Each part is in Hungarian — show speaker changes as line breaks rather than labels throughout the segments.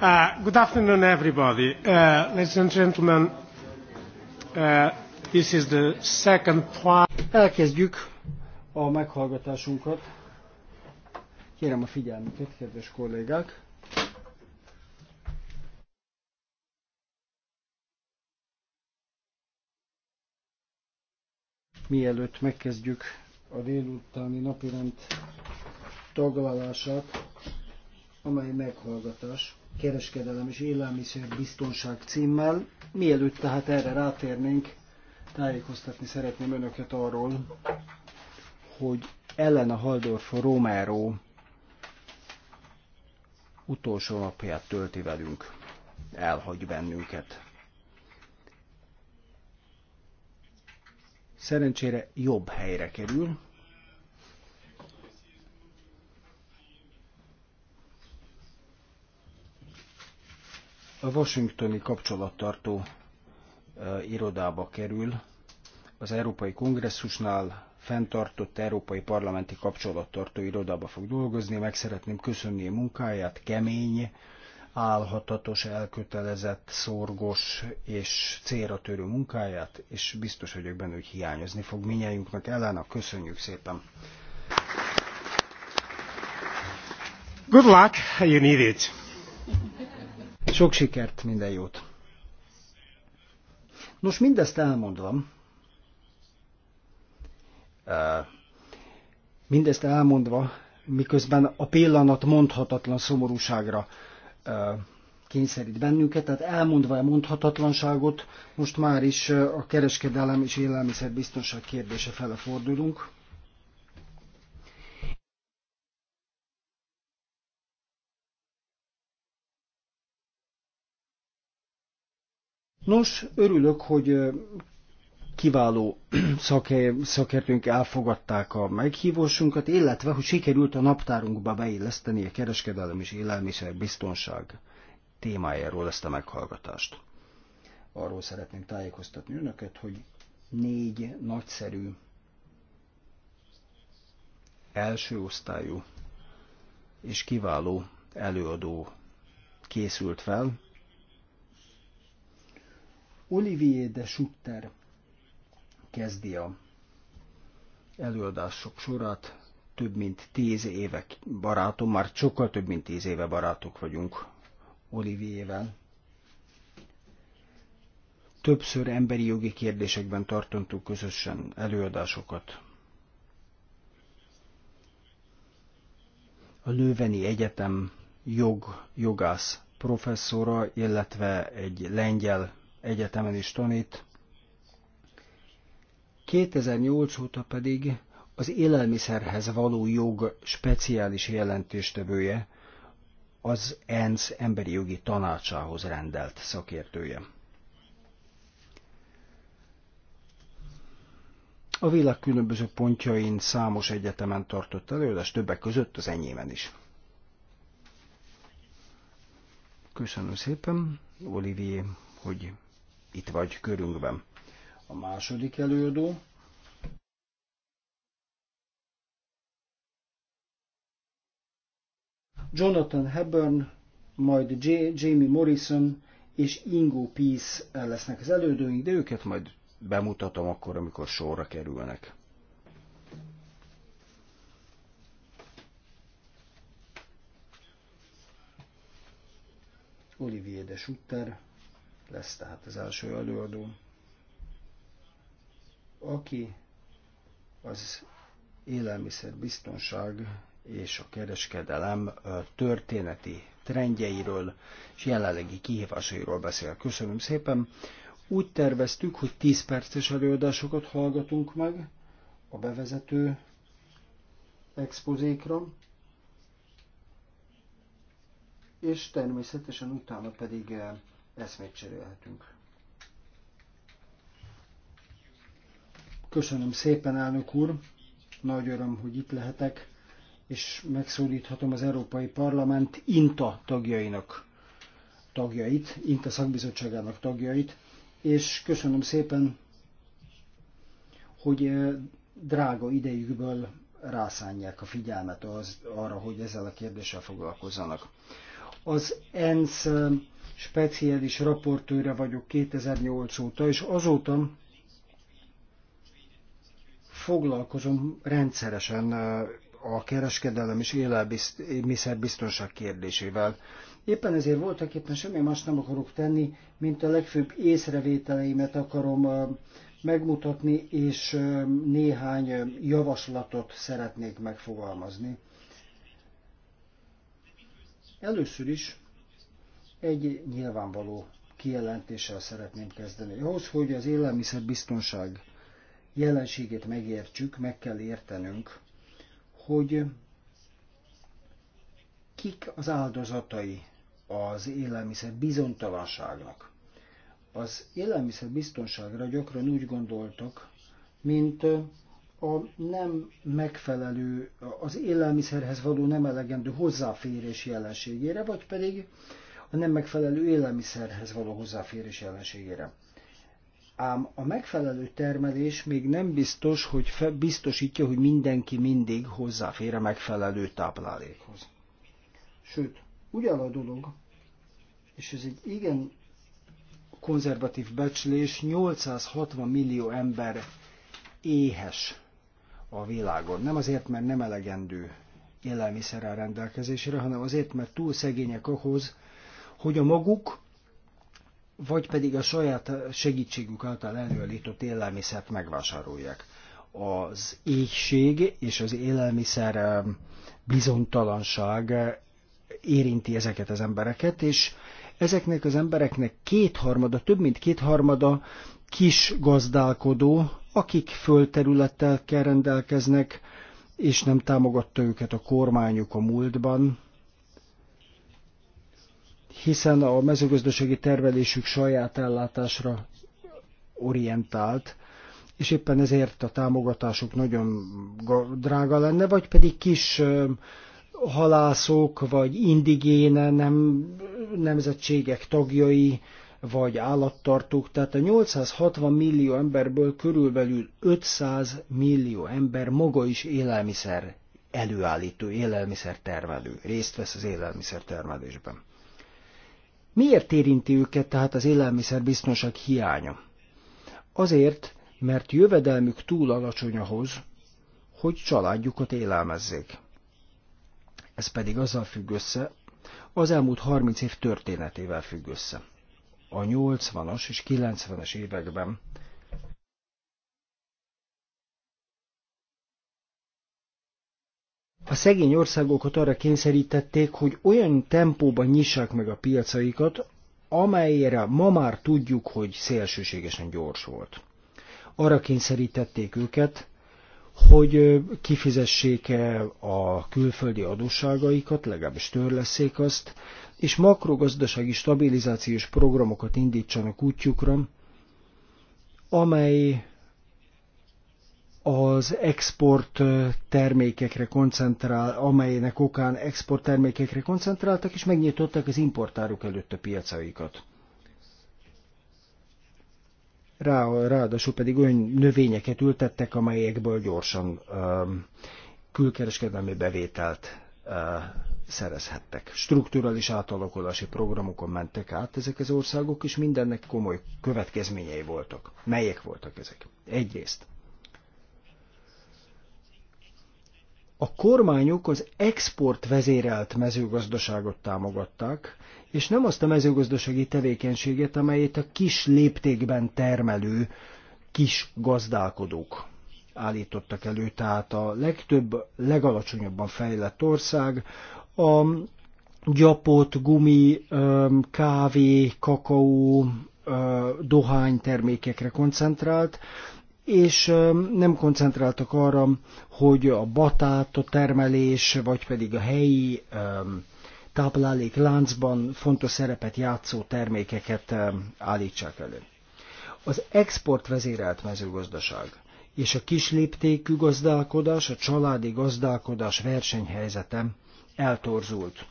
Uh, good afternoon, everybody. Uh, ladies and gentlemen, uh, this is the second part. Elkezdjük a
meghallgatásunkat. Kérem a figyelmüket, kedves kollégák. Mielőtt megkezdjük a délutáni napirend taglalását, amely meghallgatás kereskedelem és élelmiszer biztonság címmel. Mielőtt tehát erre rátérnénk, tájékoztatni szeretném önöket arról, hogy ellen a Haldorfo Romero utolsó napját tölti velünk, elhagy bennünket. Szerencsére jobb helyre kerül, a washingtoni kapcsolattartó irodába kerül, az Európai Kongresszusnál fenntartott Európai Parlamenti Kapcsolattartó Irodába fog dolgozni. Meg szeretném köszönni a munkáját, kemény, álhatatos, elkötelezett, szorgos és célra törő munkáját, és biztos vagyok benne, hogy hiányozni fog minnyájunknak. Elena, köszönjük szépen!
Good luck, you need it. Sok sikert, minden jót. Nos,
mindezt elmondva, mindezt elmondva, miközben a pillanat mondhatatlan szomorúságra kényszerít bennünket, tehát elmondva a mondhatatlanságot, most már is a kereskedelem és élelmiszerbiztonság kérdése fele fordulunk. Nos, örülök, hogy kiváló szakértőnk elfogadták a meghívósunkat, illetve, hogy sikerült a naptárunkba beilleszteni a kereskedelem és élelmiszerbiztonság témájáról ezt a meghallgatást. Arról szeretném tájékoztatni önöket, hogy négy nagyszerű első osztályú és kiváló előadó készült fel, Olivier de Schutter kezdi a előadások sorát. Több mint tíz éve barátom, már sokkal több mint tíz éve barátok vagyunk Oliviervel. Többször emberi jogi kérdésekben tartottunk közösen előadásokat. A Lőveni Egyetem jog, jogász professzora, illetve egy lengyel egyetemen is tanít. 2008 óta pedig az élelmiszerhez való jog speciális jelentéstevője, az ENSZ emberi jogi tanácsához rendelt szakértője. A világ különböző pontjain számos egyetemen tartott előadás, többek között az enyémen is. Köszönöm szépen, Olivier, hogy itt vagy körünkben. A második előadó, Jonathan Hepburn, majd J- Jamie Morrison és Ingo Peace lesznek az elődőink, de őket majd bemutatom akkor, amikor sorra kerülnek. Olivier de Schutter, lesz tehát az első előadó, aki az élelmiszer biztonság és a kereskedelem történeti trendjeiről és jelenlegi kihívásairól beszél. Köszönöm szépen! Úgy terveztük, hogy 10 perces előadásokat hallgatunk meg a bevezető expozékra, és természetesen utána pedig eszmét cserélhetünk. Köszönöm szépen, elnök úr! Nagy öröm, hogy itt lehetek, és megszólíthatom az Európai Parlament INTA tagjainak tagjait, INTA szakbizottságának tagjait, és köszönöm szépen, hogy eh, drága idejükből rászánják a figyelmet az, arra, hogy ezzel a kérdéssel foglalkozzanak. Az ENSZ eh, speciális raportőre vagyok 2008 óta, és azóta foglalkozom rendszeresen a kereskedelem és élelmiszerbiztonság kérdésével. Éppen ezért voltak éppen semmi más nem akarok tenni, mint a legfőbb észrevételeimet akarom megmutatni, és néhány javaslatot szeretnék megfogalmazni. Először is egy nyilvánvaló kijelentéssel szeretném kezdeni. Ahhoz, hogy az élelmiszerbiztonság jelenségét megértsük, meg kell értenünk, hogy kik az áldozatai az élelmiszer bizonytalanságnak. Az élelmiszer biztonságra gyakran úgy gondoltak, mint a nem megfelelő, az élelmiszerhez való nem elegendő hozzáférés jelenségére, vagy pedig a nem megfelelő élelmiszerhez való hozzáférés ellenségére. Ám a megfelelő termelés még nem biztos, hogy biztosítja, hogy mindenki mindig hozzáfér a megfelelő táplálékhoz. Sőt, ugyan a dolog, és ez egy igen konzervatív becslés, 860 millió ember éhes a világon. Nem azért, mert nem elegendő élelmiszerrel rendelkezésre, hanem azért, mert túl szegények ahhoz, hogy a maguk, vagy pedig a saját segítségük által előállított élelmiszert megvásárolják. Az éhség és az élelmiszer bizonytalanság érinti ezeket az embereket, és ezeknek az embereknek kétharmada, több mint kétharmada kis gazdálkodó, akik földterülettel kell rendelkeznek, és nem támogatta őket a kormányuk a múltban, hiszen a mezőgazdasági tervelésük saját ellátásra orientált, és éppen ezért a támogatásuk nagyon drága lenne, vagy pedig kis halászok, vagy indigéne, nem, nemzetségek tagjai, vagy állattartók, tehát a 860 millió emberből körülbelül 500 millió ember maga is élelmiszer előállító, élelmiszer termelő, részt vesz az élelmiszer termelésben. Miért érinti őket tehát az élelmiszerbiztonság hiánya? Azért, mert jövedelmük túl alacsony ahhoz, hogy családjukat élelmezzék. Ez pedig azzal függ össze, az elmúlt 30 év történetével függ össze. A 80-as és 90-es években a szegény országokat arra kényszerítették, hogy olyan tempóban nyissák meg a piacaikat, amelyre ma már tudjuk, hogy szélsőségesen gyors volt. Arra kényszerítették őket, hogy kifizessék el a külföldi adósságaikat, legalábbis törleszék azt, és makrogazdasági stabilizációs programokat indítsanak útjukra, amely az export termékekre koncentrál, amelynek okán export termékekre koncentráltak, és megnyitották az importárok előtt a piacaikat. Rá, ráadásul pedig olyan növényeket ültettek, amelyekből gyorsan um, külkereskedelmi bevételt uh, szerezhettek. Strukturális átalakulási programokon mentek át ezek az országok, és mindennek komoly következményei voltak. Melyek voltak ezek? Egyrészt a kormányok az export vezérelt mezőgazdaságot támogatták, és nem azt a mezőgazdasági tevékenységet, amelyet a kis léptékben termelő kis gazdálkodók állítottak elő. Tehát a legtöbb, legalacsonyabban fejlett ország a gyapot, gumi, kávé, kakaó, dohány termékekre koncentrált, és nem koncentráltak arra, hogy a a termelés, vagy pedig a helyi táplálék láncban fontos szerepet játszó termékeket állítsák elő. Az vezérelt mezőgazdaság és a kisléptékű gazdálkodás, a családi gazdálkodás versenyhelyzete eltorzult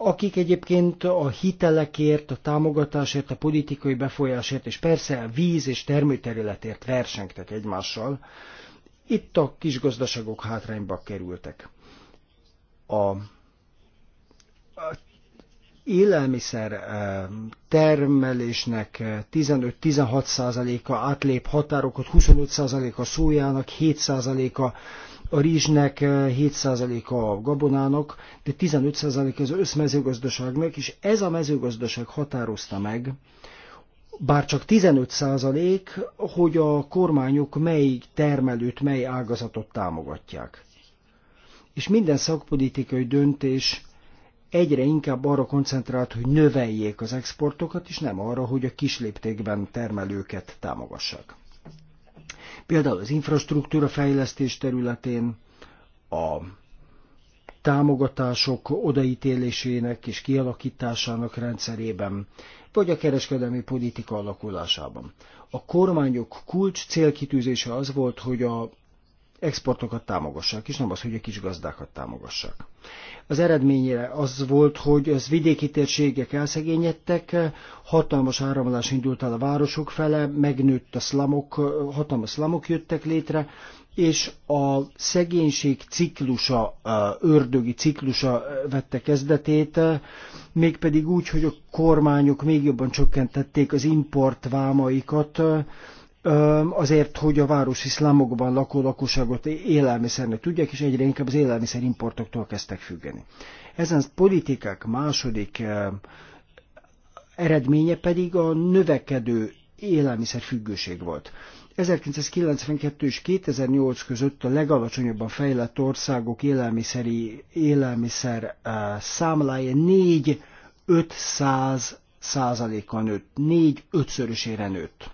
akik egyébként a hitelekért, a támogatásért, a politikai befolyásért, és persze a víz és termőterületért versengtek egymással, itt a kis gazdaságok hátrányba kerültek. A, a élelmiszer eh, termelésnek 15-16%-a eh, átlép határokat, 25%-a szójának, 7%-a a rizsnek, 7% eh, a gabonának, de 15% az összmezőgazdaságnak, és ez a mezőgazdaság határozta meg, bár csak 15 százalék, hogy a kormányok mely termelőt, mely ágazatot támogatják. És minden szakpolitikai döntés egyre inkább arra koncentrált, hogy növeljék az exportokat, és nem arra, hogy a kisléptékben termelőket támogassák például az infrastruktúra fejlesztés területén, a támogatások odaítélésének és kialakításának rendszerében, vagy a kereskedelmi politika alakulásában. A kormányok kulcs célkitűzése az volt, hogy a exportokat támogassák, és nem az, hogy a kis gazdákat támogassák. Az eredménye az volt, hogy az vidéki térségek elszegényedtek, hatalmas áramlás indult el a városok fele, megnőtt a szlamok, hatalmas szlamok jöttek létre, és a szegénység ciklusa, ördögi ciklusa vette kezdetét, mégpedig úgy, hogy a kormányok még jobban csökkentették az importvámaikat, azért, hogy a városi szlámokban lakó lakosságot élelmiszernek tudják, és egyre inkább az élelmiszerimportoktól kezdtek függeni. Ezen politikák második eredménye pedig a növekedő élelmiszerfüggőség volt. 1992 és 2008 között a legalacsonyabban fejlett országok élelmiszeri, élelmiszer számlája 4-500 százaléka nőtt, 4-5-szörösére nőtt.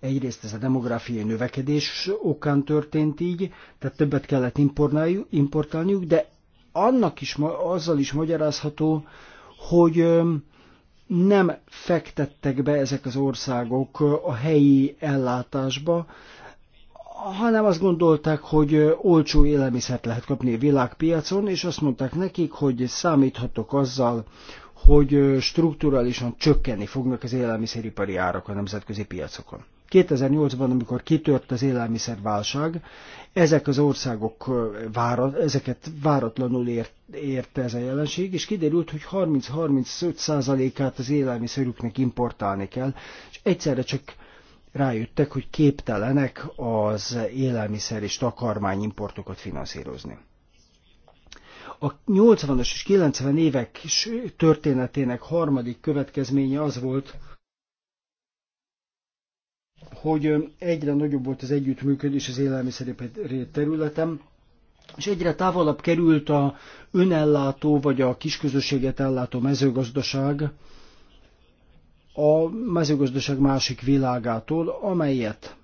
Egyrészt ez a demográfiai növekedés okán történt így, tehát többet kellett importálniuk, de annak is, azzal is magyarázható, hogy nem fektettek be ezek az országok a helyi ellátásba, hanem azt gondolták, hogy olcsó élelmiszert lehet kapni a világpiacon, és azt mondták nekik, hogy számíthatok azzal, hogy strukturálisan csökkenni fognak az élelmiszeripari árak a nemzetközi piacokon. 2008-ban, amikor kitört az élelmiszerválság, ezek az országok vára, ezeket váratlanul ért, érte ez a jelenség, és kiderült, hogy 30-35%-át az élelmiszerüknek importálni kell, és egyszerre csak rájöttek, hogy képtelenek az élelmiszer és importokat finanszírozni. A 80-as és 90 évek történetének harmadik következménye az volt, hogy egyre nagyobb volt az együttműködés az élelmiszeripari területen, és egyre távolabb került a önellátó vagy a kisközösséget ellátó mezőgazdaság a mezőgazdaság másik világától, amelyet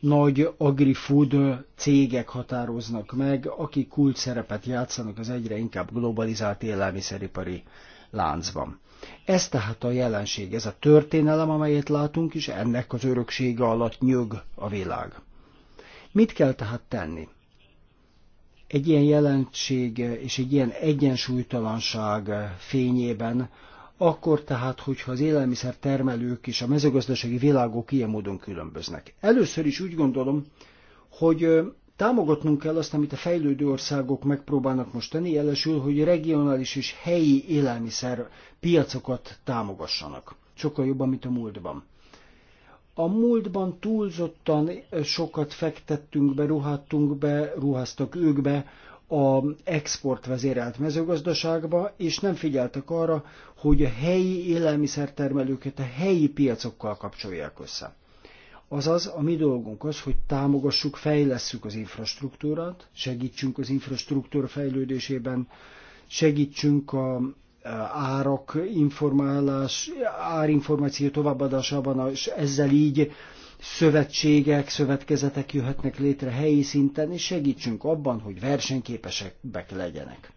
nagy agrifood cégek határoznak meg, akik kult szerepet játszanak az egyre inkább globalizált élelmiszeripari láncban. Ez tehát a jelenség, ez a történelem, amelyet látunk, és ennek az öröksége alatt nyög a világ. Mit kell tehát tenni? Egy ilyen jelenség és egy ilyen egyensúlytalanság fényében, akkor tehát, hogyha az élelmiszer termelők és a mezőgazdasági világok ilyen módon különböznek. Először is úgy gondolom, hogy Támogatnunk kell azt, amit a fejlődő országok megpróbálnak most tenni, jelesül, hogy regionális és helyi élelmiszer piacokat támogassanak. Sokkal jobban, mint a múltban. A múltban túlzottan sokat fektettünk be, ruháztunk be, ruháztak ők be a exportvezérelt mezőgazdaságba, és nem figyeltek arra, hogy a helyi élelmiszertermelőket a helyi piacokkal kapcsolják össze. Azaz, a mi dolgunk az, hogy támogassuk, fejlesszük az infrastruktúrát, segítsünk az infrastruktúra fejlődésében, segítsünk a e, árak informálás, árinformáció továbbadásában, és ezzel így szövetségek, szövetkezetek jöhetnek létre helyi szinten, és segítsünk abban, hogy versenyképesek legyenek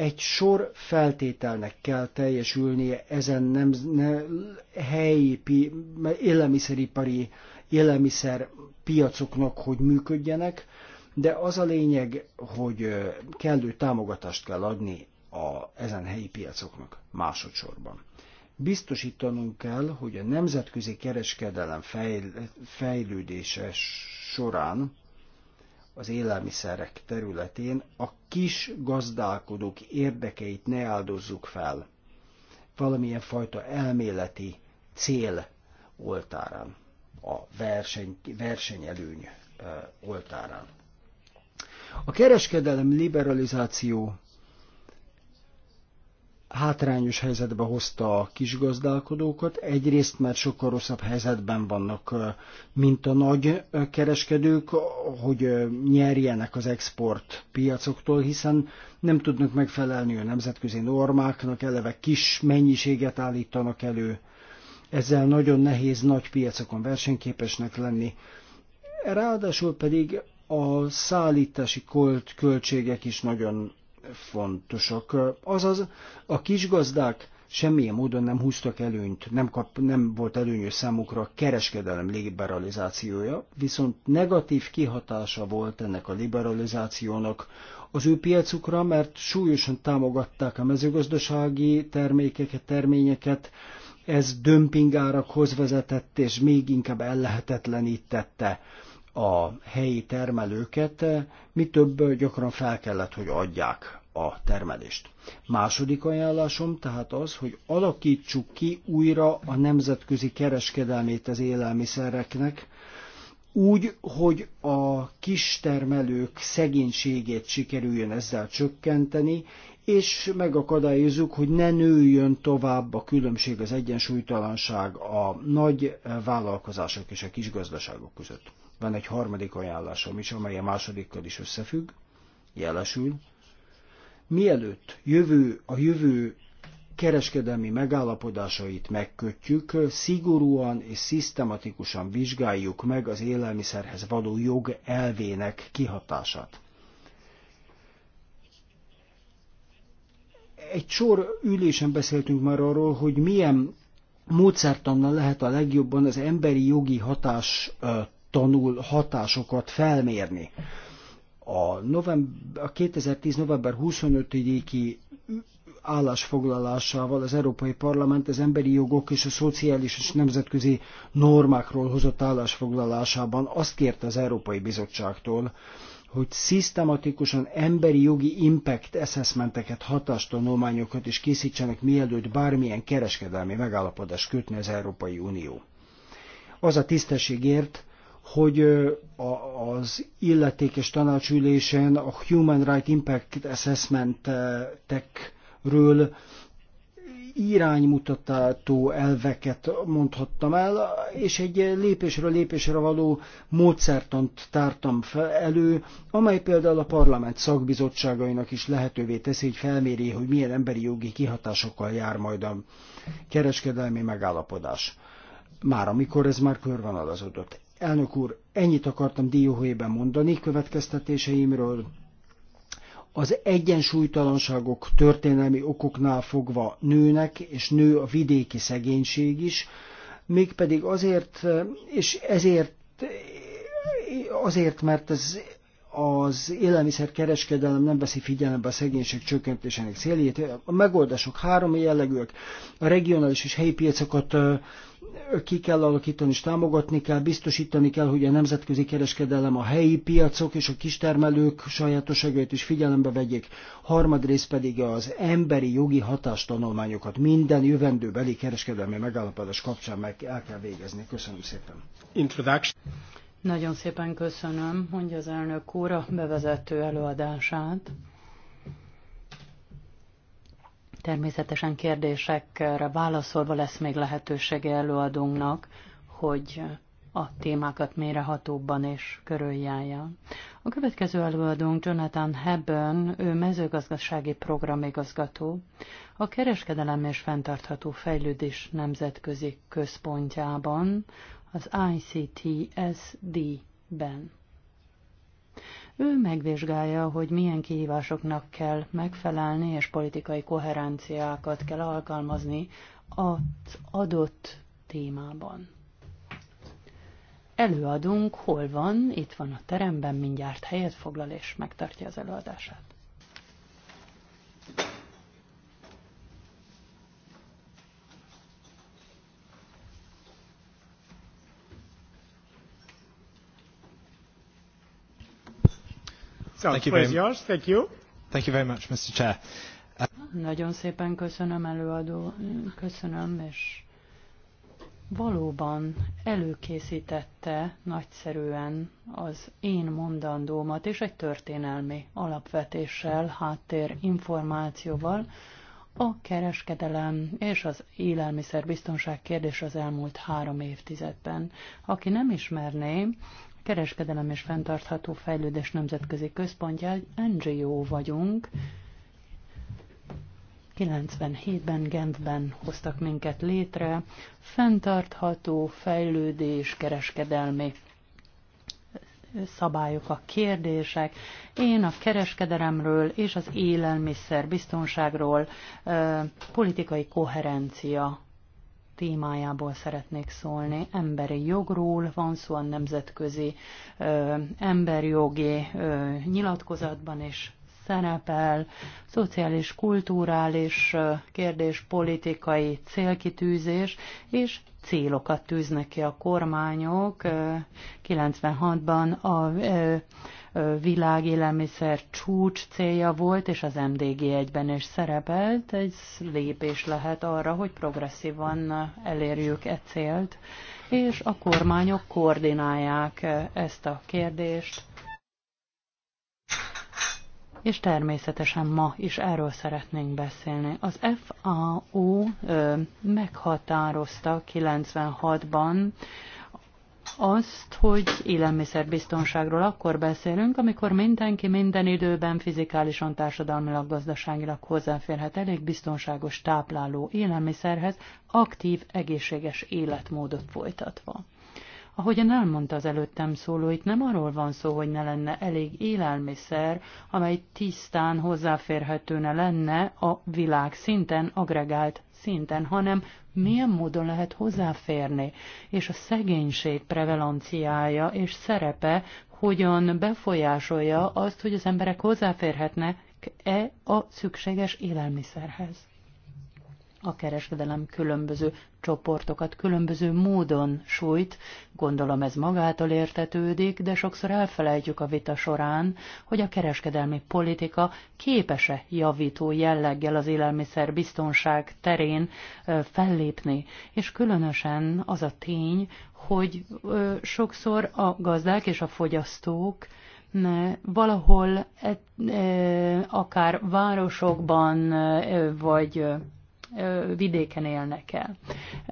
egy sor feltételnek kell teljesülnie ezen nem, ne, helyi pi, élelmiszeripari élelmiszer piacoknak, hogy működjenek, de az a lényeg, hogy kellő támogatást kell adni a, ezen helyi piacoknak másodszorban. Biztosítanunk kell, hogy a nemzetközi kereskedelem fejl, fejlődése során az élelmiszerek területén a kis gazdálkodók érdekeit ne áldozzuk fel valamilyen fajta elméleti cél oltárán, a verseny, versenyelőny oltárán. A kereskedelem liberalizáció hátrányos helyzetbe hozta a kisgazdálkodókat, egyrészt mert sokkal rosszabb helyzetben vannak, mint a nagy kereskedők, hogy nyerjenek az export piacoktól, hiszen nem tudnak megfelelni a nemzetközi normáknak, eleve kis mennyiséget állítanak elő, ezzel nagyon nehéz nagy piacokon versenyképesnek lenni. Ráadásul pedig a szállítási költségek is nagyon fontosak. Azaz, a kisgazdák semmilyen módon nem húztak előnyt, nem, kap, nem volt előnyös számukra a kereskedelem liberalizációja, viszont negatív kihatása volt ennek a liberalizációnak az ő piacukra, mert súlyosan támogatták a mezőgazdasági termékeket, terményeket, ez dömpingárakhoz vezetett, és még inkább ellehetetlenítette a helyi termelőket, mi több gyakran fel kellett, hogy adják a termelést. Második ajánlásom tehát az, hogy alakítsuk ki újra a nemzetközi kereskedelmét az élelmiszereknek, úgy, hogy a kis termelők szegénységét sikerüljön ezzel csökkenteni, és megakadályozzuk, hogy ne nőjön tovább a különbség, az egyensúlytalanság a nagy vállalkozások és a kis gazdaságok között. Van egy harmadik ajánlásom is, amely a másodikkal is összefügg, jelesül. Mielőtt jövő, a jövő kereskedelmi megállapodásait megkötjük, szigorúan és szisztematikusan vizsgáljuk meg az élelmiszerhez való jog elvének kihatását. Egy sor ülésen beszéltünk már arról, hogy milyen módszertannal lehet a legjobban az emberi jogi hatás tanul hatásokat felmérni. A, november, a 2010. november 25-i állásfoglalásával az Európai Parlament az emberi jogok és a szociális és nemzetközi normákról hozott állásfoglalásában azt kérte az Európai Bizottságtól, hogy szisztematikusan emberi jogi impact assessmenteket, hatástanulmányokat is készítsenek, mielőtt bármilyen kereskedelmi megállapodás kötne az Európai Unió. Az a tisztességért, hogy az illetékes tanácsülésen a Human Rights Impact Assessment-ekről iránymutató elveket mondhattam el, és egy lépésről lépésre való módszertant tártam fel elő, amely például a parlament szakbizottságainak is lehetővé teszi, hogy felméri, hogy milyen emberi jogi kihatásokkal jár majd a kereskedelmi megállapodás. Már amikor ez már körvonalazódott. Elnök úr, ennyit akartam dióhelyben mondani következtetéseimről. Az egyensúlytalanságok történelmi okoknál fogva nőnek, és nő a vidéki szegénység is, mégpedig azért, és ezért, azért, mert ez az élelmiszerkereskedelem nem veszi figyelembe a szegénység csökkentésének széljét. A megoldások három jellegűek. A regionális és helyi piacokat ki kell alakítani és támogatni kell, biztosítani kell, hogy a nemzetközi kereskedelem a helyi piacok és a kistermelők sajátosságait is figyelembe vegyék, harmadrészt pedig az emberi jogi hatástanulmányokat minden jövendőbeli kereskedelmi megállapodás kapcsán meg el kell végezni. Köszönöm szépen. Introduction.
Nagyon szépen köszönöm, mondja az elnök úr a bevezető előadását. Természetesen kérdésekre válaszolva lesz még lehetősége előadónknak, hogy a témákat mélyrehatóbban és körüljárja. A következő előadónk Jonathan Hebben, ő mezőgazdasági programigazgató, a Kereskedelem és fenntartható Fejlődés Nemzetközi Központjában, az ICTSD-ben. Ő megvizsgálja, hogy milyen kihívásoknak kell megfelelni, és politikai koherenciákat kell alkalmazni az adott témában. Előadunk, hol van, itt van a teremben, mindjárt helyet foglal és megtartja az előadását.
Thank you very much, Mr. Chair.
Uh, Nagyon szépen köszönöm előadó, köszönöm, és valóban előkészítette nagyszerűen az én mondandómat, és egy történelmi alapvetéssel, háttér információval a kereskedelem és az élelmiszerbiztonság kérdés az elmúlt három évtizedben. Aki nem ismerné, kereskedelem és fenntartható fejlődés nemzetközi központja, NGO vagyunk. 97-ben Gentben hoztak minket létre, fenntartható fejlődés, kereskedelmi szabályok, a kérdések. Én a kereskedelemről és az élelmiszer biztonságról politikai koherencia témájából szeretnék szólni. Emberi jogról van szó a nemzetközi ö, emberjogi ö, nyilatkozatban és szerepel, szociális, kulturális kérdés, politikai célkitűzés, és célokat tűznek ki a kormányok. 96-ban a világélelmiszer csúcs célja volt, és az MDG egyben is szerepelt. Egy lépés lehet arra, hogy progresszívan elérjük e célt, és a kormányok koordinálják ezt a kérdést. És természetesen ma is erről szeretnénk beszélni. Az FAO ö, meghatározta 96-ban azt, hogy élelmiszerbiztonságról akkor beszélünk, amikor mindenki minden időben fizikálisan, társadalmilag, gazdaságilag hozzáférhet elég biztonságos tápláló élelmiszerhez, aktív, egészséges életmódot folytatva. Ahogyan elmondta az előttem szóló, itt nem arról van szó, hogy ne lenne elég élelmiszer, amely tisztán hozzáférhetőne lenne a világ szinten, agregált szinten, hanem milyen módon lehet hozzáférni, és a szegénység prevalenciája és szerepe hogyan befolyásolja azt, hogy az emberek hozzáférhetnek-e a szükséges élelmiszerhez a kereskedelem különböző csoportokat különböző módon sújt, gondolom ez magától értetődik, de sokszor elfelejtjük a vita során, hogy a kereskedelmi politika képes-e javító jelleggel az élelmiszer biztonság terén fellépni, és különösen az a tény, hogy sokszor a gazdák és a fogyasztók ne, valahol e, e, akár városokban e, vagy vidéken élnek el.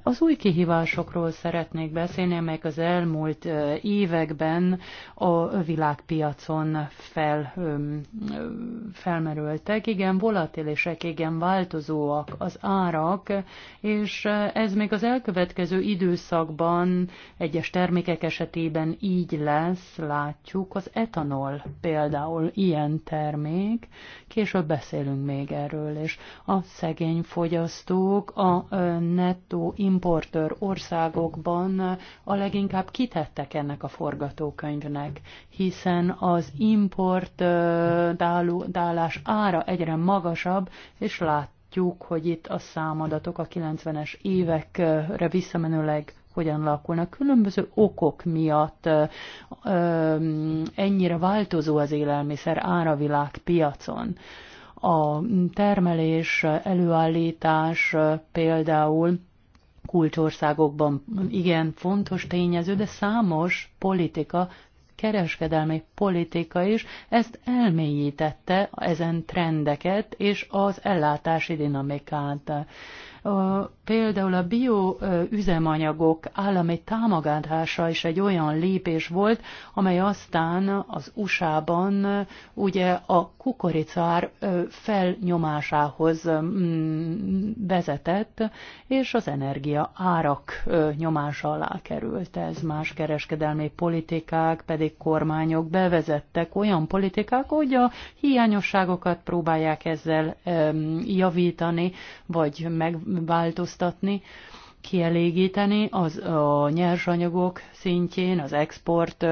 Az új kihívásokról szeretnék beszélni, amelyek az elmúlt években a világpiacon fel, felmerültek. Igen, volatilisek, igen, változóak az árak, és ez még az elkövetkező időszakban egyes termékek esetében így lesz, látjuk. Az etanol például ilyen termék, később beszélünk még erről, és a szegény fogyasztó fogyasztók a nettó importőr országokban a leginkább kitettek ennek a forgatókönyvnek, hiszen az import dálás ára egyre magasabb, és látjuk, hogy itt a számadatok a 90-es évekre visszamenőleg hogyan alakulnak. Különböző okok miatt ö, ö, ennyire változó az élelmiszer áravilág piacon. Ö, a termelés, előállítás például kulcsországokban igen fontos tényező, de számos politika, kereskedelmi politika is ezt elmélyítette ezen trendeket és az ellátási dinamikát például a bioüzemanyagok állami támogatása is egy olyan lépés volt, amely aztán az USA-ban ugye a kukoricár felnyomásához vezetett, és az energia árak nyomása alá került. Ez más kereskedelmi politikák, pedig kormányok bevezettek olyan politikák, hogy a hiányosságokat próbálják ezzel javítani, vagy meg változtatni, kielégíteni az a nyersanyagok szintjén, az export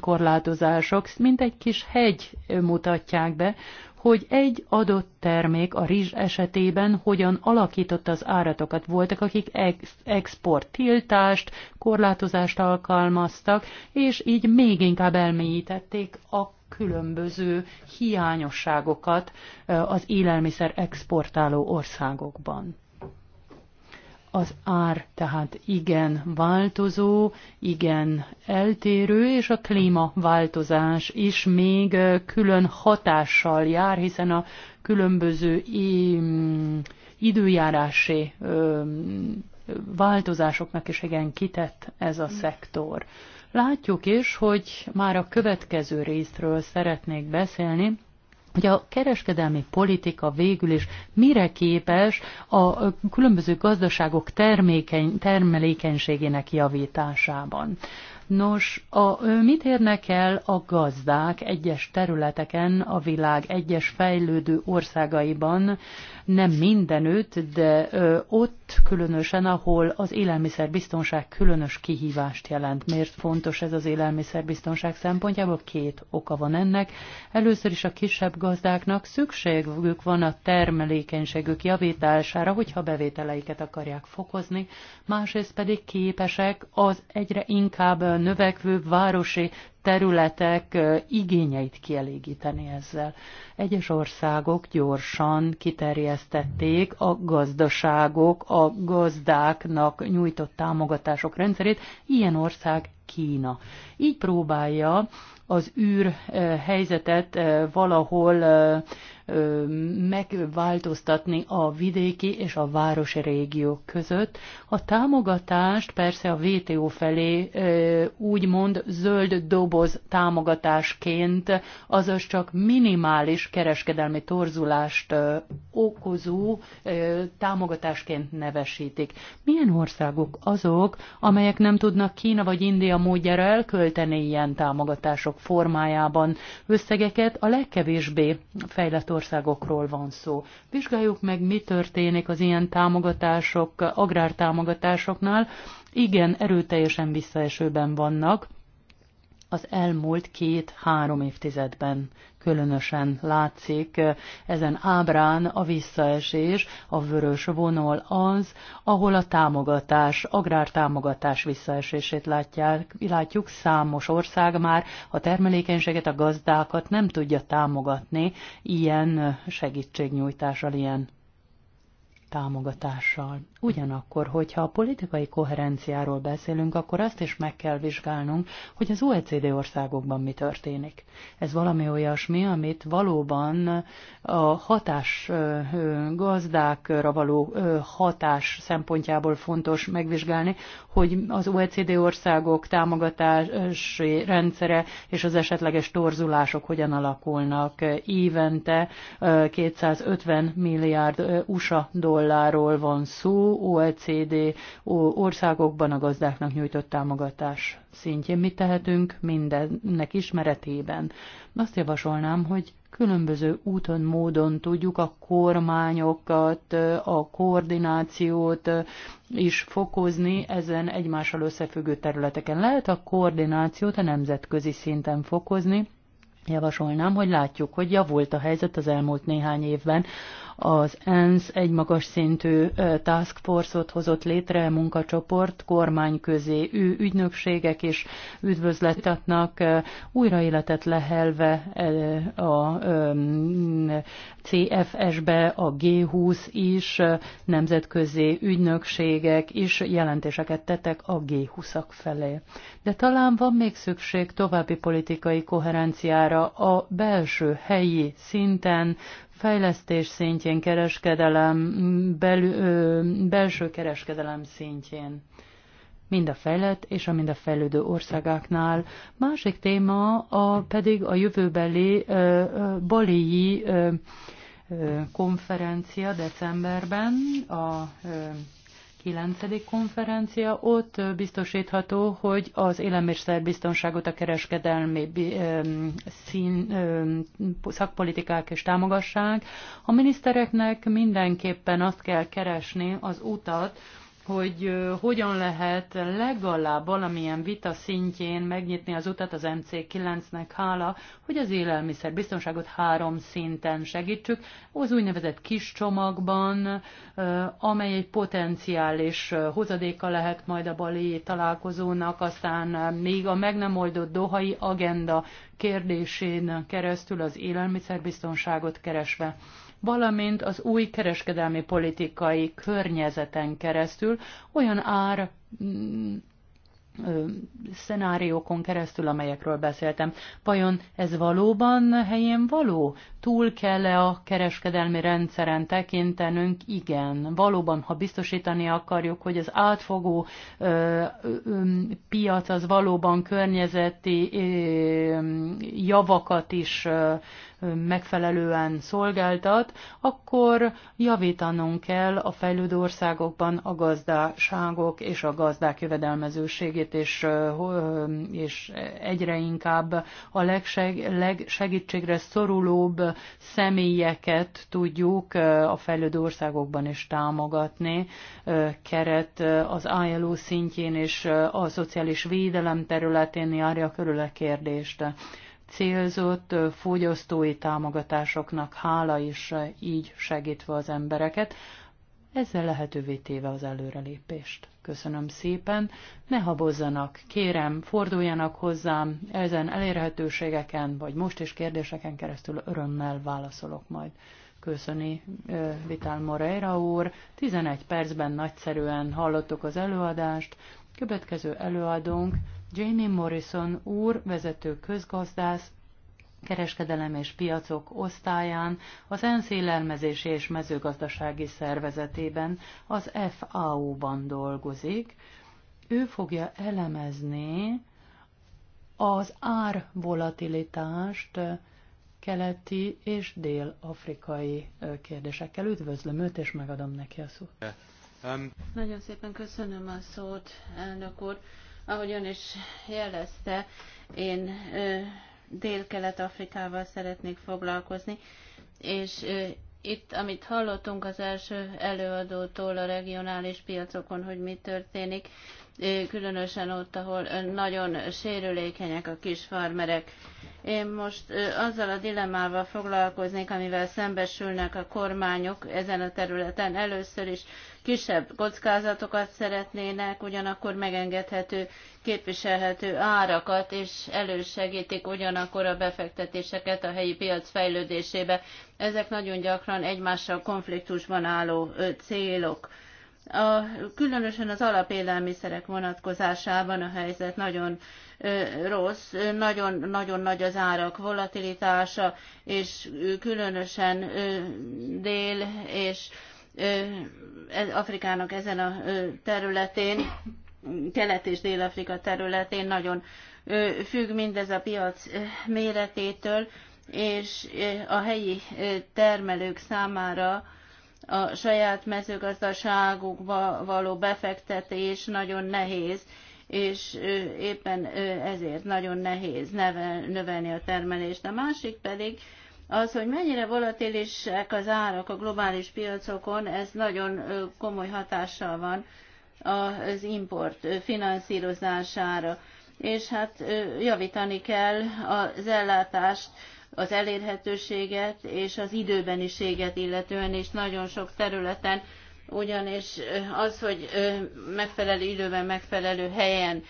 korlátozások, mint egy kis hegy mutatják be, hogy egy adott termék a rizs esetében hogyan alakította az áratokat. Voltak, akik ex- tiltást, korlátozást alkalmaztak, és így még inkább elmélyítették a különböző hiányosságokat az élelmiszer exportáló országokban. Az ár tehát igen változó, igen eltérő, és a klímaváltozás is még külön hatással jár, hiszen a különböző időjárási változásoknak is igen kitett ez a szektor. Látjuk is, hogy már a következő részről szeretnék beszélni, hogy a kereskedelmi politika végül is mire képes a különböző gazdaságok termékeny, termelékenységének javításában. Nos, a, mit érnek el a gazdák egyes területeken, a világ egyes fejlődő országaiban nem mindenütt, de ott különösen, ahol az élelmiszerbiztonság különös kihívást jelent. Miért fontos ez az élelmiszerbiztonság szempontjából? Két oka van ennek. Először is a kisebb gazdáknak szükségük van a termelékenységük javítására, hogyha bevételeiket akarják fokozni, másrészt pedig képesek az egyre inkább növekvő városi területek igényeit kielégíteni ezzel. Egyes országok gyorsan kiterjesztették a gazdaságok, a gazdáknak nyújtott támogatások rendszerét, ilyen ország Kína. Így próbálja az űr helyzetet valahol megváltoztatni a vidéki és a városi régiók között. A támogatást persze a VTO felé úgymond zöld doboz támogatásként, azaz csak minimális kereskedelmi torzulást okozó támogatásként nevesítik. Milyen országok azok, amelyek nem tudnak Kína vagy India módjára elkölteni ilyen támogatások formájában összegeket a legkevésbé fejlett országokról van szó. Vizsgáljuk meg, mi történik az ilyen támogatások, agrártámogatásoknál. Igen, erőteljesen visszaesőben vannak az elmúlt két-három évtizedben különösen látszik ezen ábrán a visszaesés, a vörös vonal az, ahol a támogatás, agrártámogatás visszaesését látják, látjuk, számos ország már a termelékenységet, a gazdákat nem tudja támogatni ilyen segítségnyújtással, ilyen támogatással. Ugyanakkor, hogyha a politikai koherenciáról beszélünk, akkor azt is meg kell vizsgálnunk, hogy az OECD országokban mi történik. Ez valami olyasmi, amit valóban a hatás gazdákra való hatás szempontjából fontos megvizsgálni, hogy az OECD országok támogatási rendszere és az esetleges torzulások hogyan alakulnak. Évente 250 milliárd USA dollár dollárról van szó, OECD országokban a gazdáknak nyújtott támogatás szintjén. Mit tehetünk mindennek ismeretében? Azt javasolnám, hogy különböző úton, módon tudjuk a kormányokat, a koordinációt is fokozni ezen egymással összefüggő területeken. Lehet a koordinációt a nemzetközi szinten fokozni, javasolnám, hogy látjuk, hogy javult a helyzet az elmúlt néhány évben az ENSZ egy magas szintű task force-ot hozott létre, munkacsoport, kormányközi ügynökségek is üdvözletetnek, újra életet lehelve a CFS-be, a G20 is, nemzetközi ügynökségek is jelentéseket tettek a G20-ak felé. De talán van még szükség további politikai koherenciára a belső helyi szinten, fejlesztés szintjén, kereskedelem, bel, ö, belső kereskedelem szintjén, mind a fejlett és a mind a fejlődő országáknál. Másik téma a, pedig a jövőbeli ö, ö, baléi ö, konferencia decemberben a 9. konferencia, ott biztosítható, hogy az élelmiszerbiztonságot a kereskedelmi szín, szakpolitikák és támogassák. A minisztereknek mindenképpen azt kell keresni az utat, hogy hogyan lehet legalább valamilyen vita szintjén megnyitni az utat az MC9-nek hála, hogy az élelmiszer biztonságot három szinten segítsük, az úgynevezett kis csomagban, amely egy potenciális hozadéka lehet majd a bali találkozónak, aztán még a meg nem oldott dohai agenda kérdésén keresztül az élelmiszerbiztonságot keresve valamint az új kereskedelmi politikai környezeten keresztül olyan ár mm, szenáriókon keresztül, amelyekről beszéltem. Vajon ez valóban helyén való? Túl kell-e a kereskedelmi rendszeren tekintenünk? Igen, valóban, ha biztosítani akarjuk, hogy az átfogó ö, ö, piac az valóban környezeti ö, javakat is ö, megfelelően szolgáltat, akkor javítanunk kell a fejlődő országokban a gazdaságok és a gazdák jövedelmezőségét, és, és egyre inkább a legseg, legsegítségre szorulóbb személyeket tudjuk a fejlődő országokban is támogatni, keret az ILO szintjén és a szociális védelem területén járja körül a kérdést célzott fogyasztói támogatásoknak hála is így segítve az embereket, ezzel lehetővé téve az előrelépést. Köszönöm szépen, ne habozzanak, kérem, forduljanak hozzám ezen elérhetőségeken, vagy most is kérdéseken keresztül örömmel válaszolok majd. Köszöni Vital Moreira úr, 11 percben nagyszerűen hallottuk az előadást, következő előadónk Jamie Morrison úr, vezető közgazdász, kereskedelem és piacok osztályán, az ENSZ élelmezési és mezőgazdasági szervezetében, az FAO-ban dolgozik. Ő fogja elemezni az árvolatilitást keleti és dél-afrikai kérdésekkel. Üdvözlöm őt, és megadom neki a szót.
Um,
Nagyon szépen köszönöm a szót, elnök úr. Ahogy ön is jelezte, én Dél-Kelet-Afrikával szeretnék foglalkozni, és itt, amit hallottunk az első előadótól a regionális piacokon, hogy mi történik, különösen ott, ahol nagyon sérülékenyek a kis farmerek. Én most azzal a dilemmával foglalkoznék, amivel szembesülnek a kormányok ezen a területen. Először is kisebb kockázatokat szeretnének, ugyanakkor megengedhető, képviselhető árakat, és elősegítik ugyanakkor a befektetéseket a helyi piac fejlődésébe. Ezek nagyon gyakran egymással konfliktusban álló célok a, különösen az alapélelmiszerek vonatkozásában a helyzet nagyon ö, rossz, nagyon-nagyon nagy az árak volatilitása, és különösen ö, dél és ö, Afrikának ezen a területén, kelet és dél-afrika területén nagyon függ mindez a piac méretétől, és a helyi termelők számára a saját mezőgazdaságukba való befektetés nagyon nehéz, és éppen ezért nagyon nehéz növelni a termelést. A másik pedig az, hogy mennyire volatilisek az árak a globális piacokon, ez nagyon komoly hatással van az import finanszírozására. És hát javítani kell az ellátást, az elérhetőséget és az időbeniséget illetően, és nagyon sok területen ugyanis az, hogy megfelelő időben, megfelelő helyen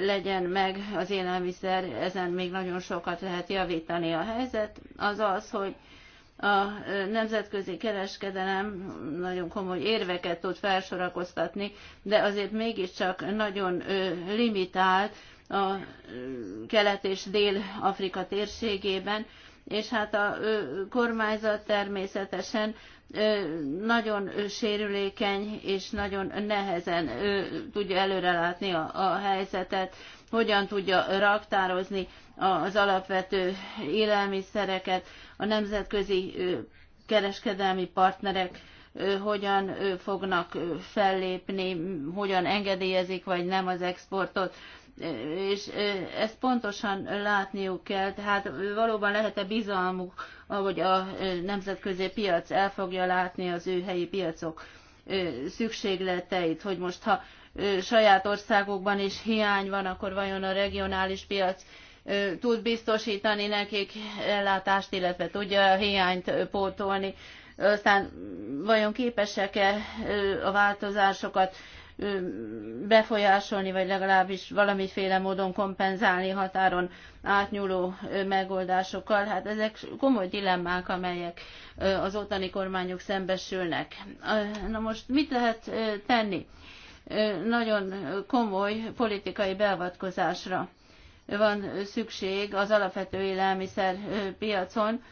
legyen meg az élelmiszer, ezen még nagyon sokat lehet javítani a helyzet, az az, hogy a nemzetközi kereskedelem nagyon komoly érveket tud felsorakoztatni, de azért mégiscsak nagyon limitált, a kelet és dél-Afrika térségében, és hát a kormányzat természetesen nagyon sérülékeny és nagyon nehezen tudja előrelátni a, a helyzetet, hogyan tudja raktározni az alapvető élelmiszereket, a nemzetközi kereskedelmi partnerek hogyan fognak fellépni, hogyan engedélyezik vagy nem az exportot és ezt pontosan látniuk kell, tehát valóban lehet-e bizalmuk, ahogy a nemzetközi piac el fogja látni az ő helyi piacok szükségleteit, hogy most ha saját országokban is hiány van, akkor vajon a regionális piac tud biztosítani nekik ellátást, illetve tudja a hiányt pótolni. Aztán vajon képesek-e a változásokat befolyásolni, vagy legalábbis valamiféle módon kompenzálni határon átnyúló megoldásokkal. Hát ezek komoly dilemmák, amelyek az ottani kormányok szembesülnek. Na most mit lehet tenni? Nagyon komoly politikai beavatkozásra van szükség az alapvető élelmiszer piacon,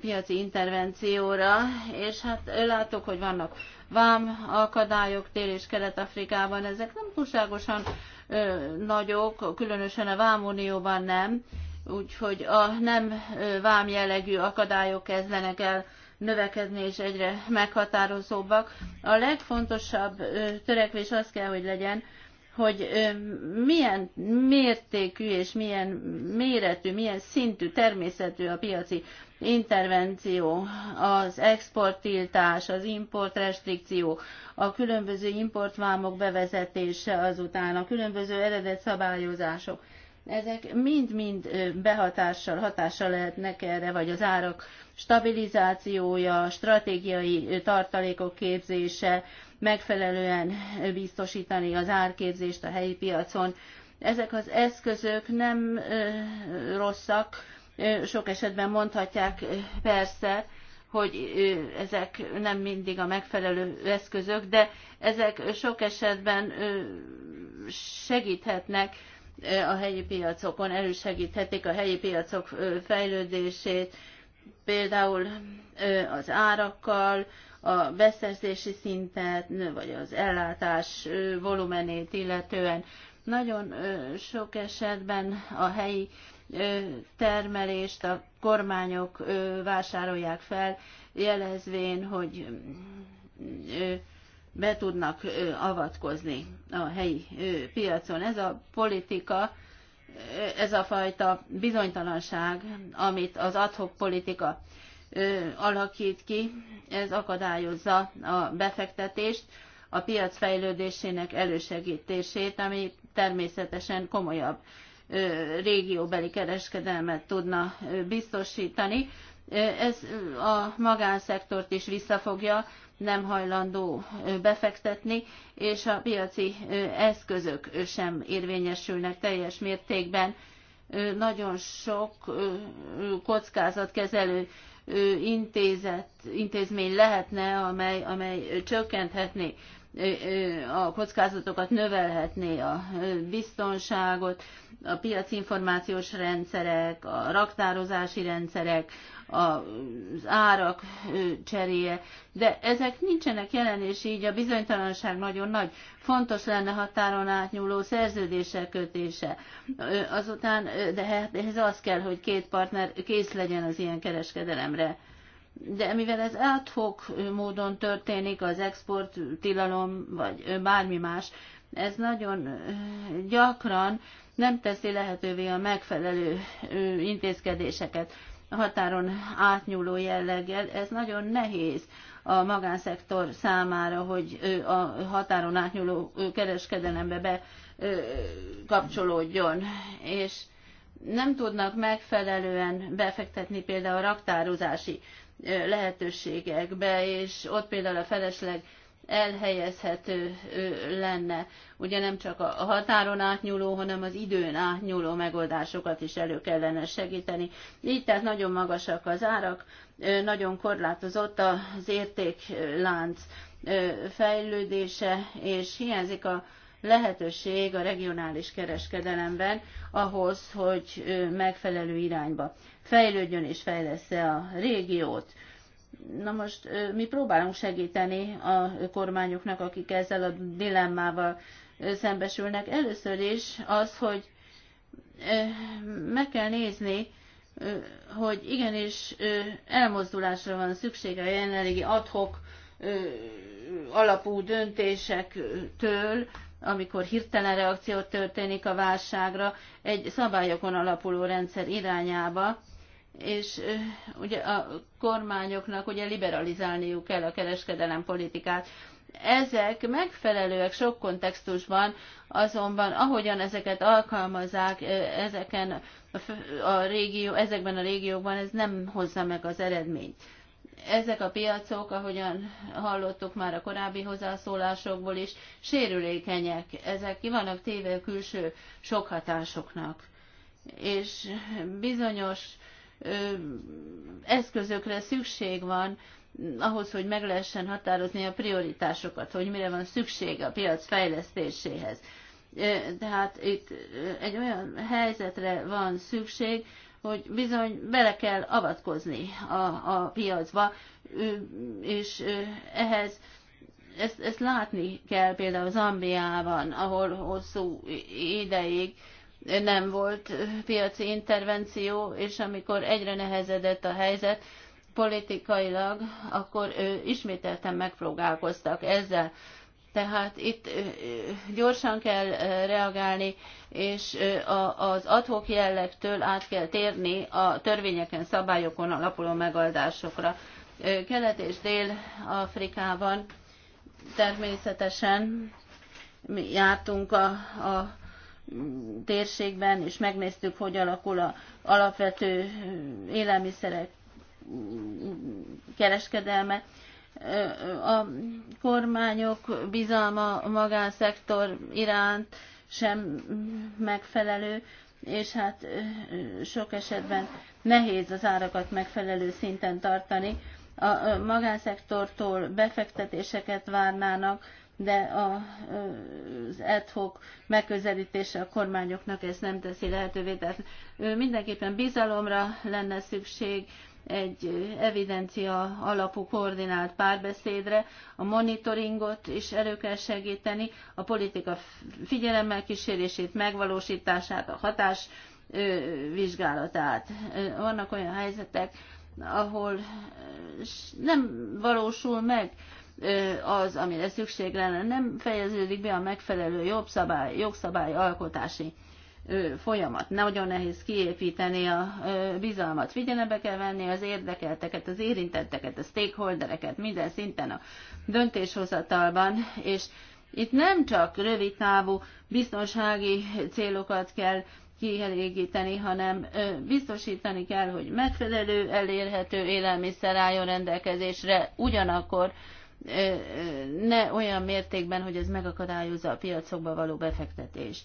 piaci intervencióra, és hát látok, hogy vannak vám akadályok Dél- és Kelet-Afrikában, ezek nem túlságosan nagyok, különösen a Vámunióban nem, úgyhogy a nem vám jellegű akadályok kezdenek el növekedni és egyre meghatározóbbak. A legfontosabb törekvés az kell, hogy legyen, hogy milyen mértékű és milyen méretű, milyen szintű, természetű a piaci intervenció, az exporttiltás, az importrestrikció, a különböző importvámok bevezetése azután, a különböző eredetszabályozások. Ezek mind-mind behatással, hatással lehetnek erre, vagy az árak stabilizációja, stratégiai tartalékok képzése, megfelelően biztosítani az árképzést a helyi piacon. Ezek az eszközök nem rosszak, sok esetben mondhatják persze, hogy ezek nem mindig a megfelelő eszközök, de ezek sok esetben segíthetnek a helyi piacokon, elősegíthetik a helyi piacok fejlődését, például az árakkal, a beszerzési szinten, vagy az ellátás volumenét illetően. Nagyon sok esetben a helyi termelést a kormányok vásárolják fel, jelezvén, hogy be tudnak avatkozni a helyi piacon. Ez a politika, ez a fajta bizonytalanság, amit az adhok politika alakít ki, ez akadályozza a befektetést, a piac fejlődésének elősegítését, ami természetesen komolyabb régióbeli kereskedelmet tudna biztosítani. Ez a magánszektort is visszafogja, nem hajlandó befektetni, és a piaci eszközök sem érvényesülnek teljes mértékben. Nagyon sok kockázatkezelő intézet, intézmény lehetne, amely, amely csökkenthetné a kockázatokat növelhetné, a biztonságot, a piacinformációs rendszerek, a raktározási rendszerek, az árak cseréje, de ezek nincsenek jelen, és így a bizonytalanság nagyon nagy. Fontos lenne határon átnyúló szerződések kötése. Azután, de hát ehhez az kell, hogy két partner kész legyen az ilyen kereskedelemre de mivel ez adhok módon történik, az export tilalom, vagy bármi más, ez nagyon gyakran nem teszi lehetővé a megfelelő intézkedéseket határon átnyúló jelleggel. Ez nagyon nehéz a magánszektor számára, hogy a határon átnyúló kereskedelembe bekapcsolódjon. És nem tudnak megfelelően befektetni például a raktározási lehetőségekbe, és ott például a felesleg elhelyezhető lenne. Ugye nem csak a határon átnyúló, hanem az időn átnyúló megoldásokat is elő kellene segíteni. Így tehát nagyon magasak az árak, nagyon korlátozott az értéklánc fejlődése, és hiányzik a lehetőség a regionális kereskedelemben ahhoz, hogy megfelelő irányba fejlődjön és fejlesz-e a régiót. Na most mi próbálunk segíteni a kormányoknak, akik ezzel a dilemmával szembesülnek. Először is az, hogy meg kell nézni, hogy igenis elmozdulásra van szüksége a jelenlegi adhok alapú döntésektől amikor hirtelen reakció történik a válságra, egy szabályokon alapuló rendszer irányába, és ugye a kormányoknak ugye liberalizálniuk kell a kereskedelem politikát. Ezek megfelelőek sok kontextusban, azonban ahogyan ezeket alkalmazzák ezeken a régió, ezekben a régiókban, ez nem hozza meg az eredményt ezek a piacok, ahogyan hallottuk már a korábbi hozzászólásokból is, sérülékenyek, ezek ki vannak téve külső sok hatásoknak. És bizonyos ö, eszközökre szükség van ahhoz, hogy meg lehessen határozni a prioritásokat, hogy mire van szükség a piac fejlesztéséhez. Tehát itt egy olyan helyzetre van szükség, hogy bizony bele kell avatkozni a, a piacba, és ehhez ezt, ezt látni kell például Zambiában, ahol hosszú ideig nem volt piaci intervenció, és amikor egyre nehezedett a helyzet politikailag, akkor ismételten megpróbálkoztak ezzel tehát itt gyorsan kell reagálni, és az adhok jellegtől át kell térni a törvényeken, szabályokon alapuló megoldásokra. Kelet és Dél-Afrikában természetesen mi jártunk a, a térségben, és megnéztük, hogy alakul a alapvető élelmiszerek kereskedelme a kormányok bizalma a magánszektor iránt sem megfelelő, és hát sok esetben nehéz az árakat megfelelő szinten tartani. A magánszektortól befektetéseket várnának, de az az hoc megközelítése a kormányoknak ezt nem teszi lehetővé. Tehát mindenképpen bizalomra lenne szükség, egy evidencia alapú koordinált párbeszédre, a monitoringot is elő kell segíteni, a politika figyelemmel kísérését, megvalósítását, a hatás vizsgálatát. Vannak olyan helyzetek, ahol nem valósul meg az, amire szükség lenne, nem fejeződik be a megfelelő jogszabály, jogszabály alkotási folyamat. Nagyon nehéz kiépíteni a bizalmat. Figyelembe kell venni az érdekelteket, az érintetteket, a stakeholdereket minden szinten a döntéshozatalban, és itt nem csak rövid távú biztonsági célokat kell kielégíteni, hanem biztosítani kell, hogy megfelelő, elérhető élelmiszer álljon rendelkezésre, ugyanakkor ne olyan mértékben, hogy ez megakadályozza a piacokba való befektetést.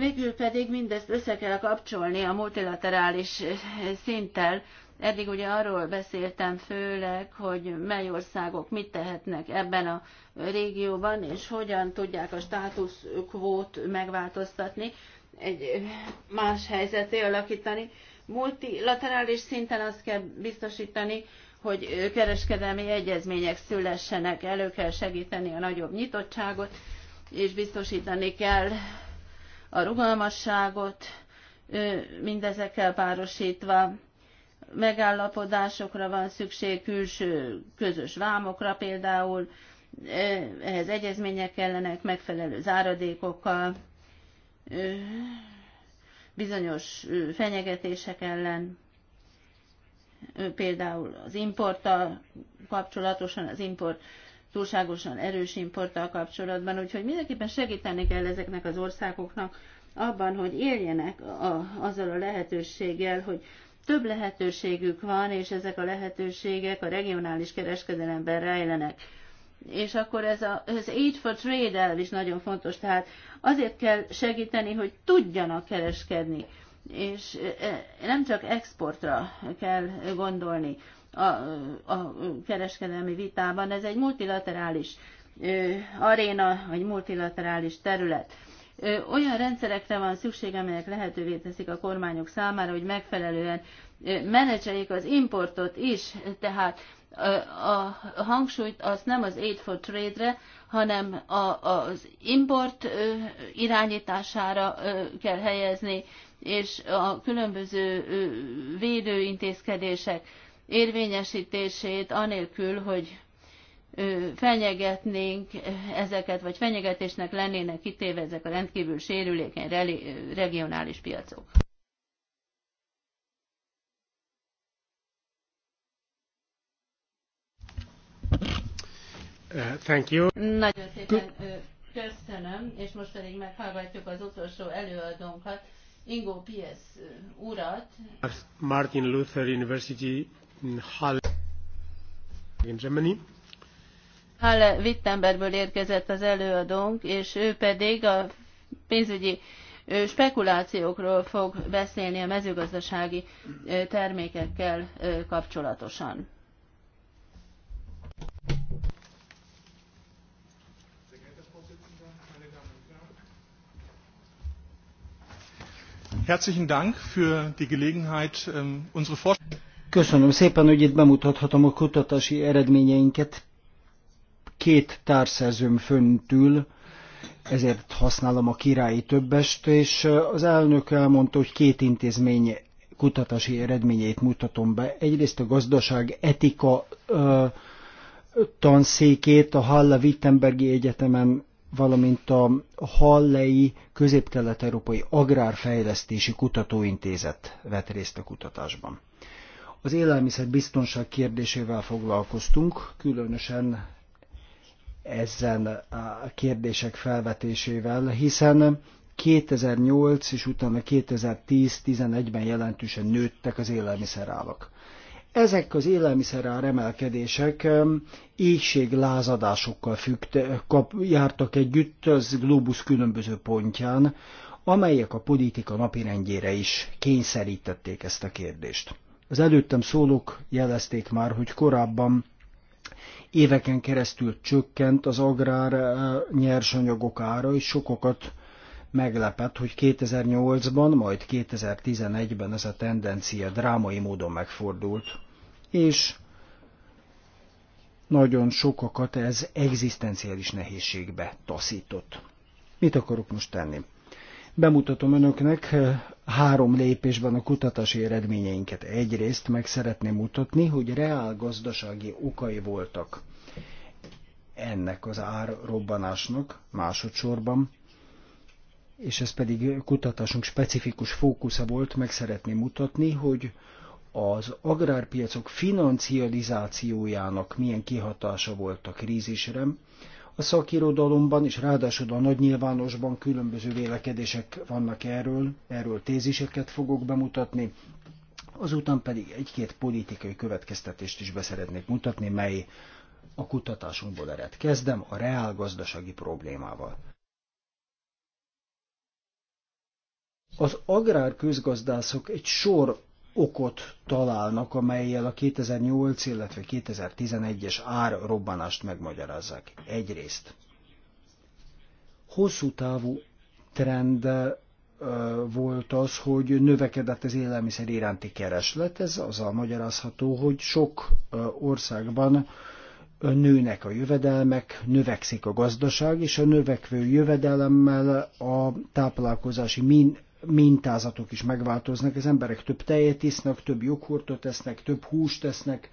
Végül pedig mindezt össze kell kapcsolni a multilaterális szinttel. Eddig ugye arról beszéltem főleg, hogy mely országok mit tehetnek ebben a régióban, és hogyan tudják a státuszkvót megváltoztatni, egy más helyzeté alakítani. Multilaterális szinten azt kell biztosítani, hogy kereskedelmi egyezmények szülessenek, elő kell segíteni a nagyobb nyitottságot, és biztosítani kell a rugalmasságot, mindezekkel párosítva megállapodásokra van szükség, külső közös vámokra például, ehhez egyezmények kellenek megfelelő záradékokkal, bizonyos fenyegetések ellen, például az importtal kapcsolatosan az import túlságosan erős importtal kapcsolatban, úgyhogy mindenképpen segíteni kell ezeknek az országoknak abban, hogy éljenek a, azzal a lehetőséggel, hogy több lehetőségük van, és ezek a lehetőségek a regionális kereskedelemben rejlenek. És akkor ez a, az Aid for Trade elv is nagyon fontos, tehát azért kell segíteni, hogy tudjanak kereskedni, és e, nem csak exportra kell gondolni a, a kereskedelmi vitában. Ez egy multilaterális aréna, vagy multilaterális terület. Olyan rendszerekre van szükség, amelyek lehetővé teszik a kormányok számára, hogy megfelelően menedzseljék az importot is, tehát a hangsúlyt az nem az Aid for Trade-re, hanem a, az import irányítására kell helyezni, és a különböző védőintézkedések érvényesítését, anélkül, hogy fenyegetnénk ezeket, vagy fenyegetésnek lennének kitéve ezek a rendkívül sérülékeny regionális piacok.
Uh, thank you. Nagyon szépen
köszönöm,
és most pedig meghallgatjuk az utolsó előadónkat, Ingo Pies urat.
Martin Luther University in Halle in Germany.
Halle Wittenbergből érkezett az előadónk, és ő pedig a pénzügyi spekulációkról fog beszélni a mezőgazdasági termékekkel kapcsolatosan.
Herzlichen Dank für die
Gelegenheit, ähm, unsere Vorstellung.
Köszönöm szépen, hogy itt bemutathatom a kutatási eredményeinket. Két társzerzőm föntül, ezért használom a királyi többest, és az elnök elmondta, hogy két intézmény kutatási eredményeit mutatom be. Egyrészt a gazdaság etika tanszékét a Halle-Wittenbergi Egyetemen, valamint a Hallei Közép-Kelet-Európai Agrárfejlesztési Kutatóintézet vett részt a kutatásban. Az élelmiszer biztonság kérdésével foglalkoztunk, különösen ezen a kérdések felvetésével, hiszen 2008 és utána 2010-11-ben jelentősen nőttek az élelmiszerárak. Ezek az élelmiszerár emelkedések lázadásokkal függt, kap, jártak együtt az globus különböző pontján, amelyek a politika napirendjére is kényszerítették ezt a kérdést. Az előttem szólók jelezték már, hogy korábban éveken keresztül csökkent az agrár eh, nyersanyagok ára, és sokokat meglepett, hogy 2008-ban, majd 2011-ben ez a tendencia drámai módon megfordult. És nagyon sokakat ez egzisztenciális nehézségbe taszított. Mit akarok most tenni? Bemutatom önöknek eh, három lépésben a kutatási eredményeinket. Egyrészt meg szeretném mutatni, hogy reál gazdasági okai voltak ennek az árrobbanásnak másodszorban, és ez pedig kutatásunk specifikus fókusza volt, meg szeretném mutatni, hogy az agrárpiacok financializációjának milyen kihatása volt a krízisre, a szakirodalomban, és ráadásul a nagy nyilvánosban különböző vélekedések vannak erről, erről téziseket fogok bemutatni, azután pedig egy-két politikai következtetést is beszeretnék mutatni, mely a kutatásunkból ered. Kezdem a reál gazdasági problémával. Az agrárközgazdászok egy sor okot találnak, amelyel a 2008, illetve 2011-es árrobbanást megmagyarázzák. Egyrészt hosszú távú trend volt az, hogy növekedett az élelmiszer iránti kereslet. Ez azzal magyarázható, hogy sok országban nőnek a jövedelmek, növekszik a gazdaság, és a növekvő jövedelemmel a táplálkozási min mintázatok is megváltoznak. Az emberek több tejet isznak, több joghurtot esznek, több húst esznek,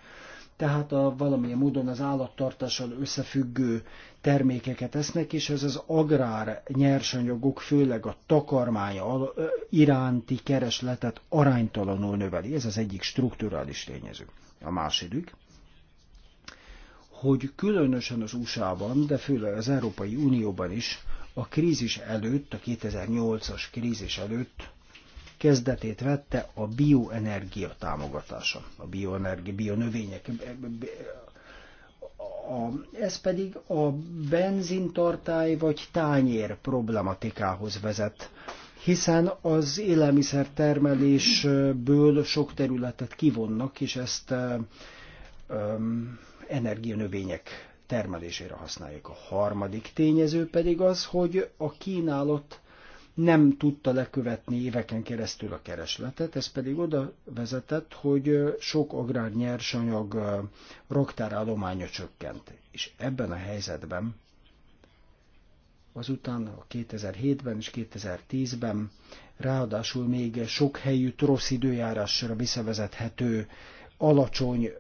tehát a, valamilyen módon az állattartással összefüggő termékeket esznek, és ez az agrár nyersanyagok, főleg a takarmánya iránti keresletet aránytalanul növeli. Ez az egyik strukturális tényező. A második, hogy különösen az USA-ban, de főleg az Európai Unióban is a krízis előtt, a 2008-as krízis előtt kezdetét vette a bioenergia támogatása, a bioenergia, bionövények. Ez pedig a benzintartály vagy tányér problematikához vezet, hiszen az élelmiszertermelésből sok területet kivonnak, és ezt um, energianövények termelésére használják. A harmadik tényező pedig az, hogy a kínálat nem tudta lekövetni éveken keresztül a keresletet, ez pedig oda vezetett, hogy sok agrár nyersanyag raktárállománya csökkent. És ebben a helyzetben azután a 2007-ben és 2010-ben ráadásul még sok helyütt rossz időjárásra visszavezethető alacsony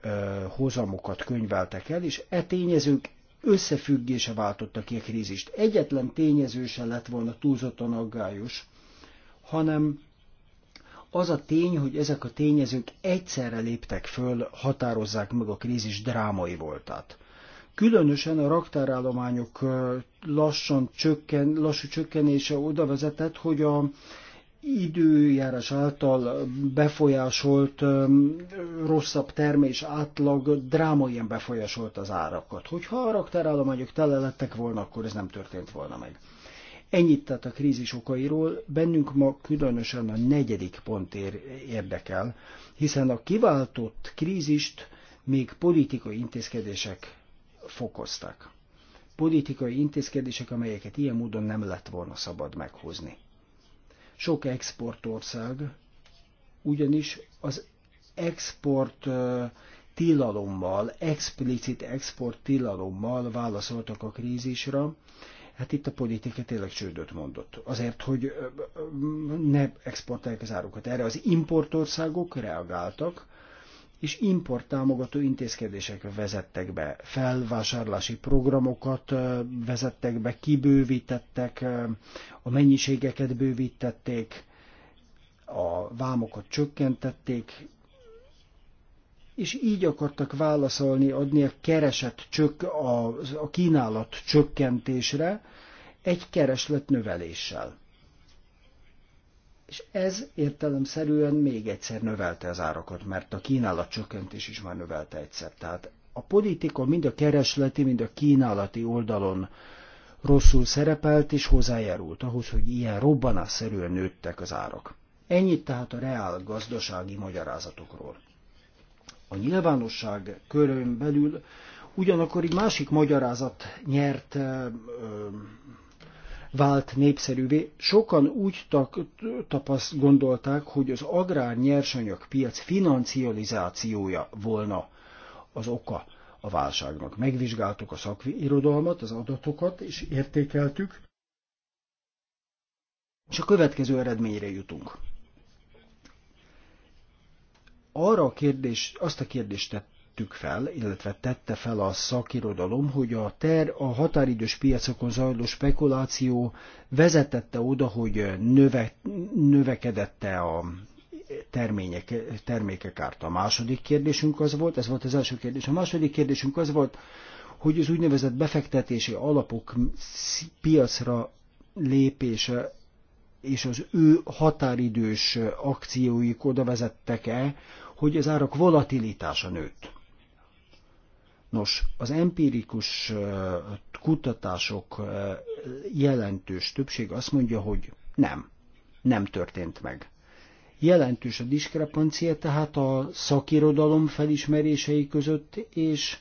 hozamokat könyveltek el, és e tényezők összefüggése váltotta ki a krízist. Egyetlen tényező se lett volna túlzottan aggályos, hanem az a tény, hogy ezek a tényezők egyszerre léptek föl, határozzák meg a krízis drámai voltát. Különösen a raktárállományok lassan csökken, lassú csökkenése oda vezetett, hogy a időjárás által befolyásolt rosszabb termés átlag drámaian befolyásolt az árakat. Hogyha a raktárállományok tele lettek volna, akkor ez nem történt volna meg. Ennyit tehát a krízis okairól, bennünk ma különösen a negyedik pont ér- érdekel, hiszen a kiváltott krízist még politikai intézkedések fokoztak. Politikai intézkedések, amelyeket ilyen módon nem lett volna szabad meghozni sok exportország, ugyanis az export tilalommal, explicit export tilalommal válaszoltak a krízisre, hát itt a politika tényleg csődöt mondott. Azért, hogy ne exportálják az árukat. Erre az importországok reagáltak, és importtámogató intézkedések vezettek be, felvásárlási programokat vezettek be, kibővítettek, a mennyiségeket bővítették, a vámokat csökkentették, és így akartak válaszolni, adni a kereset csök, a, a kínálat csökkentésre egy kereslet növeléssel. És ez értelemszerűen még egyszer növelte az árakat, mert a kínálat csökkentés is már növelte egyszer. Tehát a politika mind a keresleti, mind a kínálati oldalon rosszul szerepelt és hozzájárult ahhoz, hogy ilyen robbanásszerűen nőttek az árak. Ennyit tehát a reál gazdasági magyarázatokról. A nyilvánosság körön belül ugyanakkor egy másik magyarázat nyert ö, vált népszerűvé. Sokan úgy tapaszt gondolták, hogy az agrár nyersanyag piac financializációja volna az oka a válságnak. Megvizsgáltuk a szakirodalmat, az adatokat, és értékeltük, és a következő eredményre jutunk. Arra a kérdés, azt a kérdést tett, tettük fel, illetve tette fel a szakirodalom, hogy a, ter, a határidős piacokon zajló spekuláció vezetette oda, hogy növe, növekedette a termények, termékek árt. A második kérdésünk az volt, ez volt az első kérdés, a második kérdésünk az volt, hogy az úgynevezett befektetési alapok piacra lépése és az ő határidős akcióik oda vezettek-e, hogy az árak volatilitása nőtt. Nos, az empirikus kutatások jelentős többség azt mondja, hogy nem, nem történt meg. Jelentős a diskrepancia tehát a szakirodalom felismerései között és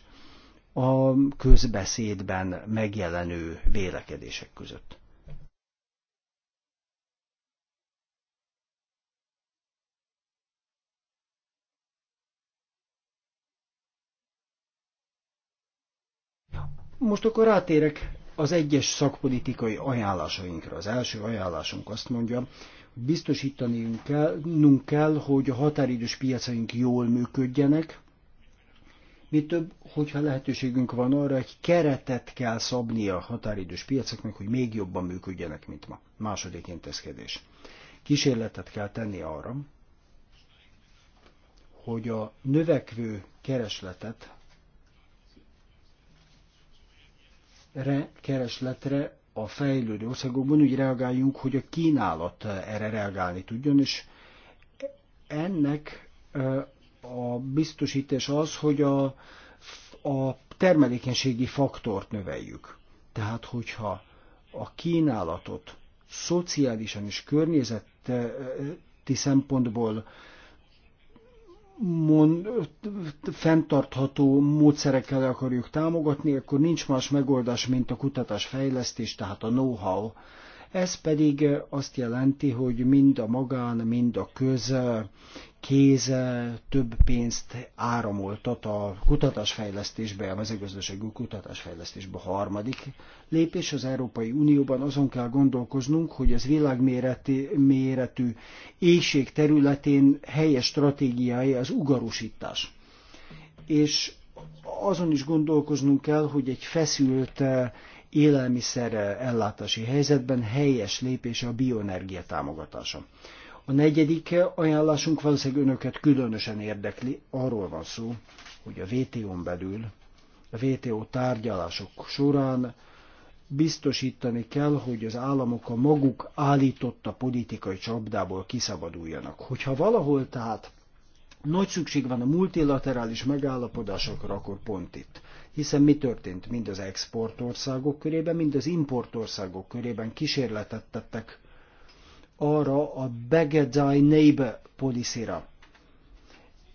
a közbeszédben megjelenő vélekedések között. Most akkor rátérek az egyes szakpolitikai ajánlásainkra. Az első ajánlásunk azt mondja, biztosítani kell, kell, hogy a határidős piacaink jól működjenek, mi több, hogyha lehetőségünk van arra, egy keretet kell szabni a határidős piacoknak, hogy még jobban működjenek, mint ma. Második intézkedés. Kísérletet kell tenni arra, hogy a növekvő keresletet keresletre a fejlődő országokban úgy reagáljunk, hogy a kínálat erre reagálni tudjon, és ennek a biztosítás az, hogy a, a termelékenységi faktort növeljük. Tehát, hogyha a kínálatot szociálisan és környezeti szempontból mond, fenntartható módszerekkel akarjuk támogatni, akkor nincs más megoldás, mint a kutatás-fejlesztés, tehát a know-how. Ez pedig eh, azt jelenti, hogy mind a magán, mind a köz kéze több pénzt áramoltat a kutatásfejlesztésbe, a mezőgazdaságú kutatásfejlesztésbe. Harmadik lépés az Európai Unióban azon kell gondolkoznunk, hogy az világméretű méretű éjség területén helyes stratégiája az ugarosítás. És azon is gondolkoznunk kell, hogy egy feszült élelmiszer ellátási helyzetben helyes lépése a bioenergia támogatása. A negyedik ajánlásunk valószínűleg önöket különösen érdekli. Arról van szó, hogy a WTO-n belül, a WTO tárgyalások során biztosítani kell, hogy az államok a maguk állította politikai csapdából kiszabaduljanak. Hogyha valahol tehát nagy szükség van a multilaterális megállapodásokra, akkor pont itt. Hiszen mi történt? Mind az exportországok körében, mind az importországok körében kísérletet tettek arra a Begedai Neighbor policy -ra.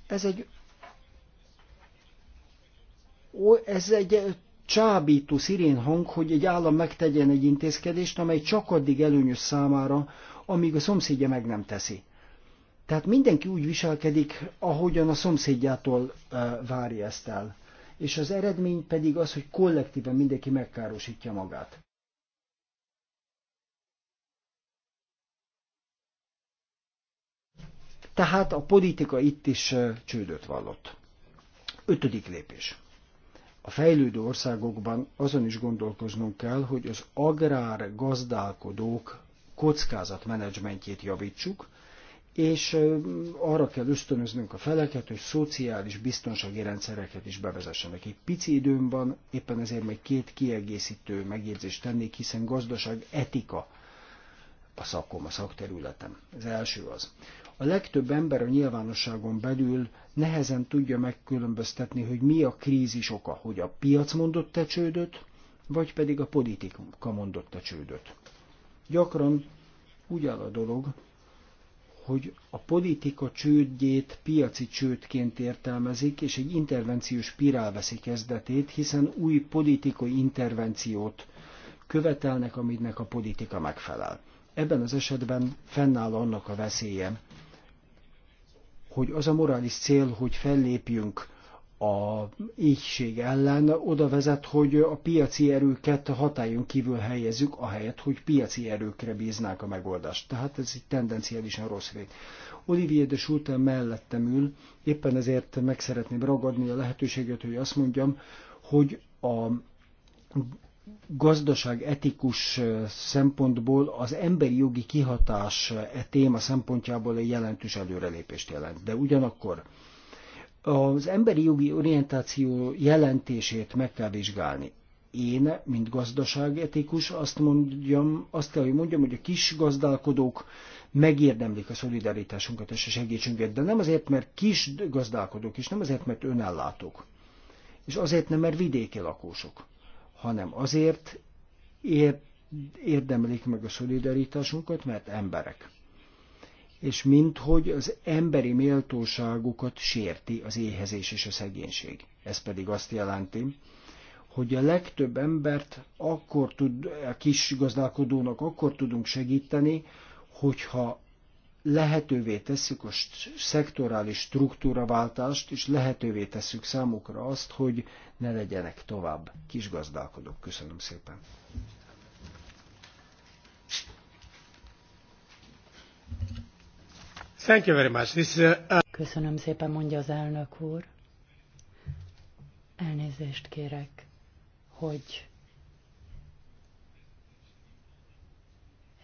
Ez egy ó, ez egy csábító szirén hang, hogy egy állam megtegyen egy intézkedést, amely csak addig előnyös számára, amíg a szomszédja meg nem teszi. Tehát mindenki úgy viselkedik, ahogyan a szomszédjától várja ezt el. És az eredmény pedig az, hogy kollektíven mindenki megkárosítja magát. Tehát a politika itt is csődöt vallott. Ötödik lépés. A fejlődő országokban azon is gondolkoznunk kell, hogy az agrár gazdálkodók kockázatmenedzsmentjét javítsuk, és arra kell ösztönöznünk a feleket, hogy szociális biztonsági rendszereket is bevezessenek. Egy pici időm van, éppen ezért még két kiegészítő megjegyzést tennék, hiszen gazdaság etika a szakom, a szakterületem. Az első az. A legtöbb ember a nyilvánosságon belül nehezen tudja megkülönböztetni, hogy mi a krízis oka, hogy a piac mondott te csődöt, vagy pedig a politika mondott te csődöt. Gyakran úgy áll a dolog, hogy a politika csődjét piaci csődként értelmezik, és egy intervenciós spirál veszi kezdetét, hiszen új politikai intervenciót követelnek, aminek a politika megfelel. Ebben az esetben fennáll annak a veszélye, hogy az a morális cél, hogy fellépjünk a éhség ellen, oda vezet, hogy a piaci erőket hatályon kívül helyezzük, ahelyett, hogy piaci erőkre bíznák a megoldást. Tehát ez egy tendenciálisan rossz vég. Olivier de Schulte mellettem ül, éppen ezért meg szeretném ragadni a lehetőséget, hogy azt mondjam, hogy a gazdaság etikus szempontból az emberi jogi kihatás e téma szempontjából egy jelentős előrelépést jelent. De ugyanakkor az emberi jogi orientáció jelentését meg kell vizsgálni. Én, mint gazdaságetikus, azt, mondjam, azt kell, hogy mondjam, hogy a kis gazdálkodók megérdemlik a szolidaritásunkat és a segítségünket, de nem azért, mert kis gazdálkodók, és nem azért, mert önellátók, és azért nem, mert vidéki lakósok hanem azért érdemlik meg a szolidaritásunkat, mert emberek. És minthogy az emberi méltóságukat sérti az éhezés és a szegénység. Ez pedig azt jelenti, hogy a legtöbb embert akkor tud, a kis gazdálkodónak akkor tudunk segíteni, hogyha lehetővé tesszük a szektorális struktúraváltást, és lehetővé tesszük számukra azt, hogy ne legyenek tovább kisgazdálkodók. Köszönöm szépen.
Thank you very much. This, uh... Köszönöm szépen, mondja az elnök úr. Elnézést kérek, hogy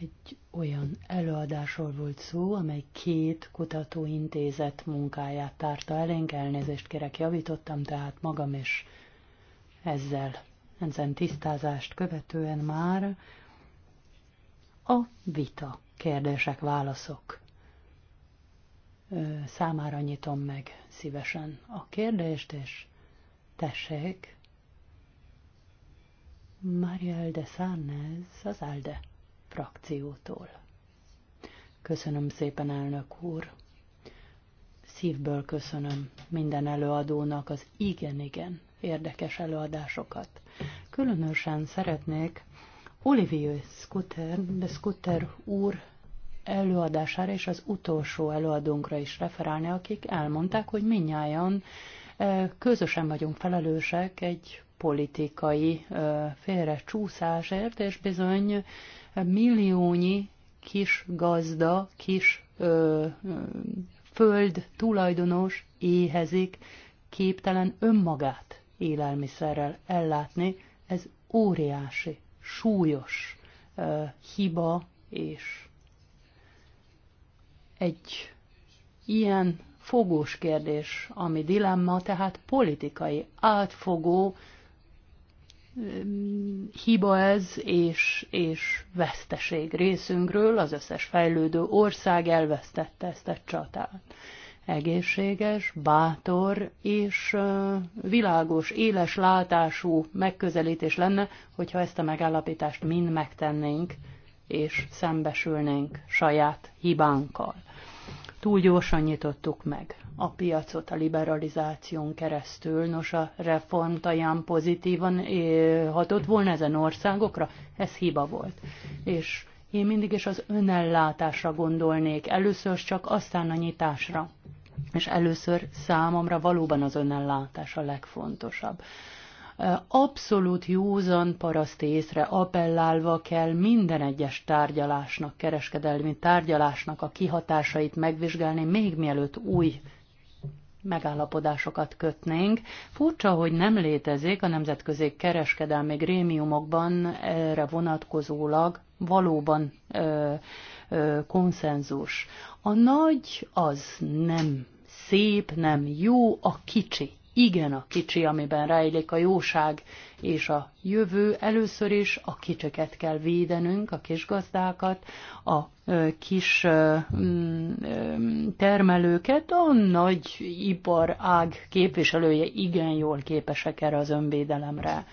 Egy olyan előadásról volt szó, amely két kutatóintézet munkáját tárta elénk, elnézést kérek, javítottam, tehát magam is ezzel, ezen tisztázást követően már a vita, kérdések, válaszok számára nyitom meg szívesen a kérdést, és tessék, Mariel de Sarnez az Alde frakciótól. Köszönöm szépen, elnök úr! Szívből köszönöm minden előadónak az igen-igen érdekes előadásokat. Különösen szeretnék Olivier Scooter, de Scooter úr előadására és az utolsó előadónkra is referálni, akik elmondták, hogy minnyáján e, közösen vagyunk felelősek egy politikai e, félrecsúszásért, és bizony milliónyi kis gazda, kis ö, ö, föld tulajdonos éhezik, képtelen önmagát élelmiszerrel ellátni, ez óriási, súlyos ö, hiba, és egy ilyen fogós kérdés, ami dilemma, tehát politikai, átfogó hiba ez, és, és veszteség részünkről, az összes fejlődő ország elvesztette ezt a csatát. Egészséges, bátor és világos, éles látású megközelítés lenne, hogyha ezt a megállapítást mind megtennénk, és szembesülnénk saját hibánkkal túl gyorsan nyitottuk meg a piacot a liberalizáción keresztül. Nos, a reform talán pozitívan eh, hatott volna ezen országokra, ez hiba volt. És én mindig is az önellátásra gondolnék, először csak aztán a nyitásra. És először számomra valóban az önellátás a legfontosabb. Abszolút józan észre appellálva kell minden egyes tárgyalásnak, kereskedelmi tárgyalásnak a kihatásait megvizsgálni, még mielőtt új megállapodásokat kötnénk. Furcsa, hogy nem létezik a nemzetközi kereskedelmi grémiumokban erre vonatkozólag valóban ö, ö, konszenzus. A nagy az nem szép, nem jó, a kicsi igen a kicsi, amiben rejlik a jóság és a jövő. Először is a kicsiket kell védenünk, a kis gazdákat, a kis mm, termelőket, a nagy iparág képviselője igen jól képesek erre az önvédelemre.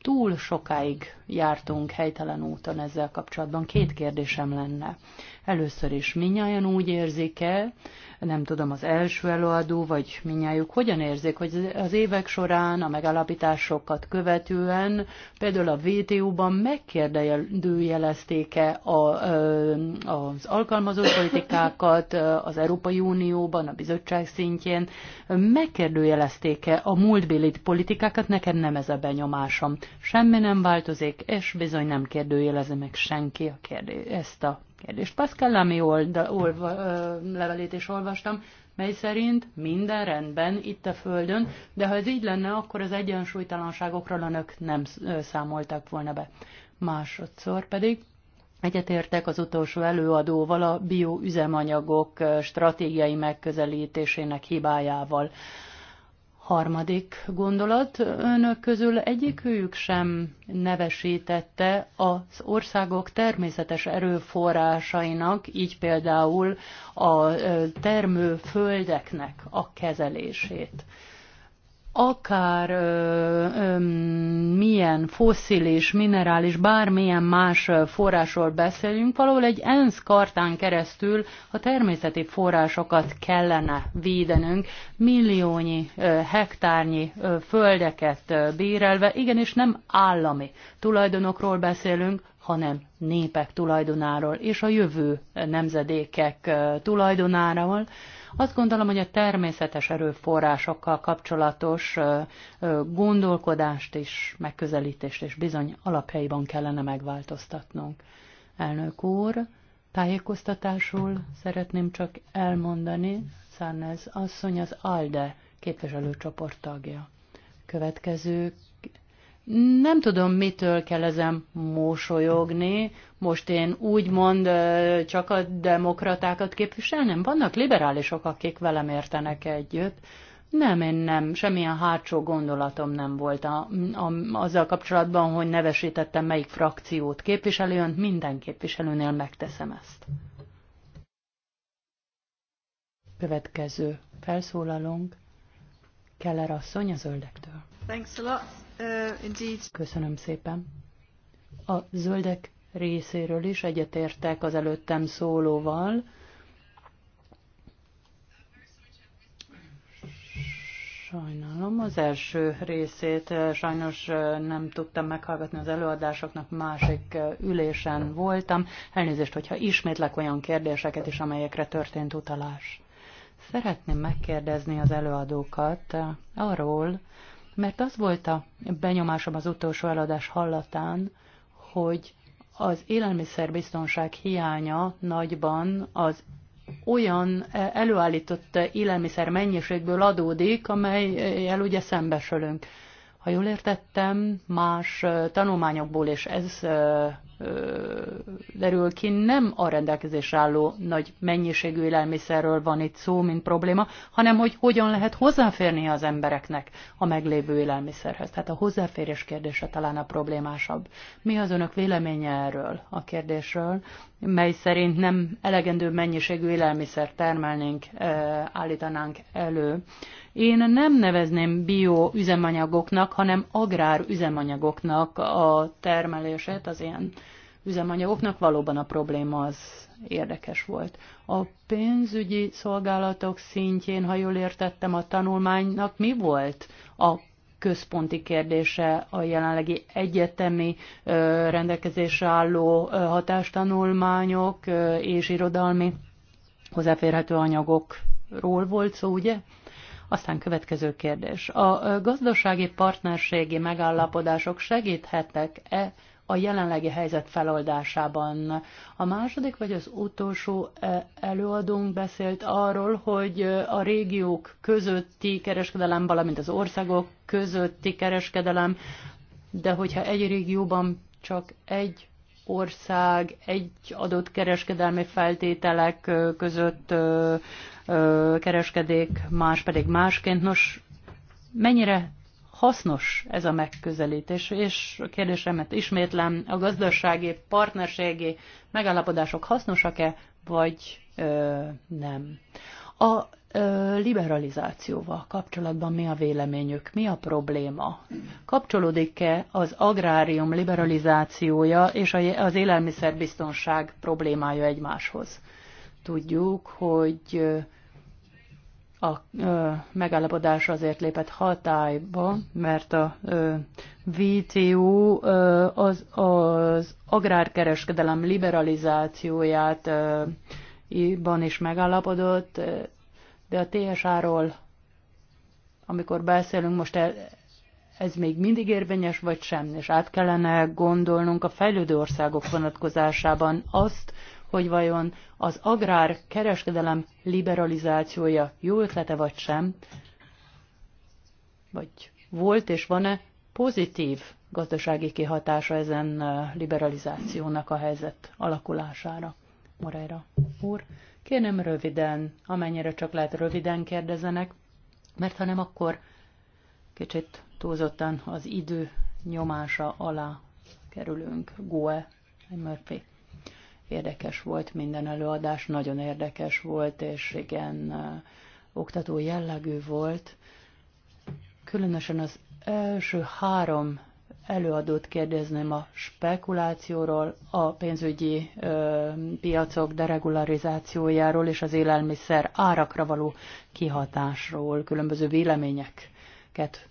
Túl sokáig jártunk helytelen úton ezzel kapcsolatban. Két kérdésem lenne. Először is minnyáján úgy érzik el nem tudom, az első előadó, vagy minnyájuk hogyan érzik, hogy az évek során a megalapításokat követően például a VTU-ban megkérdőjelezték-e a, az alkalmazott politikákat az Európai Unióban, a bizottság szintjén, megkérdőjelezték-e a múltbéli politikákat, nekem nem ez a benyomásom. Semmi nem változik, és bizony nem kérdőjelezi meg senki a kérdő, ezt a kérdést. Pascal Lamy olda, olva, levelét is olvastam, mely szerint minden rendben itt a Földön, de ha ez így lenne, akkor az egyensúlytalanságokról önök nem számoltak volna be. Másodszor pedig Egyetértek az utolsó előadóval a bioüzemanyagok stratégiai megközelítésének hibájával. Harmadik gondolat, önök közül egyikük sem nevesítette az országok természetes erőforrásainak, így például a termőföldeknek a kezelését akár ö, ö, milyen foszilis, minerális, bármilyen más forrásról beszélünk, valahol egy ENSZ kartán keresztül a természeti forrásokat kellene védenünk, milliónyi, ö, hektárnyi ö, földeket ö, bérelve, igenis nem állami tulajdonokról beszélünk, hanem népek tulajdonáról és a jövő nemzedékek tulajdonáról. Azt gondolom, hogy a természetes erőforrásokkal kapcsolatos gondolkodást és megközelítést és bizony alapjaiban kellene megváltoztatnunk. Elnök úr, tájékoztatásul szeretném csak elmondani, Szárnez asszony az ALDE képviselőcsoport tagja. Következő nem tudom, mitől kell ezen mosolyogni. Most én úgymond csak a demokratákat képviselnem. Vannak liberálisok, akik velem értenek együtt. Nem, én nem. Semmilyen hátsó gondolatom nem volt a, a, azzal kapcsolatban, hogy nevesítettem melyik frakciót képviselőn. Minden képviselőnél megteszem ezt. Következő felszólalunk. Keller asszony a zöldektől.
Thanks a lot. Uh,
Köszönöm szépen. A zöldek részéről is egyetértek az előttem szólóval. Sajnálom, az első részét eh, sajnos eh, nem tudtam meghallgatni az előadásoknak, másik eh, ülésen voltam. Elnézést, hogyha ismétlek olyan kérdéseket is, amelyekre történt utalás. Szeretném megkérdezni az előadókat arról, mert az volt a benyomásom az utolsó eladás hallatán, hogy az élelmiszerbiztonság hiánya nagyban az olyan előállított élelmiszer mennyiségből adódik, amelyel ugye szembesülünk. Ha jól értettem, más tanulmányokból, és ez derül ki, nem a rendelkezésre álló nagy mennyiségű élelmiszerről van itt szó, mint probléma, hanem hogy hogyan lehet hozzáférni az embereknek a meglévő élelmiszerhez. Tehát a hozzáférés kérdése talán a problémásabb. Mi az önök véleménye erről a kérdésről, mely szerint nem elegendő mennyiségű élelmiszer termelnénk, állítanánk elő, én nem nevezném bioüzemanyagoknak, hanem agrárüzemanyagoknak a termelését, az ilyen üzemanyagoknak valóban a probléma az érdekes volt. A pénzügyi szolgálatok szintjén, ha jól értettem, a tanulmánynak mi volt a központi kérdése a jelenlegi egyetemi rendelkezésre álló hatástanulmányok és irodalmi hozzáférhető anyagokról volt szó, ugye? Aztán következő kérdés. A gazdasági partnerségi megállapodások segíthetnek-e a jelenlegi helyzet feloldásában. A második vagy az utolsó előadónk beszélt arról, hogy a régiók közötti kereskedelem, valamint az országok közötti kereskedelem, de hogyha egy régióban csak egy ország egy adott kereskedelmi feltételek között kereskedik, más pedig másként. Nos, mennyire hasznos ez a megközelítés, és a kérdésemet ismétlem, a gazdasági, partnerségi megállapodások hasznosak-e, vagy ö, nem. A ö, liberalizációval kapcsolatban mi a véleményük, mi a probléma? Kapcsolódik-e az agrárium liberalizációja és az élelmiszerbiztonság problémája egymáshoz? Tudjuk, hogy a ö, megállapodás azért lépett hatályba, mert a ö, VTO ö, az, az agrárkereskedelem liberalizációját ö, is megállapodott, de a TSA-ról, amikor beszélünk most, e, ez még mindig érvényes, vagy sem, és át kellene gondolnunk a fejlődő országok vonatkozásában azt, hogy vajon az agrár kereskedelem liberalizációja jó ötlete vagy sem, vagy volt és van-e pozitív gazdasági kihatása ezen uh, liberalizációnak a helyzet alakulására. Moreira úr, Kérném röviden, amennyire csak lehet röviden kérdezenek, mert ha nem, akkor kicsit túlzottan az idő nyomása alá kerülünk. Goe Murphy. Érdekes volt minden előadás, nagyon érdekes volt, és igen, oktató jellegű volt. Különösen az első három előadót kérdezném a spekulációról, a pénzügyi ö, piacok deregularizációjáról és az élelmiszer árakra való kihatásról különböző véleményeket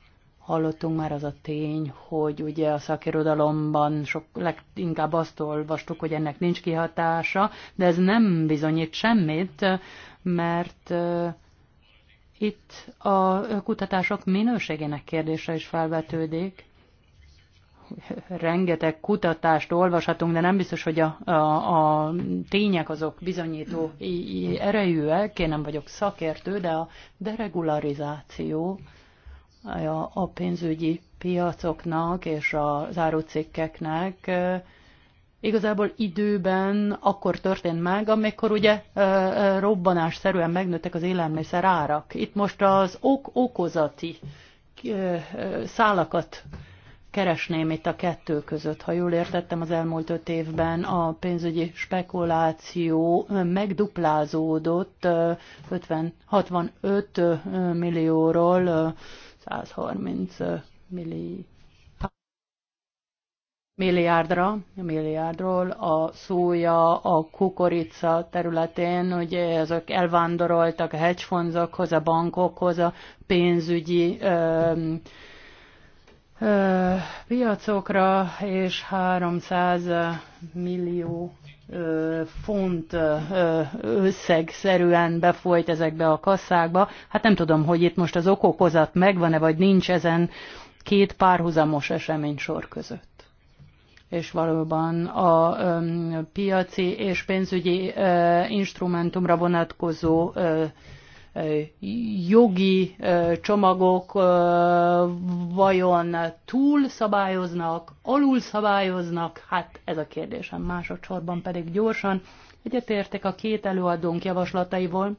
hallottunk már az a tény, hogy ugye a szakirodalomban sok, leginkább azt olvastuk, hogy ennek nincs kihatása, de ez nem bizonyít semmit, mert itt a kutatások minőségének kérdése is felvetődik. Rengeteg kutatást olvashatunk, de nem biztos, hogy a, a, a tények azok bizonyító erejűek. Én nem vagyok szakértő, de a deregularizáció a pénzügyi piacoknak és az árucikkeknek igazából időben akkor történt meg, amikor ugye robbanásszerűen megnőttek az élelmiszer árak. Itt most az ok okozati szálakat keresném itt a kettő között. Ha jól értettem, az elmúlt öt évben a pénzügyi spekuláció megduplázódott 50, 65 millióról 130 milli, milliárdra, milliárdról a szója, a kukorica területén, ugye ezek elvándoroltak a hedgefondokhoz, a bankokhoz, a pénzügyi ö, piacokra, és 300 millió font összegszerűen befolyt ezekbe a kasszákba. Hát nem tudom, hogy itt most az okokozat megvan-e, vagy nincs ezen két párhuzamos esemény sor között és valóban a piaci és pénzügyi instrumentumra vonatkozó jogi csomagok vajon túl szabályoznak, alul szabályoznak? Hát ez a kérdésem másodszorban pedig gyorsan. Egyetértek a két előadónk javaslataival,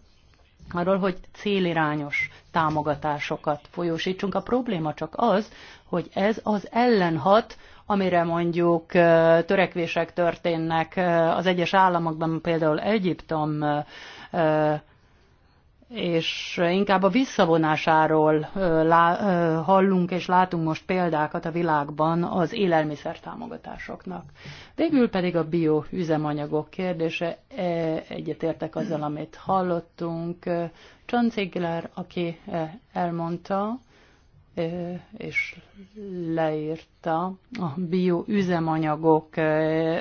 arról, hogy célirányos támogatásokat folyósítsunk. A probléma csak az, hogy ez az ellenhat, amire mondjuk törekvések történnek az egyes államokban, például Egyiptom és inkább a visszavonásáról hallunk és látunk most példákat a világban az élelmiszer támogatásoknak. Végül pedig a bioüzemanyagok kérdése. E, egyetértek azzal, amit hallottunk. John Ziegler, aki e, elmondta, és leírta a bioüzemanyagok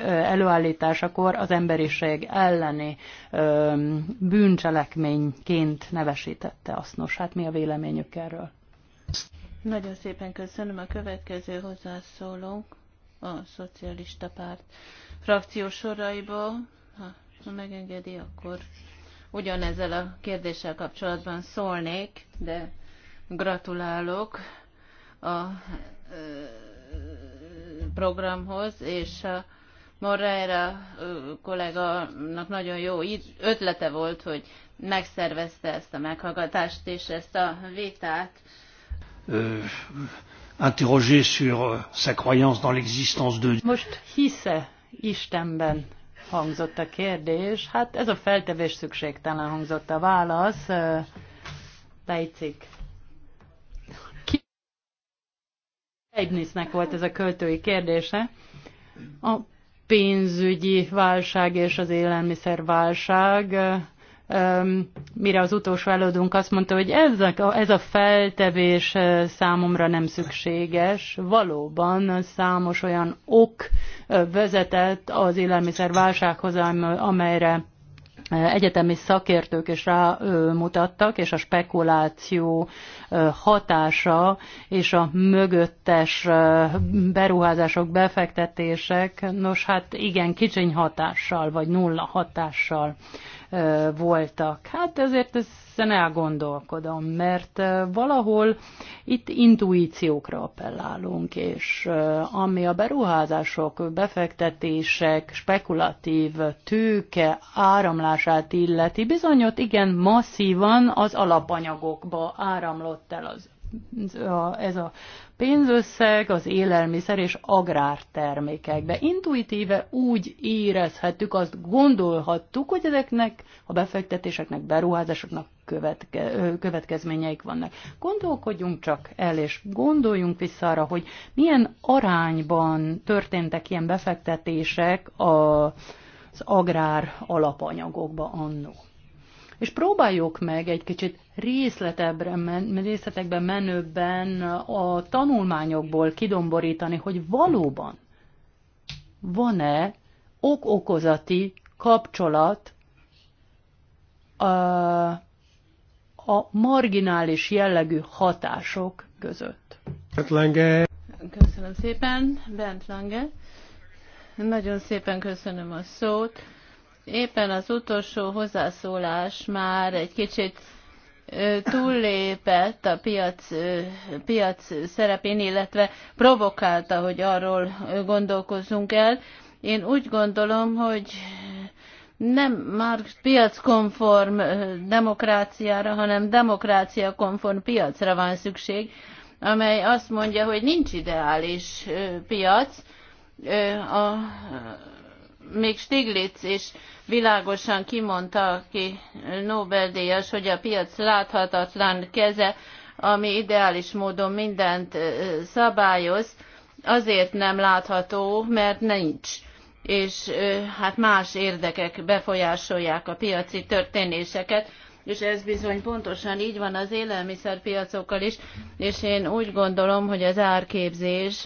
előállításakor az emberiség elleni bűncselekményként nevesítette azt. Nos, hát mi a véleményük erről?
Nagyon szépen köszönöm. A következő hozzászólónk a Szocialista Párt frakció soraiba. Ha, ha megengedi, akkor ugyanezzel a kérdéssel kapcsolatban szólnék, de Gratulálok a programhoz, és a Morera kollégának nagyon jó ötlete volt, hogy megszervezte ezt a meghallgatást és ezt
a vitát.
interrogé sur sa croyance
dans l'existence de Dieu.
Most hisze Istenben hangzott a kérdés. Hát ez a feltevés szükségtelen hangzott a válasz. Leicik Leibniznek volt ez a költői kérdése. A pénzügyi válság és az élelmiszerválság mire az utolsó előadónk azt mondta, hogy ez a, ez a feltevés számomra nem szükséges. Valóban számos olyan ok vezetett az élelmiszerválsághoz, amelyre egyetemi szakértők is rámutattak, és a spekuláció hatása és a mögöttes beruházások, befektetések, nos hát igen, kicsiny hatással, vagy nulla hatással voltak. Hát ezért ez egészen elgondolkodom, mert valahol itt intuíciókra appellálunk, és ami a beruházások, befektetések, spekulatív tőke áramlását illeti, bizonyot igen masszívan az alapanyagokba áramlott el az ez a pénzösszeg az élelmiszer és agrártermékekbe. Intuitíve úgy érezhettük, azt gondolhattuk, hogy ezeknek a befektetéseknek, beruházásoknak követke, következményeik vannak. Gondolkodjunk csak el, és gondoljunk vissza arra, hogy milyen arányban történtek ilyen befektetések a, az agrár alapanyagokba annó és próbáljuk meg egy kicsit részletebben, részletekben menőbben a tanulmányokból kidomborítani, hogy valóban van-e ok-okozati kapcsolat a, a marginális jellegű hatások között.
Hát Lange.
Köszönöm
szépen, Bent Lange. Nagyon szépen köszönöm a szót éppen az utolsó hozzászólás már egy kicsit túllépett a piac, piac szerepén, illetve provokálta, hogy arról gondolkozzunk el. Én úgy gondolom, hogy nem már piackonform demokráciára, hanem demokráciakonform piacra van szükség, amely azt mondja, hogy nincs ideális piac, a még Stiglitz is világosan kimondta, aki Nobel-díjas, hogy a piac láthatatlan keze, ami ideális módon mindent szabályoz, azért nem látható, mert nincs és hát más érdekek befolyásolják a piaci történéseket, és ez bizony pontosan így van az élelmiszerpiacokkal is, és én úgy gondolom, hogy az árképzés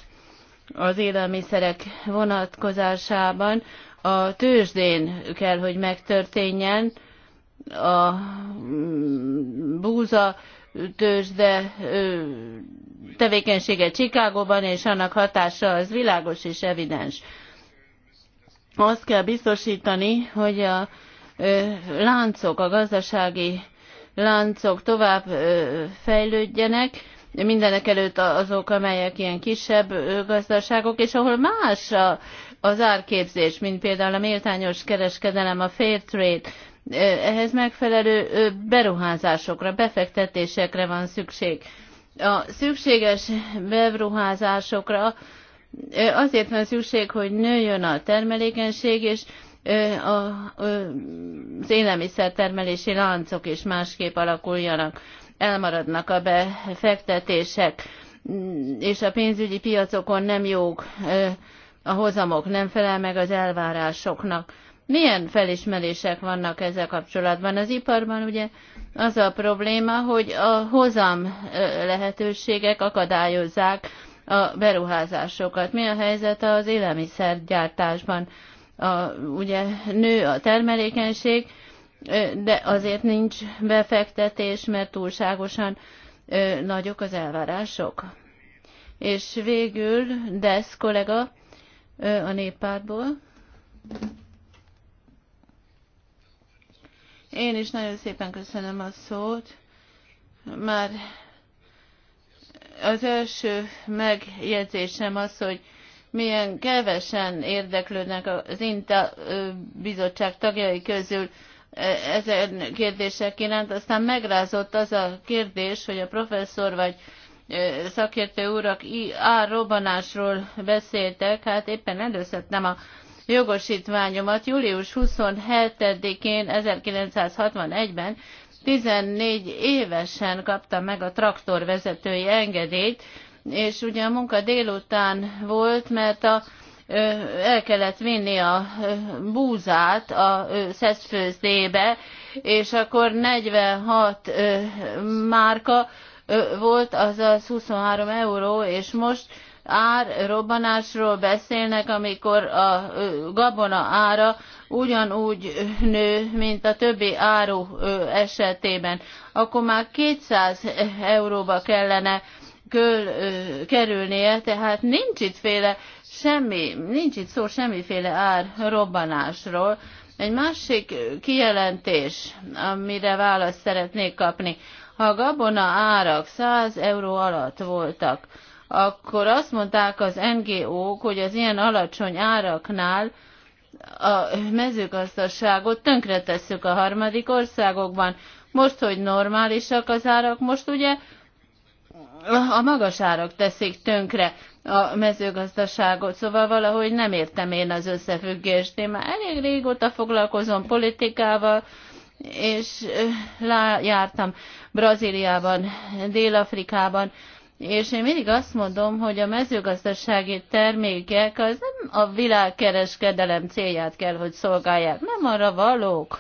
az élelmiszerek vonatkozásában a tőzsdén kell, hogy megtörténjen. A mm, búza tőzsde tevékenysége Csikágóban, és annak hatása az világos és evidens. Azt kell biztosítani, hogy a láncok, a gazdasági láncok tovább fejlődjenek, mindenek előtt azok, amelyek ilyen kisebb gazdaságok, és ahol más a, az árképzés, mint például a méltányos kereskedelem, a fair trade, ehhez megfelelő beruházásokra, befektetésekre van szükség. A szükséges beruházásokra azért van szükség, hogy nőjön a termelékenység, és az élelmiszertermelési láncok is másképp alakuljanak elmaradnak a befektetések, és a pénzügyi piacokon nem jók a hozamok, nem felel meg az elvárásoknak. Milyen felismerések vannak ezzel kapcsolatban? Az iparban ugye az a probléma, hogy a hozam lehetőségek akadályozzák a beruházásokat. Mi a helyzet az élelmiszergyártásban? A, ugye nő a termelékenység, de azért nincs befektetés, mert túlságosan nagyok az elvárások. És végül Desz kollega a néppártból. Én is nagyon szépen köszönöm a szót. Már az első megjegyzésem az, hogy milyen kevesen érdeklődnek az INTA bizottság tagjai közül ezen kérdések iránt. Aztán megrázott az a kérdés, hogy a professzor vagy szakértő urak árrobanásról beszéltek, hát éppen nem a jogosítványomat július 27-én 1961-ben 14 évesen kaptam meg a traktorvezetői engedélyt, és ugye a munka délután volt, mert a el kellett vinni a búzát a szeszfőzdébe, és akkor 46 márka volt, azaz 23 euró, és most ár robbanásról beszélnek, amikor a gabona ára ugyanúgy nő, mint a többi áru esetében, akkor már 200 euróba kellene kerülnie, tehát nincs itt féle semmi, nincs itt szó semmiféle ár robbanásról. Egy másik kijelentés, amire választ szeretnék kapni. Ha a gabona árak 100 euró alatt voltak, akkor azt mondták az NGO-k, hogy az ilyen alacsony áraknál a mezőgazdaságot tönkretesszük a harmadik országokban. Most, hogy normálisak az árak, most ugye a magas árak teszik tönkre a mezőgazdaságot. Szóval valahogy nem értem én az összefüggést. Én már elég régóta foglalkozom politikával, és eh, jártam Brazíliában, Dél-Afrikában, és én mindig azt mondom, hogy a mezőgazdasági termékek az nem a világkereskedelem célját kell, hogy szolgálják, nem arra valók.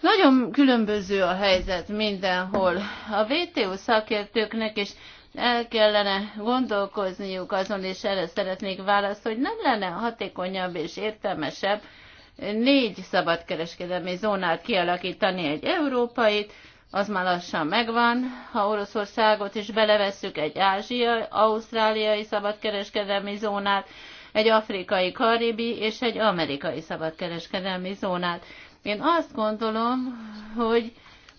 Nagyon különböző a helyzet mindenhol. A WTO szakértőknek és el kellene gondolkozniuk azon, és erre szeretnék választ, hogy nem lenne hatékonyabb és értelmesebb négy szabadkereskedelmi zónát kialakítani egy európait, az már lassan megvan. Ha Oroszországot is belevesszük egy ázsiai, ausztráliai szabadkereskedelmi zónát, egy afrikai, karibi és egy amerikai szabadkereskedelmi zónát. Én azt gondolom, hogy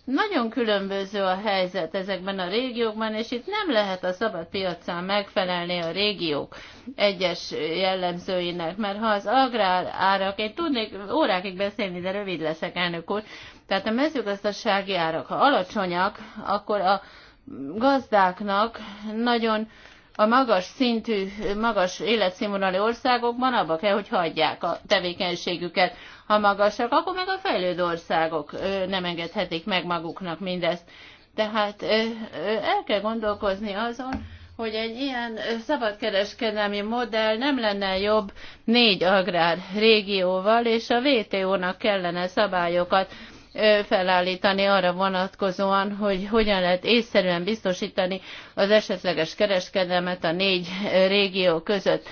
nagyon különböző a helyzet ezekben a régiókban, és itt nem lehet a szabad piacán megfelelni a régiók egyes jellemzőinek, mert ha az agrár árak, én tudnék órákig beszélni, de rövid leszek, elnök úr, tehát a mezőgazdasági árak, ha alacsonyak, akkor a gazdáknak nagyon a magas szintű, magas életszínvonali országokban abba kell, hogy hagyják a tevékenységüket ha magasak, akkor meg a fejlődő országok nem engedhetik meg maguknak mindezt. Tehát el kell gondolkozni azon, hogy egy ilyen szabadkereskedelmi modell nem lenne jobb négy agrár régióval, és a WTO-nak kellene szabályokat felállítani arra vonatkozóan, hogy hogyan lehet észszerűen biztosítani az esetleges kereskedelmet a négy régió között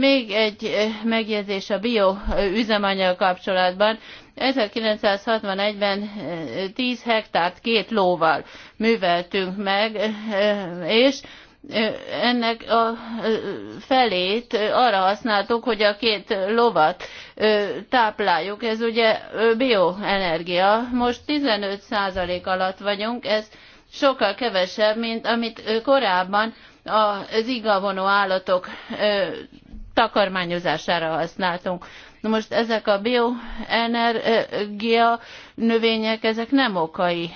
még egy eh, megjegyzés a bioüzemanyag eh, kapcsolatban. 1961-ben 10 eh, hektárt két lóval műveltünk meg, és ennek a felét arra használtuk, hogy a két lovat tápláljuk. Ez ugye bioenergia. Most 15% alatt vagyunk, ez sokkal kevesebb, mint amit korábban az igavonó állatok takarmányozására használtunk. Na most ezek a bioenergia növények, ezek nem okai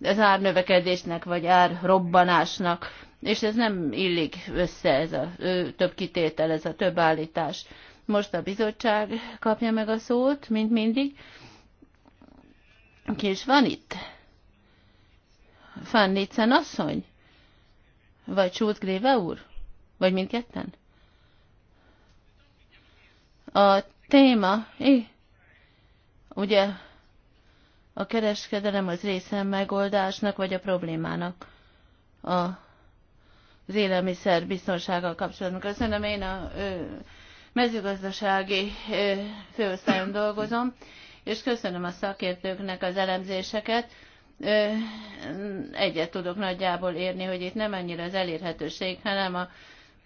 az árnövekedésnek vagy árrobbanásnak, és ez nem illik össze ez a több kitétel, ez a több állítás. Most a bizottság kapja meg a szót, mint mindig. Ki is van itt? Fannicen asszony? Vagy Schultz Gréve úr? Vagy mindketten? A téma, így, ugye a kereskedelem az része megoldásnak, vagy a problémának a, az élelmiszer biztonsággal kapcsolatban. Köszönöm, én a ö, mezőgazdasági ö, főosztályon dolgozom, és köszönöm a szakértőknek az elemzéseket. Ö, egyet tudok nagyjából érni, hogy itt nem annyira az elérhetőség, hanem a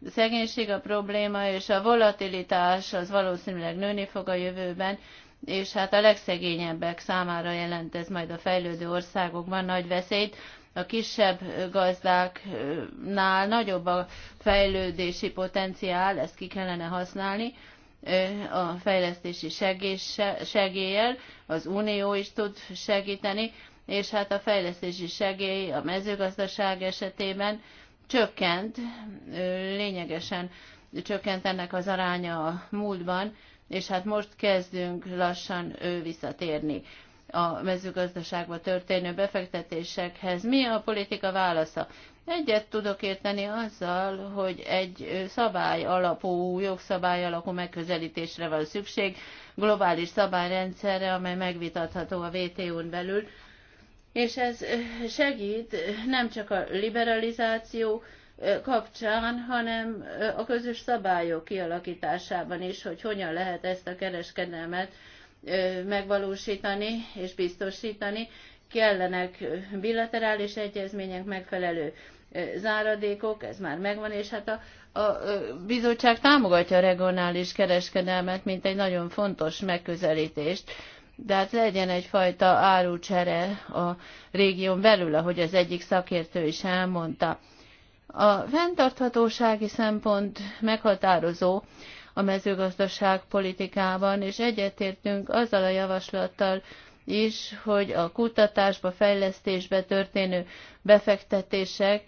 szegénység a probléma, és a volatilitás az valószínűleg nőni fog a jövőben, és hát a legszegényebbek számára jelent ez majd a fejlődő országokban nagy veszélyt. A kisebb gazdáknál nagyobb a fejlődési potenciál, ezt ki kellene használni a fejlesztési segéllyel, az Unió is tud segíteni, és hát a fejlesztési segély a mezőgazdaság esetében csökkent, lényegesen csökkent ennek az aránya a múltban, és hát most kezdünk lassan visszatérni a mezőgazdaságba történő befektetésekhez. Mi a politika válasza? Egyet tudok érteni azzal, hogy egy szabály alapú, jogszabály alapú megközelítésre van szükség, globális szabályrendszerre, amely megvitatható a WTO-n belül, és ez segít nem csak a liberalizáció kapcsán, hanem a közös szabályok kialakításában is, hogy hogyan lehet ezt a kereskedelmet megvalósítani és biztosítani. Kellenek bilaterális egyezmények, megfelelő záradékok, ez már megvan, és hát a, a bizottság támogatja a regionális kereskedelmet, mint egy nagyon fontos megközelítést de hát legyen egyfajta árucsere a régión belül, ahogy az egyik szakértő is elmondta. A fenntarthatósági szempont meghatározó a mezőgazdaság politikában, és egyetértünk azzal a javaslattal is, hogy a kutatásba, fejlesztésbe történő befektetések,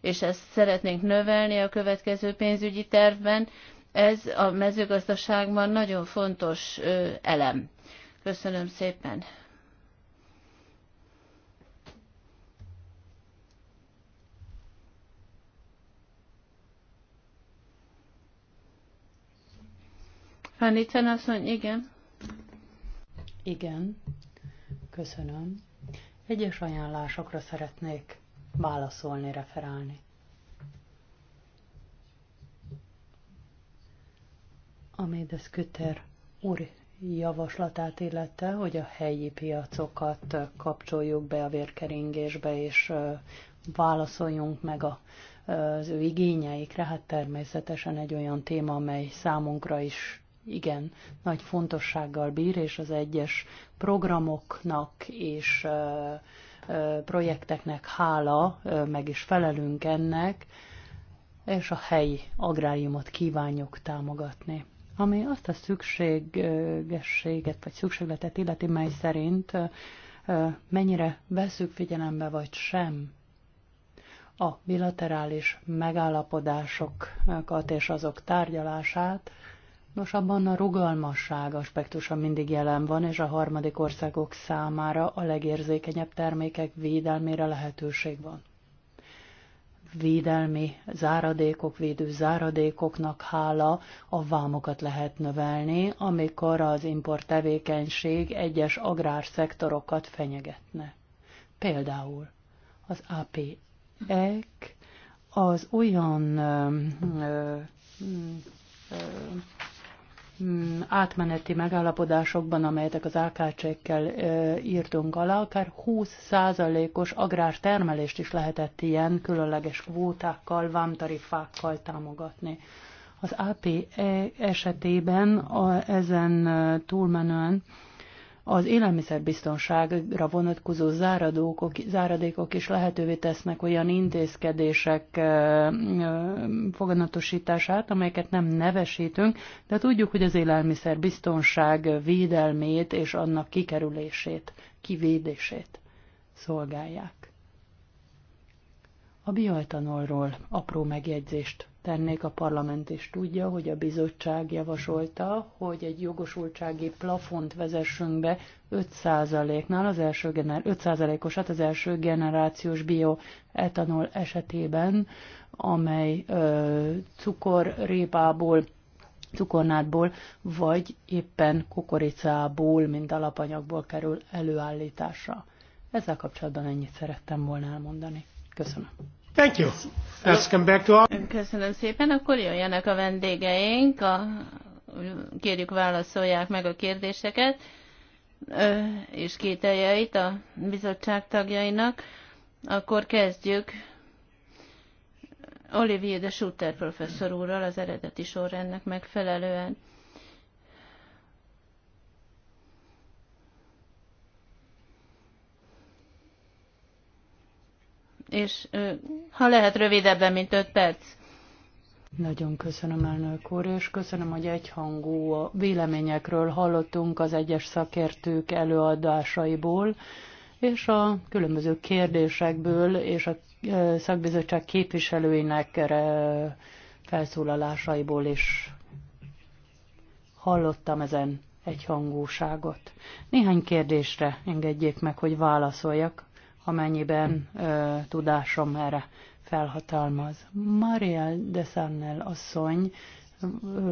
és ezt szeretnénk növelni a következő pénzügyi tervben, ez a mezőgazdaságban nagyon fontos elem. Köszönöm szépen. Fannitzen asszony, igen.
Igen, köszönöm. Egyes ajánlásokra szeretnék válaszolni, referálni. Amédes Köter úr javaslatát illette, hogy a helyi piacokat kapcsoljuk be a vérkeringésbe, és válaszoljunk meg a, az ő igényeikre. Hát természetesen egy olyan téma, amely számunkra is igen nagy fontossággal bír, és az egyes programoknak és projekteknek hála, meg is felelünk ennek, és a helyi agráriumot kívánjuk támogatni ami azt a szükségességet vagy szükségletet illeti, mely szerint mennyire veszük figyelembe vagy sem a bilaterális megállapodásokat és azok tárgyalását, Nos, abban a rugalmasság aspektusa mindig jelen van, és a harmadik országok számára a legérzékenyebb termékek védelmére lehetőség van védelmi záradékok, védő záradékoknak hála a vámokat lehet növelni, amikor az import tevékenység egyes agrárszektorokat fenyegetne. Például az APEC az olyan ö, ö, ö, Hmm, átmeneti megállapodásokban, amelyek az AKC-kkel írtunk alá, akár 20%-os agrártermelést is lehetett ilyen különleges kvótákkal, vámtarifákkal támogatni. Az AP e esetében a, ezen túlmenően az élelmiszerbiztonságra vonatkozó záradókok, záradékok is lehetővé tesznek olyan intézkedések foganatosítását, amelyeket nem nevesítünk, de tudjuk, hogy az élelmiszerbiztonság védelmét és annak kikerülését, kivédését szolgálják. A bioetanolról apró megjegyzést tennék, a parlament is tudja, hogy a bizottság javasolta, hogy egy jogosultsági plafont vezessünk be 5%-nál, az első gener- 5%-osat az első generációs bioetanol esetében, amely ö, cukorrépából cukornádból, vagy éppen kukoricából, mint alapanyagból kerül előállításra. Ezzel kapcsolatban ennyit szerettem volna elmondani. Köszönöm. Thank
you. Let's come back to our...
Köszönöm szépen, akkor jöjjenek a vendégeink, a, kérjük válaszolják meg a kérdéseket és kételjeit a bizottság tagjainak. Akkor kezdjük Olivier de Schutter professzor úrral az eredeti sorrendnek megfelelően. és
ha lehet rövidebben, mint 5 perc. Nagyon köszönöm, elnök úr, és köszönöm, hogy egyhangú véleményekről hallottunk az egyes szakértők előadásaiból, és a különböző kérdésekből és a szakbizottság képviselőinek felszólalásaiból is hallottam ezen egyhangúságot. Néhány kérdésre engedjék meg, hogy válaszoljak, amennyiben ö, tudásom erre felhatalmaz. Mariel de Sannel asszony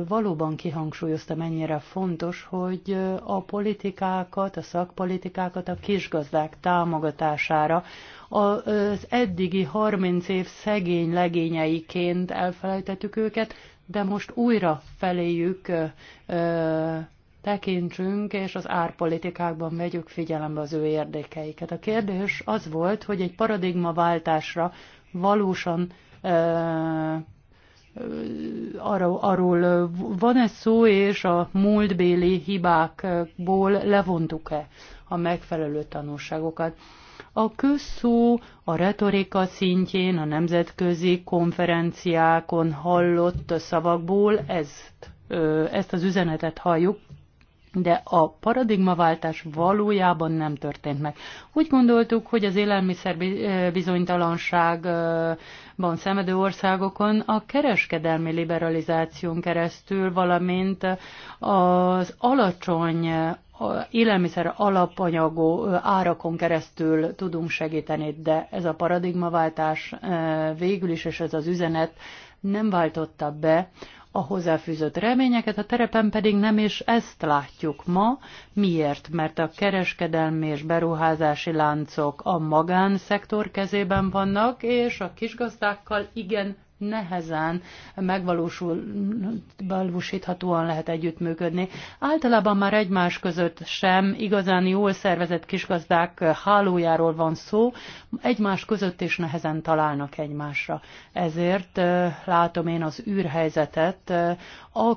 valóban kihangsúlyozta, mennyire fontos, hogy a politikákat, a szakpolitikákat a kisgazdák támogatására az eddigi 30 év szegény legényeiként elfelejtettük őket, de most újra feléjük tekintsünk, és az árpolitikákban vegyük figyelembe az ő érdekeiket. A kérdés az volt, hogy egy paradigmaváltásra valósan arról, arról van-e szó, és a múltbéli hibákból levontuk-e a megfelelő tanulságokat. A közszó a retorika szintjén, a nemzetközi konferenciákon hallott szavakból ezt, ezt az üzenetet halljuk, de a paradigmaváltás valójában nem történt meg. Úgy gondoltuk, hogy az élelmiszer bizonytalanságban szemedő országokon a kereskedelmi liberalizáción keresztül, valamint az alacsony élelmiszer alapanyagú árakon keresztül tudunk segíteni, de ez a paradigmaváltás végül is, és ez az üzenet nem váltotta be a hozzáfűzött reményeket, a terepen pedig nem, is ezt látjuk ma. Miért? Mert a kereskedelmi és beruházási láncok a magánszektor kezében vannak, és a kisgazdákkal igen nehezen megvalósíthatóan lehet együttműködni. Általában már egymás között sem igazán jól szervezett kisgazdák hálójáról van szó, egymás között is nehezen találnak egymásra. Ezért látom én az űrhelyzetet,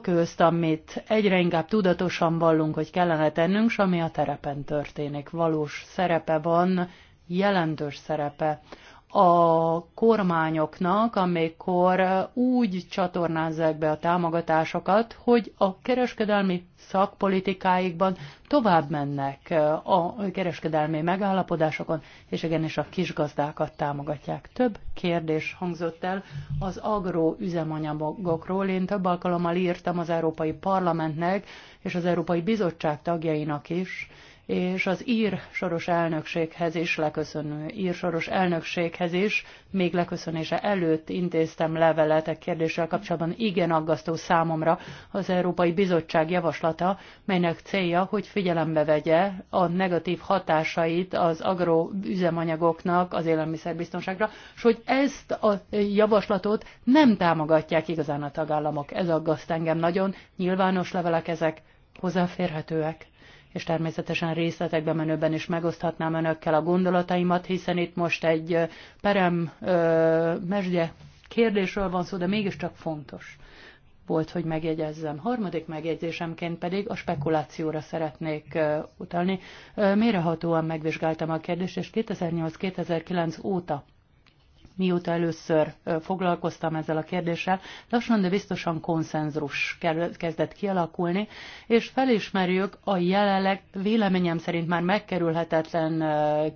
közt, amit egyre inkább tudatosan vallunk, hogy kellene tennünk, és ami a terepen történik. Valós szerepe van, jelentős szerepe a kormányoknak, amikor úgy csatornázzák be a támogatásokat, hogy a kereskedelmi szakpolitikáikban tovább mennek a kereskedelmi megállapodásokon, és igenis a kisgazdákat támogatják. Több kérdés hangzott el az agroüzemanyagokról. Én több alkalommal írtam az Európai Parlamentnek és az Európai Bizottság tagjainak is, és az ír soros elnökséghez is leköszönő, ír soros elnökséghez is, még leköszönése előtt intéztem levelet a kérdéssel kapcsolatban, igen aggasztó számomra az Európai Bizottság javaslata, melynek célja, hogy figyelembe vegye a negatív hatásait az agroüzemanyagoknak az élelmiszerbiztonságra, és hogy ezt a javaslatot nem támogatják igazán a tagállamok. Ez aggaszt engem nagyon, nyilvános levelek ezek, hozzáférhetőek és természetesen részletekbe menőben is megoszthatnám önökkel a gondolataimat, hiszen itt most egy perem mesdje kérdésről van szó, de mégiscsak fontos volt, hogy megjegyezzem. Harmadik megjegyzésemként pedig a spekulációra szeretnék utalni. Mérehatóan megvizsgáltam a kérdést, és 2008-2009 óta mióta először foglalkoztam ezzel a kérdéssel, lassan, de biztosan konszenzus kezdett kialakulni, és felismerjük a jelenleg véleményem szerint már megkerülhetetlen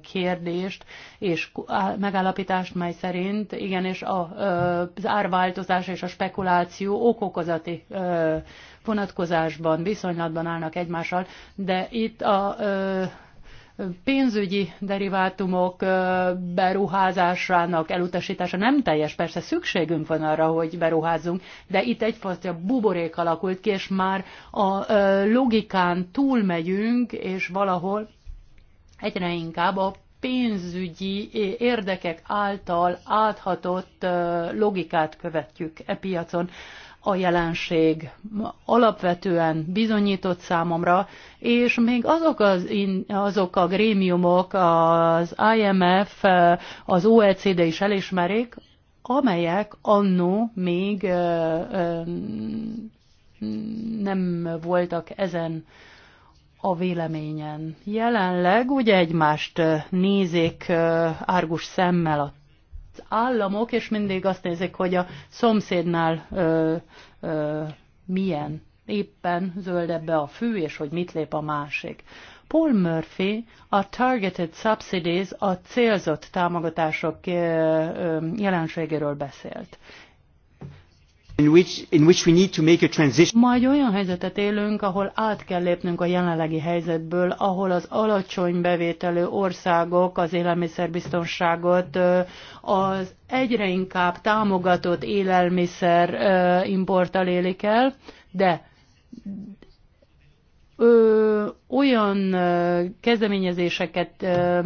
kérdést és megállapítást, mely szerint igenis az árváltozás és a spekuláció okokozati vonatkozásban, viszonylatban állnak egymással, de itt a pénzügyi derivátumok beruházásának elutasítása nem teljes, persze szükségünk van arra, hogy beruházzunk, de itt egyfajta buborék alakult ki, és már a logikán túlmegyünk, és valahol egyre inkább a pénzügyi érdekek által áthatott logikát követjük e piacon a jelenség alapvetően bizonyított számomra, és még azok, az, azok a grémiumok, az IMF, az OECD is elismerik, amelyek annó még nem voltak ezen a véleményen. Jelenleg ugye egymást nézik árgus szemmel a államok, és mindig azt nézik, hogy a szomszédnál ö, ö, milyen éppen zöldebbe a fű, és hogy mit lép a másik. Paul Murphy a Targeted Subsidies, a célzott támogatások jelenségéről beszélt. Ma egy olyan helyzetet élünk, ahol át kell lépnünk a jelenlegi helyzetből, ahol az alacsony bevételű országok az élelmiszerbiztonságot az egyre inkább támogatott élelmiszer importtal élik el, de ö, olyan ö, kezdeményezéseket ö,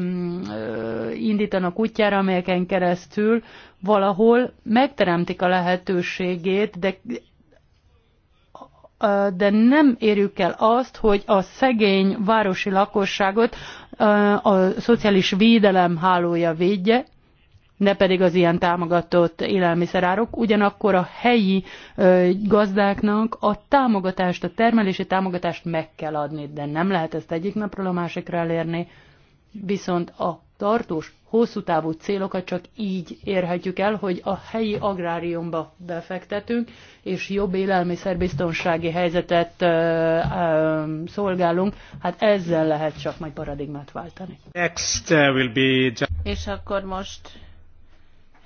ö, indítanak útjára, amelyeken keresztül valahol megteremtik a lehetőségét, de de nem érjük el azt, hogy a szegény városi lakosságot a szociális védelem hálója védje, ne pedig az ilyen támogatott élelmiszerárok. Ugyanakkor a helyi gazdáknak a támogatást, a termelési támogatást meg kell adni, de nem lehet ezt egyik napról a másikra elérni, viszont a tartós, hosszú távú célokat csak így érhetjük el, hogy a helyi agráriumba befektetünk, és jobb élelmiszerbiztonsági helyzetet ö, ö, szolgálunk. Hát ezzel lehet csak majd paradigmát váltani.
Next uh, will be...
És akkor most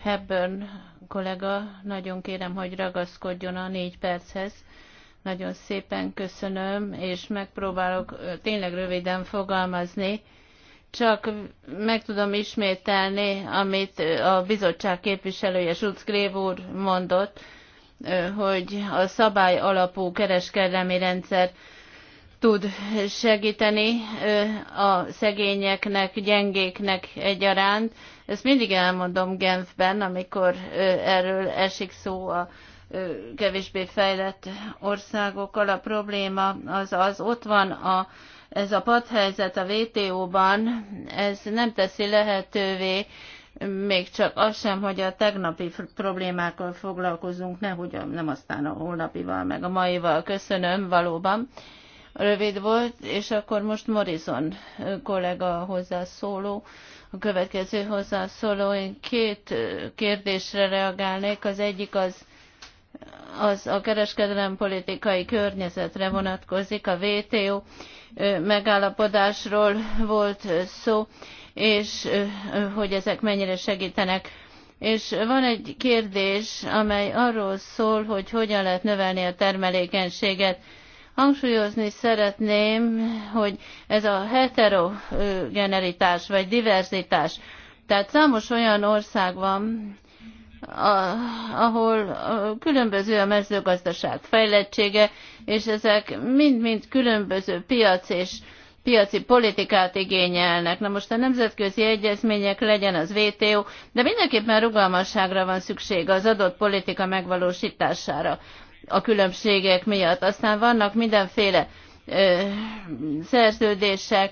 Hepburn kollega, nagyon kérem, hogy ragaszkodjon a négy perchez. Nagyon szépen köszönöm, és megpróbálok tényleg röviden fogalmazni. Csak meg tudom ismételni, amit a bizottság képviselője Schulz Grév úr mondott, hogy a szabály alapú kereskedelmi rendszer tud segíteni a szegényeknek, gyengéknek egyaránt, ezt mindig elmondom Genfben, amikor erről esik szó a kevésbé fejlett országokkal. A probléma az az, ott van a, ez a padhelyzet a WTO-ban, ez nem teszi lehetővé, még csak az sem, hogy a tegnapi problémákkal foglalkozunk, hogy nem aztán a holnapival, meg a maival. Köszönöm, valóban rövid volt, és akkor most Morrison kollega hozzászóló. szóló. A következő hozzászóló, én két kérdésre reagálnék. Az egyik az, az a kereskedelem politikai környezetre vonatkozik. A VTO megállapodásról volt szó, és hogy ezek mennyire segítenek és van egy kérdés, amely arról szól, hogy hogyan lehet növelni a termelékenységet Hangsúlyozni szeretném, hogy ez a heterogeneritás vagy diverzitás, tehát számos olyan ország van, a, ahol különböző a mezőgazdaság fejlettsége, és ezek mind-mind különböző piac és piaci politikát igényelnek. Na most a nemzetközi egyezmények legyen az WTO, de mindenképpen rugalmasságra van szükség az adott politika megvalósítására a különbségek miatt. Aztán vannak mindenféle ö, szerződések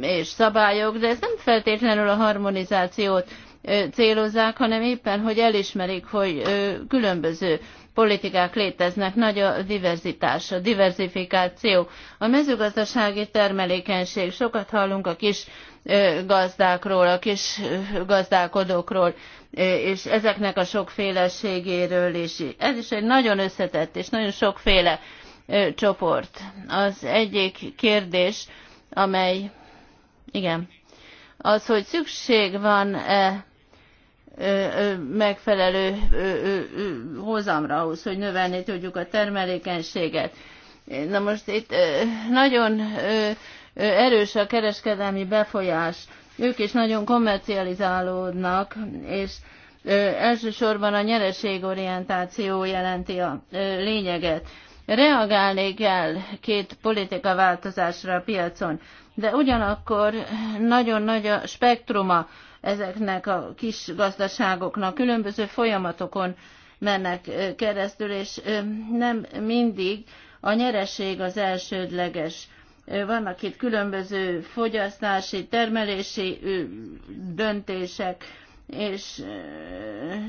és szabályok, de ez nem feltétlenül a harmonizációt célozzák, hanem éppen, hogy elismerik, hogy különböző politikák léteznek, nagy a diverzitás, a diversifikáció. A mezőgazdasági termelékenység, sokat hallunk a kis gazdákról, a kis gazdálkodókról, és ezeknek a sokféleségéről, és ez is egy nagyon összetett és nagyon sokféle csoport. Az egyik kérdés, amely, igen, az, hogy szükség van-e megfelelő hozamra ahhoz, hogy növelni tudjuk a termelékenységet. Na most itt nagyon erős a kereskedelmi befolyás. Ők is nagyon kommercializálódnak, és elsősorban a nyereségorientáció jelenti a lényeget. Reagálni kell két változásra a piacon, de ugyanakkor nagyon nagy a spektruma ezeknek a kis gazdaságoknak. Különböző folyamatokon mennek keresztül, és nem mindig a nyereség az elsődleges. Vannak itt különböző fogyasztási, termelési döntések, és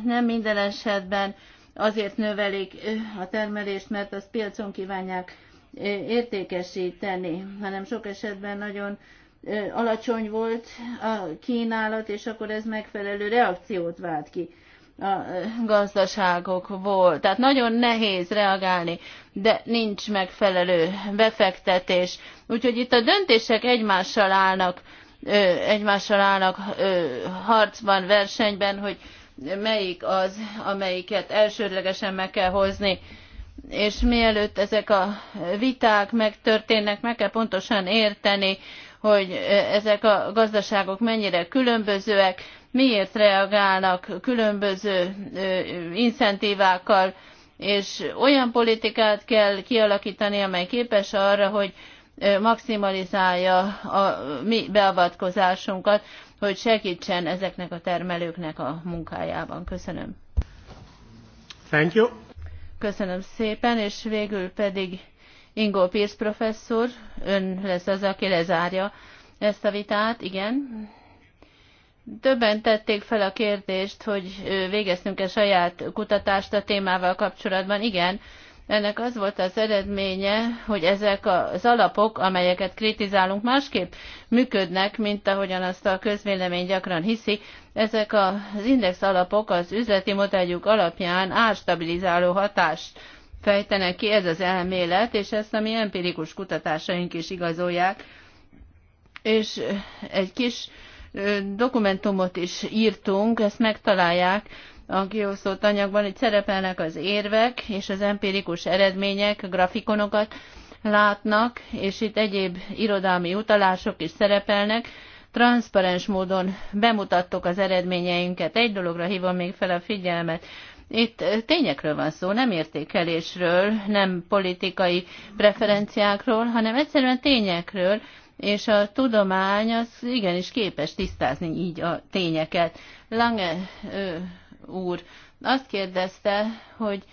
nem minden esetben azért növelik a termelést, mert azt piacon kívánják értékesíteni, hanem sok esetben nagyon alacsony volt a kínálat, és akkor ez megfelelő reakciót vált ki a gazdaságokból. Tehát nagyon nehéz reagálni, de nincs megfelelő befektetés. Úgyhogy itt a döntések egymással állnak, egymással állnak harcban, versenyben, hogy melyik az, amelyiket elsődlegesen meg kell hozni. És mielőtt ezek a viták megtörténnek, meg kell pontosan érteni, hogy ezek a gazdaságok mennyire különbözőek, miért reagálnak különböző incentívákkal, és olyan politikát kell kialakítani, amely képes arra, hogy maximalizálja a mi beavatkozásunkat, hogy segítsen ezeknek a termelőknek a munkájában. Köszönöm. Thank you. Köszönöm szépen, és végül pedig Ingo Pierce professzor, ön lesz az, aki lezárja ezt a vitát, igen. Többen tették fel a kérdést, hogy végeztünk-e saját kutatást a témával kapcsolatban. Igen, ennek az volt az eredménye, hogy ezek az alapok, amelyeket kritizálunk, másképp működnek, mint ahogyan azt a közvélemény gyakran hiszi. Ezek az index alapok az üzleti modelljük alapján árstabilizáló hatást fejtenek ki, ez az elmélet, és ezt a mi empirikus kutatásaink is igazolják. És egy kis dokumentumot is írtunk, ezt megtalálják a kioszott anyagban, itt szerepelnek az érvek és az empirikus eredmények, grafikonokat látnak, és itt egyéb irodalmi utalások is szerepelnek. Transzparens módon bemutattuk az eredményeinket. Egy dologra hívom még fel a figyelmet. Itt tényekről van szó, nem értékelésről, nem politikai preferenciákról, hanem egyszerűen tényekről, és a tudomány az igenis képes tisztázni így a tényeket. Lange ö, úr azt kérdezte, hogy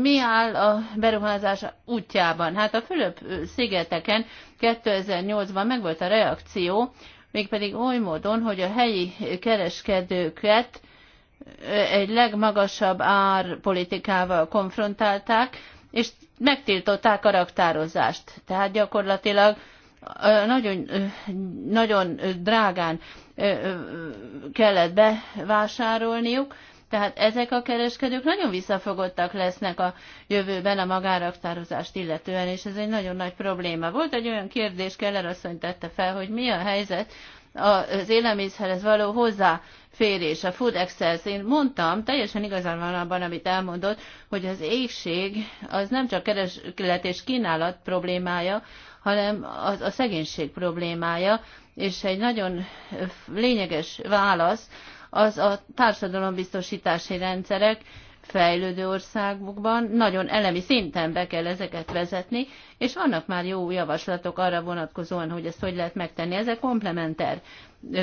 mi áll a beruházás útjában? Hát a Fülöp-szigeteken 2008-ban megvolt a reakció, mégpedig oly módon, hogy a helyi kereskedőket egy legmagasabb árpolitikával konfrontálták, és megtiltották a raktározást. Tehát gyakorlatilag nagyon, nagyon drágán kellett bevásárolniuk, tehát ezek a kereskedők nagyon visszafogottak lesznek a jövőben a magáraktározást illetően, és ez egy nagyon nagy probléma. Volt egy olyan kérdés, Keller asszony tette fel, hogy mi a helyzet az élelmiszerhez való férés, a food access. Én mondtam, teljesen igazán van abban, amit elmondott, hogy az égség az nem csak kereslet és kínálat problémája, hanem az a szegénység problémája, és egy nagyon lényeges válasz az a társadalombiztosítási rendszerek fejlődő országokban nagyon elemi szinten be kell ezeket vezetni, és vannak már jó javaslatok arra vonatkozóan, hogy ezt hogy lehet megtenni. Ezek komplementer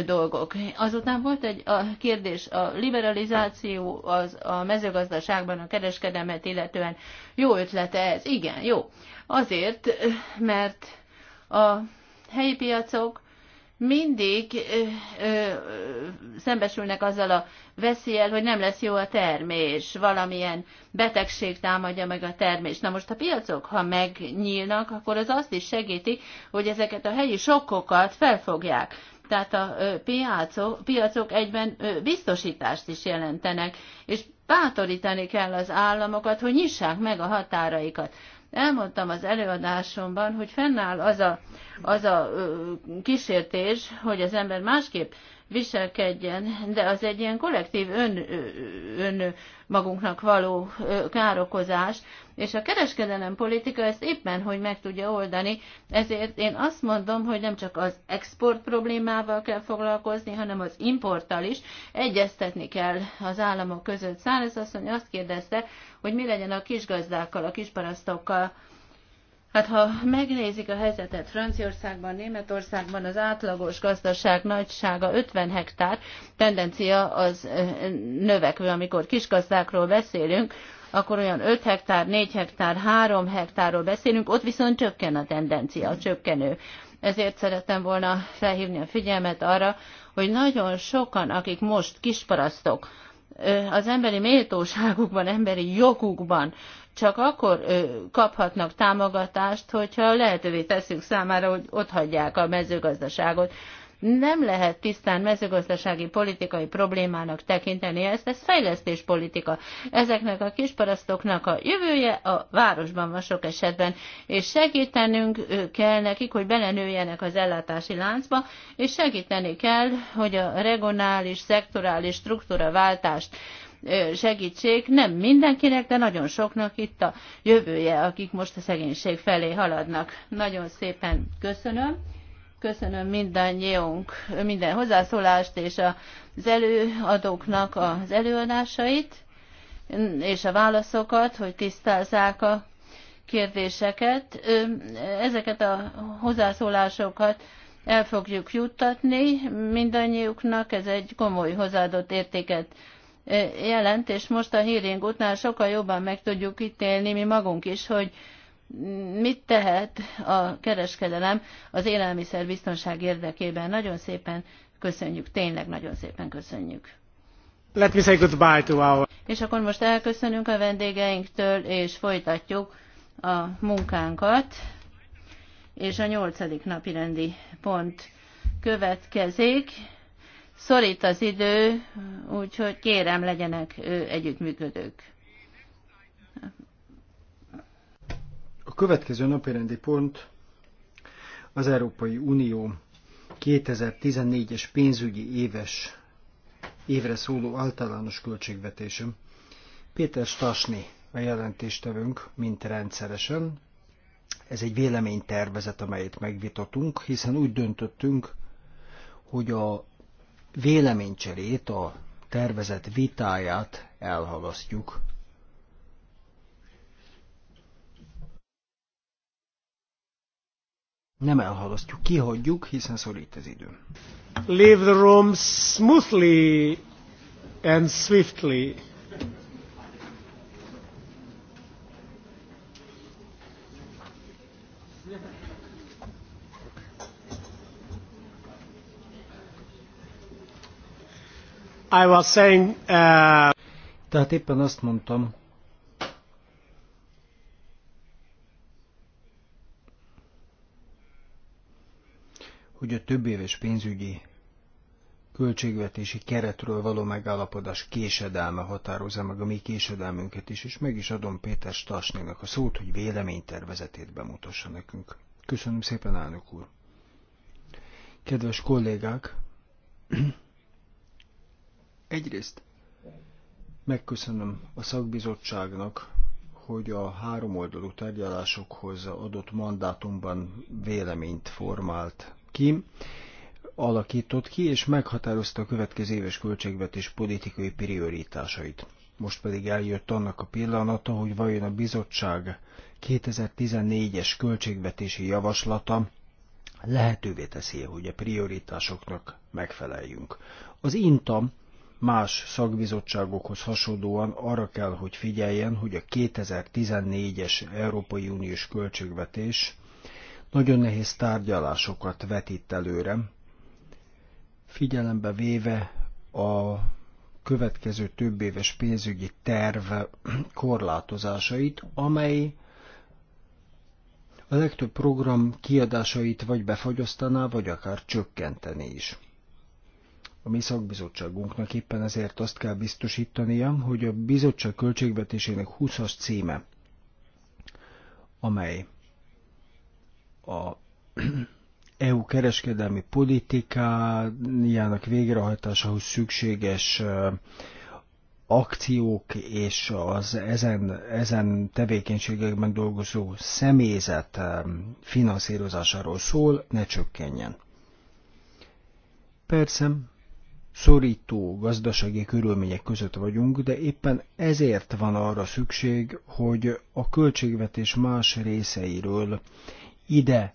dolgok. Azután volt egy a kérdés, a liberalizáció az a mezőgazdaságban a kereskedelmet illetően jó ötlete ez? Igen, jó. Azért, mert a helyi piacok mindig ö, ö, szembesülnek azzal a veszélyel, hogy nem lesz jó a termés, valamilyen betegség támadja meg a termés. Na most a piacok, ha megnyílnak, akkor az azt is segíti, hogy ezeket a helyi sokkokat felfogják. Tehát a piacok, piacok egyben biztosítást is jelentenek, és bátorítani kell az államokat, hogy nyissák meg a határaikat. Elmondtam az előadásomban, hogy fennáll az a, az a kísértés, hogy az ember másképp viselkedjen, de az egy ilyen kollektív ön, ön magunknak való károkozás, és a kereskedelem politika ezt éppen, hogy meg tudja oldani, ezért én azt mondom, hogy nem csak az export problémával kell foglalkozni, hanem az importtal is egyeztetni kell az államok között. Szállesz azt kérdezte, hogy mi legyen a kisgazdákkal, a kisparasztokkal, Hát ha megnézik a helyzetet Franciaországban, Németországban az átlagos gazdaság nagysága 50 hektár, tendencia az növekvő, amikor kisgazdákról beszélünk, akkor olyan 5 hektár, 4 hektár, 3 hektárról beszélünk, ott viszont csökken a tendencia, a csökkenő. Ezért szerettem volna felhívni a figyelmet arra, hogy nagyon sokan, akik most kisparasztok, az emberi méltóságukban, emberi jogukban csak akkor kaphatnak támogatást, hogyha lehetővé tesszük számára, hogy ott hagyják a mezőgazdaságot, nem lehet tisztán mezőgazdasági politikai problémának tekinteni ezt, ez fejlesztéspolitika. Ezeknek a kisparasztoknak a jövője a városban van sok esetben, és segítenünk kell nekik, hogy belenőjenek az ellátási láncba, és segíteni kell, hogy a regionális, szektorális váltást segítség nem mindenkinek, de nagyon soknak itt a jövője, akik most a szegénység felé haladnak. Nagyon szépen köszönöm. Köszönöm mindannyiunk, minden hozzászólást és az előadóknak az előadásait és a válaszokat, hogy tisztázzák a kérdéseket. Ezeket a hozzászólásokat el fogjuk juttatni mindannyiuknak, ez egy komoly hozzáadott értéket jelent, és most a híring után sokkal jobban meg tudjuk ítélni mi magunk is, hogy mit tehet a kereskedelem az élelmiszer biztonság érdekében. Nagyon szépen köszönjük, tényleg nagyon szépen köszönjük.
Let me say goodbye to our...
És akkor most elköszönünk a vendégeinktől, és folytatjuk a munkánkat. És a nyolcadik napi rendi pont következik. Szorít az idő, úgyhogy kérem legyenek együttműködők.
következő napirendi pont az Európai Unió 2014-es pénzügyi éves évre szóló általános költségvetésem. Péter Stasni a jelentéstevünk, mint rendszeresen. Ez egy véleménytervezet, amelyet megvitatunk, hiszen úgy döntöttünk, hogy a véleménycserét, a tervezet vitáját elhalasztjuk Nem elhalasztjuk, kihagyjuk, hiszen szorít az idő.
Leave the room smoothly and swiftly. I was saying, uh... Tehát éppen azt mondtam,
hogy a több éves pénzügyi költségvetési keretről való megállapodás késedelme határozza meg a mi késedelmünket is, és meg is adom Péter Stasnénak a szót, hogy véleménytervezetét bemutassa nekünk. Köszönöm szépen, elnök úr! Kedves kollégák! Egyrészt megköszönöm a szakbizottságnak, hogy a háromoldalú tárgyalásokhoz adott mandátumban véleményt formált ki, alakított ki, és meghatározta a következő éves költségvetés politikai prioritásait. Most pedig eljött annak a pillanata, hogy vajon a bizottság 2014-es költségvetési javaslata lehetővé teszi, hogy a prioritásoknak megfeleljünk. Az INTA más szakbizottságokhoz hasonlóan arra kell, hogy figyeljen, hogy a 2014-es Európai Uniós költségvetés nagyon nehéz tárgyalásokat vetít előre, figyelembe véve a következő több éves pénzügyi terv korlátozásait, amely a legtöbb program kiadásait vagy befagyasztaná, vagy akár csökkenteni is. A mi szakbizottságunknak éppen ezért azt kell biztosítania, hogy a bizottság költségvetésének 20-as címe, amely a EU e kereskedelmi politikájának végrehajtásához szükséges akciók és az ezen, ezen tevékenységekben dolgozó személyzet finanszírozásáról szól, ne csökkenjen. Persze, szorító gazdasági körülmények között vagyunk, de éppen ezért van arra szükség, hogy a költségvetés más részeiről ide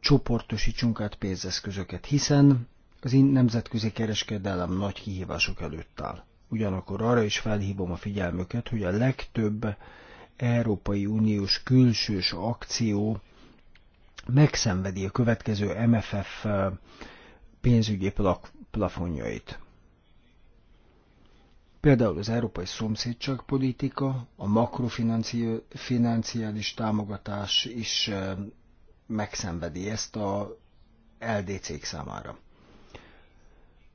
csoportosítsunk át pénzeszközöket, hiszen az nemzetközi kereskedelem nagy kihívások előtt áll. Ugyanakkor arra is felhívom a figyelmüket, hogy a legtöbb Európai Uniós külsős akció megszenvedi a következő MFF pénzügyi plafonjait. Például az európai politika, a makrofinanciális támogatás is megszenvedi ezt a LDC-k számára.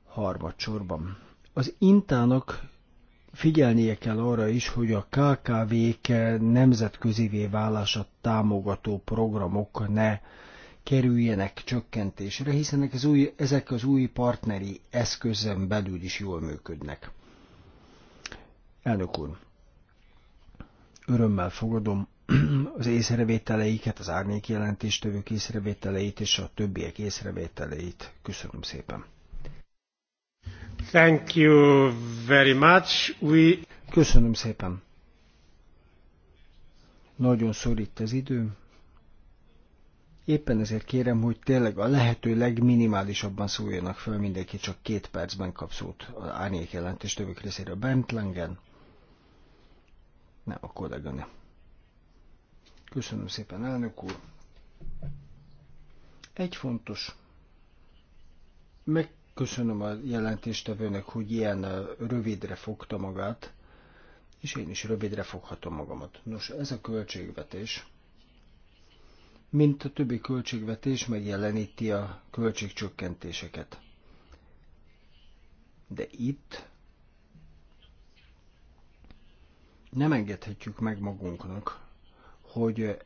Harmadsorban. Az Intának figyelnie kell arra is, hogy a KKV-k nemzetközivé válását támogató programok ne kerüljenek csökkentésre, hiszen az új, ezek az új partneri eszközön belül is jól működnek. Elnök úr, örömmel fogadom az észrevételeiket, az árnyék jelentéstevők észrevételeit és a többiek észrevételeit. Köszönöm szépen.
Thank you very much. We...
Köszönöm szépen. Nagyon szorít az idő. Éppen ezért kérem, hogy tényleg a lehető legminimálisabban szóljanak fel mindenki, csak két percben kap szót az árnyék jelentéstevők részéről. bentlengen. Ne Nem, a kolléganő. Köszönöm szépen, elnök úr. Egy fontos. Megköszönöm a jelentéstevőnek, hogy ilyen rövidre fogta magát, és én is rövidre foghatom magamat. Nos, ez a költségvetés, mint a többi költségvetés megjeleníti a költségcsökkentéseket. De itt nem engedhetjük meg magunknak, hogy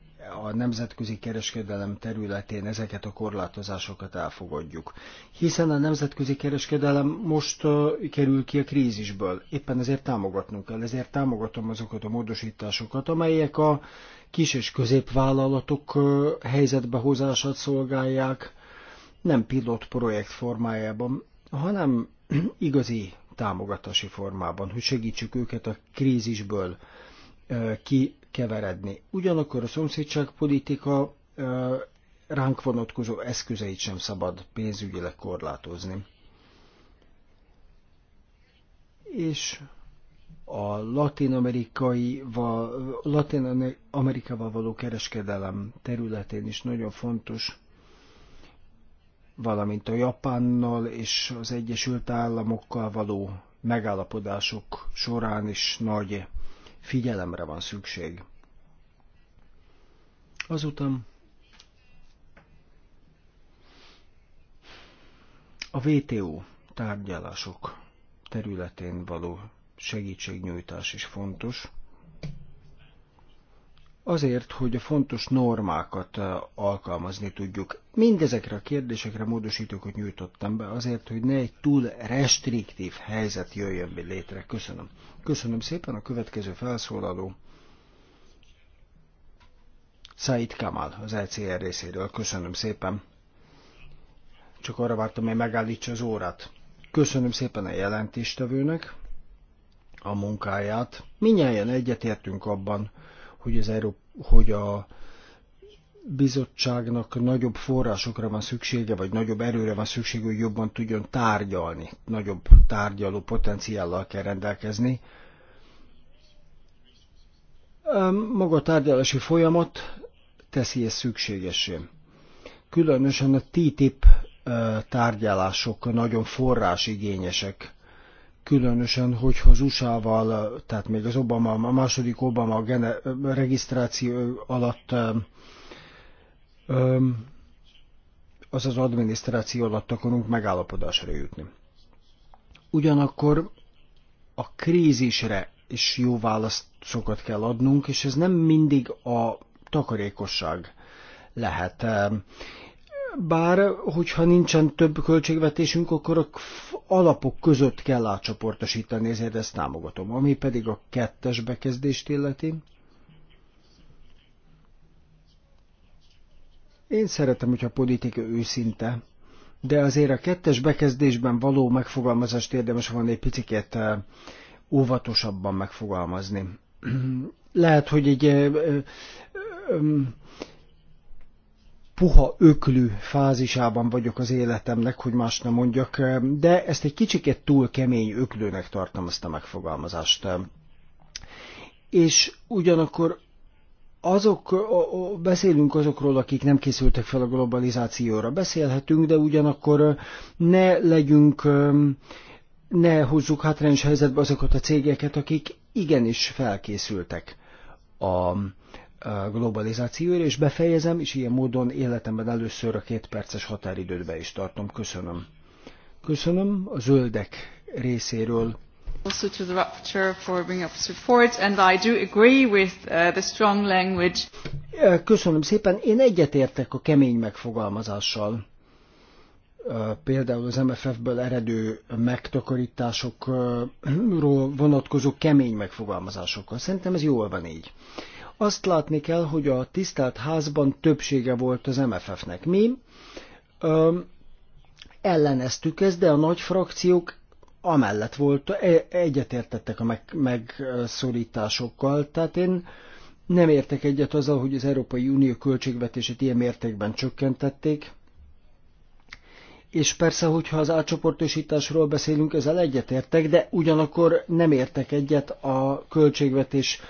a nemzetközi kereskedelem területén ezeket a korlátozásokat elfogadjuk. Hiszen a nemzetközi kereskedelem most uh, kerül ki a krízisből. Éppen ezért támogatnunk kell, ezért támogatom azokat a módosításokat, amelyek a kis és középvállalatok uh, helyzetbe hozását szolgálják, nem pilot projekt formájában, hanem igazi támogatási formában, hogy segítsük őket a krízisből kikeveredni. Ugyanakkor a szomszédságpolitika ránk vonatkozó eszközeit sem szabad pénzügyileg korlátozni. És a latin latin-amerikával való kereskedelem területén is nagyon fontos, valamint a Japánnal és az Egyesült Államokkal való megállapodások során is nagy figyelemre van szükség. Azután a VTO tárgyalások területén való segítségnyújtás is fontos azért, hogy a fontos normákat eh, alkalmazni tudjuk. Mindezekre a kérdésekre módosítókat nyújtottam be, azért, hogy ne egy túl restriktív helyzet jöjjön be létre. Köszönöm. Köszönöm szépen a következő felszólaló. Said Kamal az ECR részéről. Köszönöm szépen. Csak arra vártam, hogy megállítsa az órát. Köszönöm szépen a jelentéstevőnek a munkáját. Minnyáján egyetértünk abban, hogy, az Euró- hogy a bizottságnak nagyobb forrásokra van szüksége, vagy nagyobb erőre van szüksége, hogy jobban tudjon tárgyalni, nagyobb tárgyaló potenciállal kell rendelkezni. Maga a tárgyalási folyamat teszi ezt szükségesé. Különösen a TTIP tárgyalások nagyon forrásigényesek különösen, hogyha az USA-val, tehát még az Obama, a második Obama gene- regisztráció alatt az az adminisztráció alatt akarunk megállapodásra jutni. Ugyanakkor a krízisre is jó válaszokat kell adnunk, és ez nem mindig a takarékosság lehet. Bár, hogyha nincsen több költségvetésünk, akkor a alapok között kell átcsoportosítani, ezért ezt támogatom. Ami pedig a kettes bekezdést illeti. Én szeretem, hogyha a politika őszinte, de azért a kettes bekezdésben való megfogalmazást érdemes van egy picit eh, óvatosabban megfogalmazni. Lehet, hogy egy eh, eh, puha öklű fázisában vagyok az életemnek, hogy más nem mondjak, de ezt egy kicsiket túl kemény öklőnek tartom ezt a megfogalmazást. És ugyanakkor azok, beszélünk azokról, akik nem készültek fel a globalizációra, beszélhetünk, de ugyanakkor ne legyünk, ne hozzuk hátrányos helyzetbe azokat a cégeket, akik igenis felkészültek a globalizációra, és befejezem, és ilyen módon életemben először a két perces határidőt be is tartom. Köszönöm. Köszönöm a zöldek részéről.
Also to the rapporteur for bringing up this report, and I do agree with uh, the strong language.
Köszönöm szépen. Én egyetértek a kemény megfogalmazással. Uh, például az MFF-ből eredő megtakarításokról vonatkozó kemény megfogalmazásokkal. Szerintem ez jól van így. Azt látni kell, hogy a tisztelt házban többsége volt az MFF-nek. Mi ö, elleneztük ezt, de a nagy frakciók amellett volt, e, egyetértettek a meg, megszorításokkal. Tehát én nem értek egyet azzal, hogy az Európai Unió költségvetését ilyen mértékben csökkentették. És persze, hogyha az átcsoportosításról beszélünk, ezzel egyetértek, de ugyanakkor nem értek egyet a költségvetés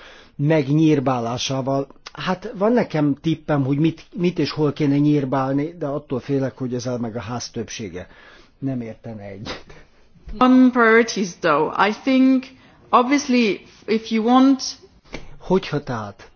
megnyírbálásával. Hát van nekem tippem, hogy mit, mit és hol kéne nyírbálni, de attól félek, hogy ezzel meg a ház többsége nem értene egyet. On priorities though, I think obviously if you want... Hogyha tehát,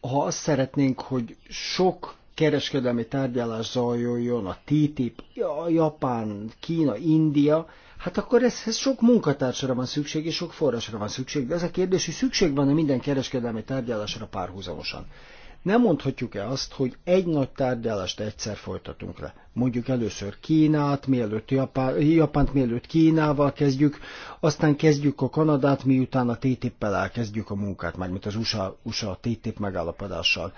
ha azt szeretnénk, hogy sok kereskedelmi tárgyalás zajoljon, a TTIP, Japán, Kína, India, Hát akkor ez, ez sok munkatársra van szükség, és sok forrásra van szükség. De az a kérdés, hogy szükség van-e minden kereskedelmi tárgyalásra párhuzamosan. Nem mondhatjuk-e azt, hogy egy nagy tárgyalást egyszer folytatunk le? Mondjuk először Kínát, mielőtt Japán, Japánt, mielőtt Kínával kezdjük, aztán kezdjük a Kanadát, miután a TTIP-pel elkezdjük a munkát, mármint az USA, USA TTIP megállapodással.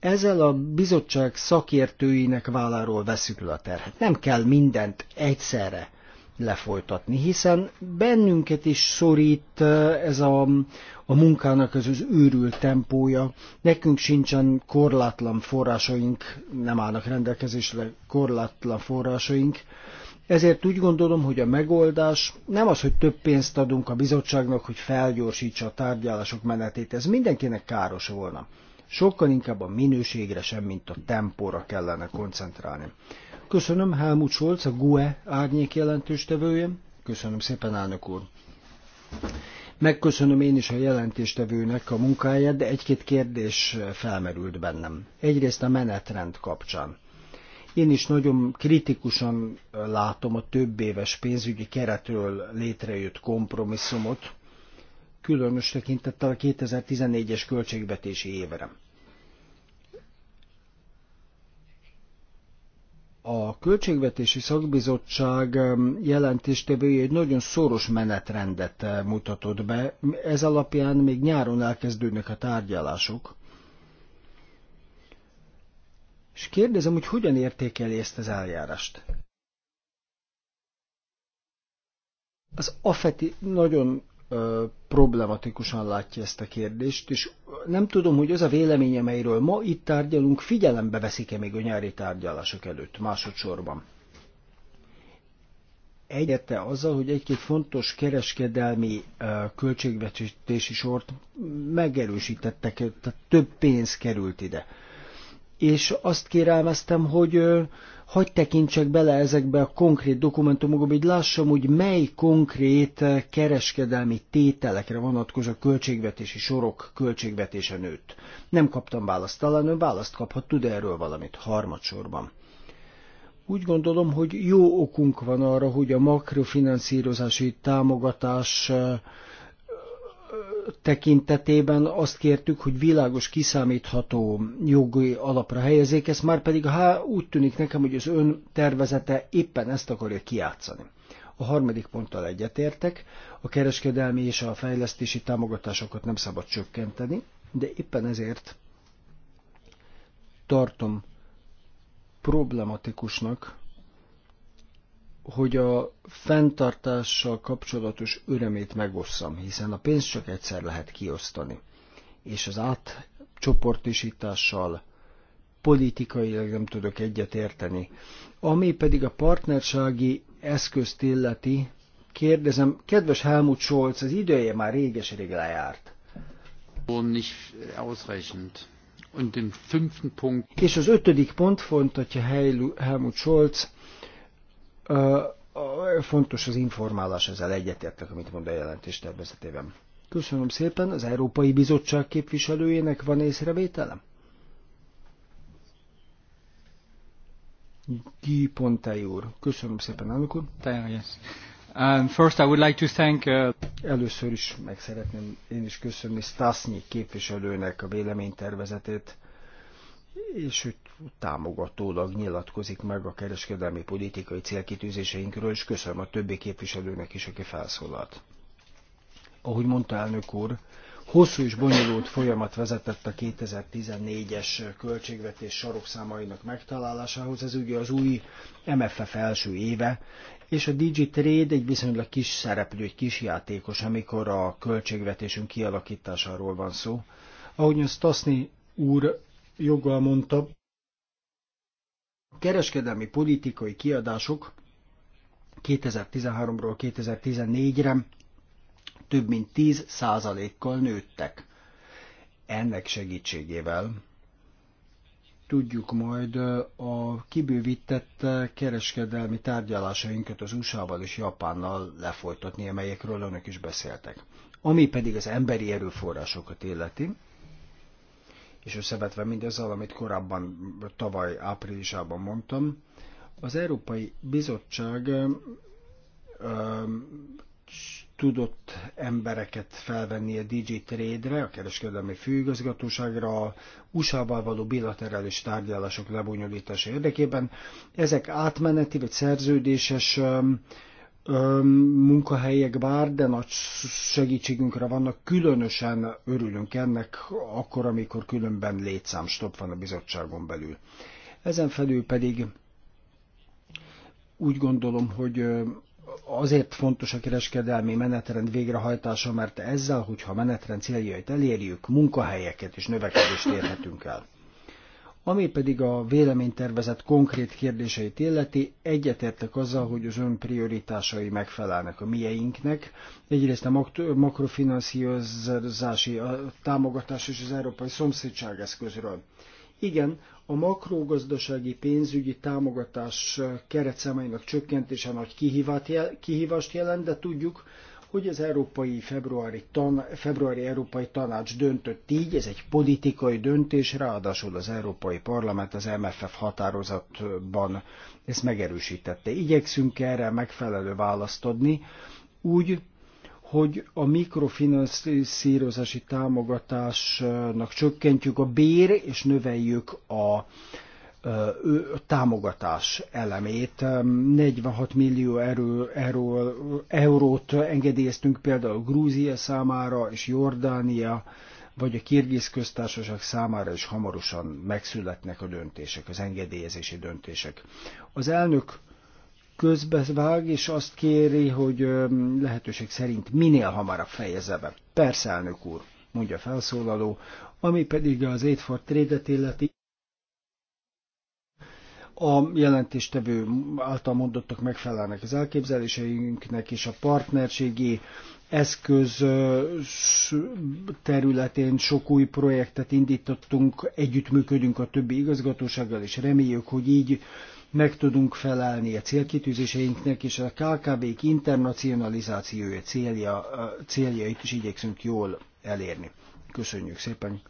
Ezzel a bizottság szakértőinek válláról veszük le a terhet. Nem kell mindent egyszerre lefolytatni, hiszen bennünket is szorít ez a, a munkának ez az őrült tempója. Nekünk sincsen korlátlan forrásaink, nem állnak rendelkezésre korlátlan forrásaink. Ezért úgy gondolom, hogy a megoldás nem az, hogy több pénzt adunk a bizottságnak, hogy felgyorsítsa a tárgyalások menetét. Ez mindenkinek káros volna. Sokkal inkább a minőségre sem, mint a tempóra kellene koncentrálni. Köszönöm Helmut Scholz, a GUE árnyék jelentős tevője. Köszönöm szépen, elnök úr. Megköszönöm én is a jelentéstevőnek a munkáját, de egy-két kérdés felmerült bennem. Egyrészt a menetrend kapcsán. Én is nagyon kritikusan látom a több éves pénzügyi keretről létrejött kompromisszumot, különös tekintettel a 2014-es költségvetési évre. A Költségvetési Szakbizottság jelentéstevője egy nagyon szoros menetrendet mutatott be. Ez alapján még nyáron elkezdődnek a tárgyalások. És kérdezem, hogy hogyan értékeli ezt az eljárást? Az AFETI nagyon problematikusan látja ezt a kérdést, és nem tudom, hogy az a vélemény, amelyről ma itt tárgyalunk, figyelembe veszik-e még a nyári tárgyalások előtt másodszorban. Egyete azzal, hogy egy-két fontos kereskedelmi költségvetési sort megerősítettek, tehát több pénz került ide. És azt kérelmeztem, hogy hagy tekintsek bele ezekbe a konkrét dokumentumokba, hogy lássam, hogy mely konkrét eh, kereskedelmi tételekre vonatkozó költségvetési sorok költségvetése nőtt. Nem kaptam választ, talán ön választ kaphat, tud erről valamit harmadsorban. Úgy gondolom, hogy jó okunk van arra, hogy a makrofinanszírozási támogatás eh, tekintetében azt kértük, hogy világos, kiszámítható jogi alapra helyezzék ezt, már pedig há, úgy tűnik nekem, hogy az ön tervezete éppen ezt akarja kiátszani. A harmadik ponttal egyetértek, a kereskedelmi és a fejlesztési támogatásokat nem szabad csökkenteni, de éppen ezért tartom problematikusnak, hogy a fenntartással kapcsolatos örömét megosszam, hiszen a pénzt csak egyszer lehet kiosztani. És az átcsoportosítással politikailag nem tudok egyet érteni. Ami pedig a partnersági eszközt illeti, kérdezem, kedves Helmut Scholz, az ideje már réges-rég lejárt. fünften Punkt. És az ötödik pont fontatja Helmut Scholz, Fontos az informálás, ezzel egyetértek, amit mond a jelentés tervezetében. Köszönöm szépen, az Európai Bizottság képviselőjének van észrevételem? Guy Pontai úr. Köszönöm szépen, elnök úr. Um, first I would like to thank, uh... Először is meg szeretném én is köszönni Stasnyi képviselőnek a véleménytervezetét és hogy támogatólag nyilatkozik meg a kereskedelmi politikai célkitűzéseinkről, és köszönöm a többi képviselőnek is, aki felszólalt. Ahogy mondta elnök úr, hosszú és bonyolult folyamat vezetett a 2014-es költségvetés sarokszámainak megtalálásához. Ez ugye az új MFF első éve, és a Digitrade egy viszonylag kis szereplő, egy kis játékos, amikor a költségvetésünk kialakításáról van szó. Ahogy azt Taszni úr joggal mondta, a kereskedelmi politikai kiadások 2013-ról 2014-re több mint 10 százalékkal nőttek. Ennek segítségével tudjuk majd a kibővített kereskedelmi tárgyalásainkat az USA-val és Japánnal lefolytatni, amelyekről önök is beszéltek. Ami pedig az emberi erőforrásokat illeti, és összevetve mindazzal, amit korábban tavaly áprilisában mondtam, az Európai Bizottság ö, ö, tudott embereket felvenni a DJ Trade-re, a kereskedelmi főigazgatóságra, a USA-val való bilaterális tárgyalások lebonyolítása érdekében. Ezek átmeneti vagy szerződéses munkahelyek bár, de nagy segítségünkre vannak. Különösen örülünk ennek akkor, amikor különben létszámstop van a bizottságon belül. Ezen felül pedig úgy gondolom, hogy azért fontos a kereskedelmi menetrend végrehajtása, mert ezzel, hogyha a menetrend céljait elérjük, munkahelyeket és növekedést érhetünk el. Ami pedig a véleménytervezet konkrét kérdéseit illeti, egyetértek azzal, hogy az ön prioritásai megfelelnek a mieinknek. Egyrészt a makrofinanszírozási támogatás és az európai szomszédság eszközről. Igen, a makrogazdasági pénzügyi támogatás keretszámainak csökkentése nagy kihívást jelent, de tudjuk, hogy az európai februári, tan, februári európai tanács döntött így, ez egy politikai döntés, ráadásul az Európai Parlament az MFF határozatban ezt megerősítette. Igyekszünk erre megfelelő választ adni, úgy, hogy a mikrofinanszírozási támogatásnak csökkentjük a bér, és növeljük a támogatás elemét. 46 millió erő, erő, eurót engedélyeztünk például Grúzia számára és Jordánia, vagy a Kirgiz köztársaság számára is hamarosan megszületnek a döntések, az engedélyezési döntések. Az elnök közbevág, és azt kéri, hogy lehetőség szerint minél hamarabb fejezze be. Persze, elnök úr, mondja felszólaló, ami pedig az Aid for Trade-et illeti a jelentéstevő által mondottak megfelelnek az elképzeléseinknek, és a partnerségi eszköz területén sok új projektet indítottunk, együttműködünk a többi igazgatósággal, és reméljük, hogy így meg tudunk felelni a célkitűzéseinknek, és a KKV-k internacionalizációja célja, céljait is igyekszünk jól elérni. Köszönjük szépen!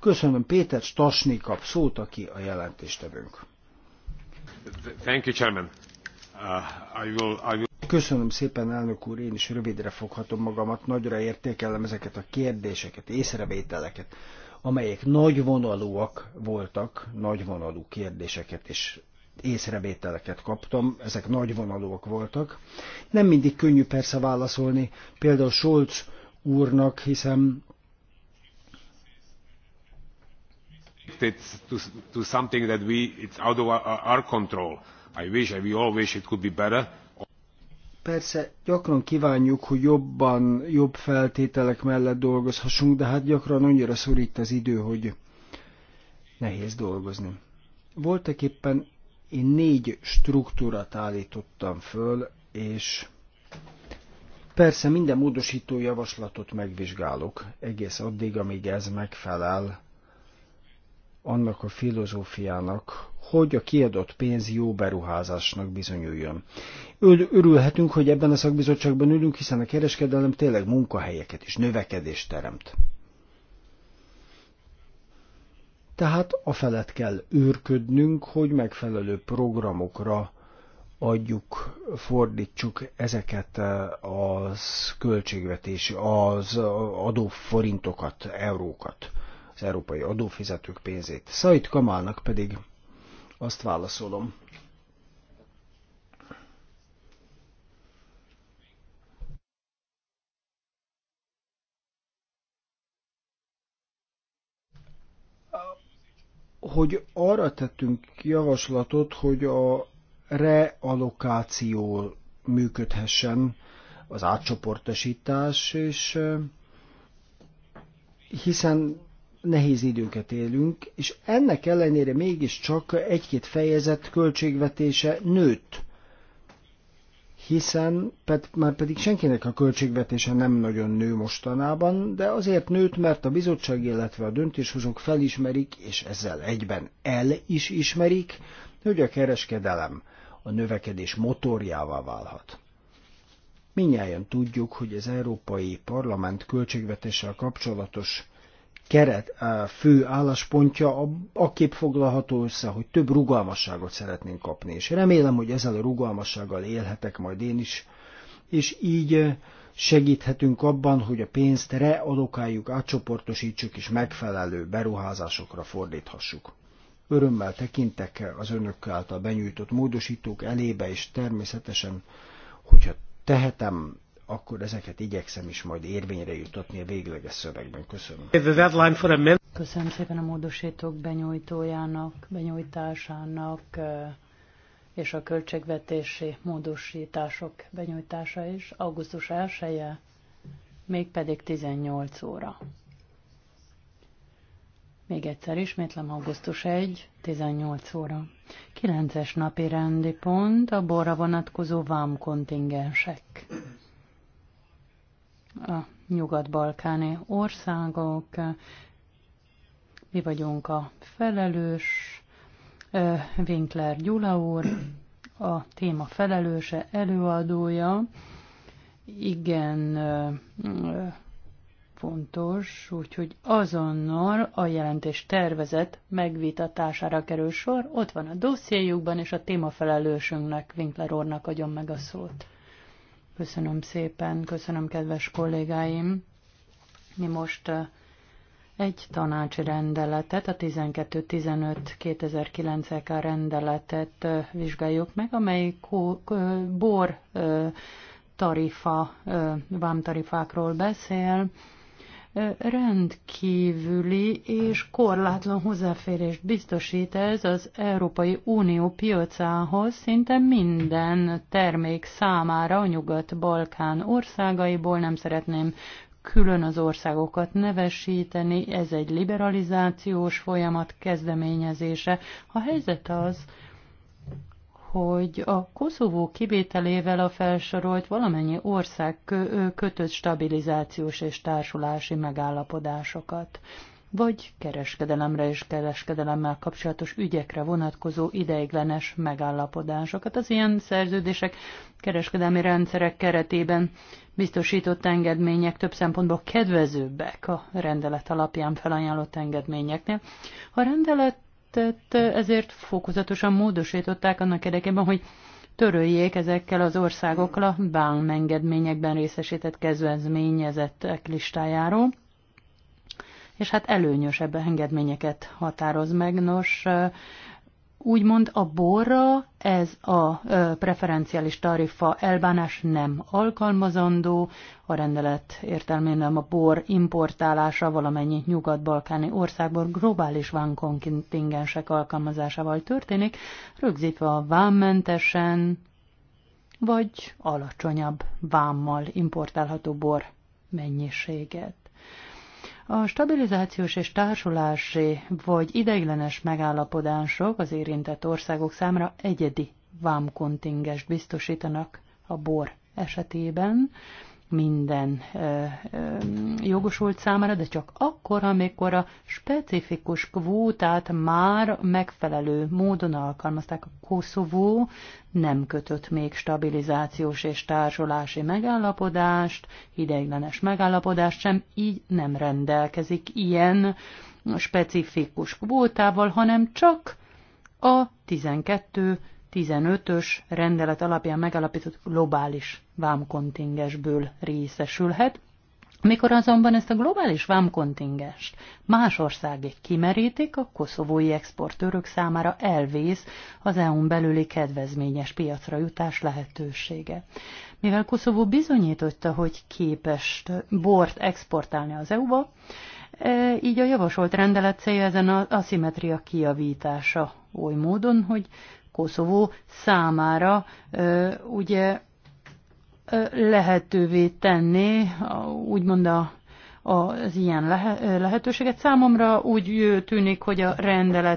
Köszönöm Péter Stasni kap szót, aki a jelentéstevőnk.
Thank you, Chairman. Uh, I will, I will...
Köszönöm szépen, elnök úr, én is rövidre foghatom magamat, nagyra értékelem ezeket a kérdéseket, észrevételeket, amelyek nagyvonalúak voltak, nagyvonalú kérdéseket és észrevételeket kaptam, ezek nagyvonalúak voltak. Nem mindig könnyű persze válaszolni, például Scholz úrnak, hiszen
connected to, to something that we, it's out of our, our control. I wish, we all wish it
could be better.
Persze, gyakran kívánjuk, hogy jobban, jobb feltételek mellett dolgozhassunk, de hát gyakran annyira szorít az idő, hogy nehéz dolgozni. Voltak éppen én négy struktúrát állítottam föl, és persze minden módosító javaslatot megvizsgálok, egész addig, amíg ez megfelel annak a filozófiának, hogy a kiadott pénz jó beruházásnak bizonyuljon. Örülhetünk, hogy ebben a szakbizottságban ülünk, hiszen a kereskedelem tényleg munkahelyeket és növekedést teremt. Tehát a felett kell őrködnünk, hogy megfelelő programokra adjuk, fordítsuk ezeket eh, az költségvetési, az adóforintokat, eurókat az európai adófizetők pénzét. Szajt Kamálnak pedig azt válaszolom, hogy arra tettünk javaslatot, hogy a realokáció működhessen az átcsoportosítás, és eh, hiszen nehéz időket élünk, és ennek ellenére mégiscsak egy-két fejezet költségvetése nőtt hiszen ped, már pedig senkinek a költségvetése nem nagyon nő mostanában, de azért nőtt, mert a bizottság, illetve a döntéshozók felismerik, és ezzel egyben el is ismerik, hogy a kereskedelem a növekedés motorjává válhat. Minnyáján tudjuk, hogy az Európai Parlament költségvetéssel kapcsolatos keret, fő álláspontja kép foglalható össze, hogy több rugalmasságot szeretnénk kapni, és remélem, hogy ezzel a rugalmassággal élhetek majd én is, és így segíthetünk abban, hogy a pénzt realokáljuk, átcsoportosítsuk és megfelelő beruházásokra fordíthassuk. Örömmel tekintek az önök által benyújtott módosítók elébe, és természetesen, hogyha tehetem, akkor ezeket igyekszem is majd érvényre jutatni a végleges szövegben.
Köszönöm. Köszönöm szépen a módosítók benyújtójának, benyújtásának és a költségvetési módosítások benyújtása is. Augusztus 1 -e, mégpedig 18 óra. Még egyszer ismétlem, augusztus 1, 18 óra. 9-es napi rendi pont a borra vonatkozó vámkontingensek a nyugat-balkáni országok. Mi vagyunk a felelős, Winkler Gyula úr, a téma felelőse, előadója. Igen, fontos, úgyhogy azonnal a jelentés tervezet megvitatására kerül sor, ott van a dossziéjukban, és a témafelelősünknek, Winkler úrnak adjon meg a szót. Köszönöm szépen, köszönöm kedves kollégáim. Mi most eh, egy tanácsi rendeletet, a 12-15-2009-ek a rendeletet eh, vizsgáljuk meg, amely bor eh, tarifa, vámtarifákról beszél, rendkívüli és korlátlan hozzáférést biztosít ez az Európai Unió piacához szinte minden termék számára a Nyugat-Balkán országaiból. Nem szeretném külön az országokat nevesíteni, ez egy liberalizációs folyamat kezdeményezése. A helyzet az, hogy a Koszovó kivételével a felsorolt valamennyi ország kötött stabilizációs és társulási megállapodásokat vagy kereskedelemre és kereskedelemmel kapcsolatos ügyekre vonatkozó ideiglenes megállapodásokat. Az ilyen szerződések kereskedelmi rendszerek keretében biztosított engedmények több szempontból kedvezőbbek a rendelet alapján felajánlott engedményeknél. A rendelet helyzetet, ezért fokozatosan módosították annak érdekében, hogy töröljék ezekkel az országokkal a BAM engedményekben részesített kezvezményezettek listájáról. És hát előnyösebb engedményeket határoz meg. Nos, Úgymond a borra ez a preferenciális tarifa elbánás nem alkalmazandó, a rendelet értelmében a bor importálása valamennyi nyugat-balkáni országból globális vánkontingensek alkalmazásával történik, rögzítve a vámmentesen vagy alacsonyabb vámmal importálható bor mennyiséget. A stabilizációs és társulási vagy ideiglenes megállapodások az érintett országok számára egyedi vámkontingest biztosítanak a bor esetében, minden ö, ö, jogosult számára, de csak akkor, amikor a specifikus kvótát már megfelelő módon alkalmazták. A Koszovó nem kötött még stabilizációs és társulási megállapodást, ideiglenes megállapodást sem, így nem rendelkezik ilyen specifikus kvótával, hanem csak a 12 15-ös rendelet alapján megalapított globális vámkontingensből részesülhet, mikor azonban ezt a globális vámkontingest más országig kimerítik, a koszovói exportőrök számára elvész az EU-n belüli kedvezményes piacra jutás lehetősége. Mivel Koszovó bizonyította, hogy képes bort exportálni az EU-ba, e, így a javasolt rendelet célja ezen az aszimetria kiavítása oly módon, hogy Koszovó számára ugye lehetővé tenni, úgymond a az ilyen lehetőséget. Számomra úgy tűnik, hogy a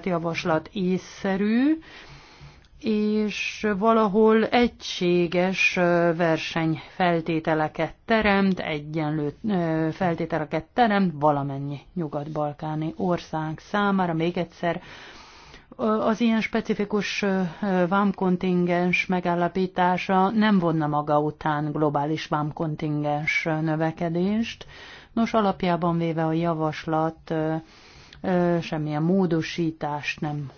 javaslat észszerű, és valahol egységes versenyfeltételeket teremt, egyenlő feltételeket teremt valamennyi nyugat-balkáni ország számára. Még egyszer az ilyen specifikus vámkontingens megállapítása nem vonna maga után globális vámkontingens növekedést. Nos, alapjában véve a javaslat semmilyen módosítást nem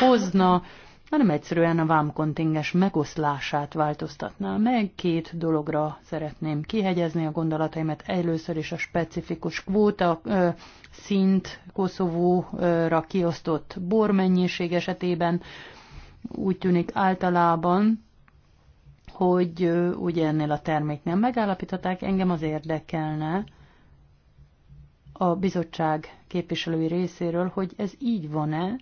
hozna, hanem egyszerűen a vámkontinges megoszlását változtatná meg. Két dologra szeretném kihegyezni a gondolataimat. Először is a specifikus kvóta ö, szint Koszovóra kiosztott bormennyiség esetében úgy tűnik általában, hogy ö, ugye ennél a terméknél megállapították, engem az érdekelne a bizottság képviselői részéről, hogy ez így van-e,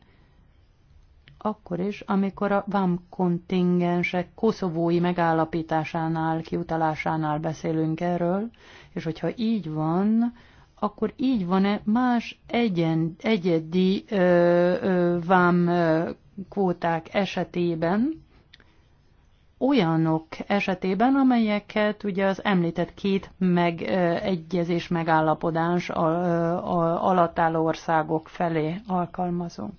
akkor is, amikor a VAM kontingensek koszovói megállapításánál, kiutalásánál beszélünk erről, és hogyha így van, akkor így van-e más egyen, egyedi ö, ö, VAM kvóták esetében, olyanok esetében, amelyeket ugye az említett két megegyezés megállapodás alatt álló országok felé alkalmazunk.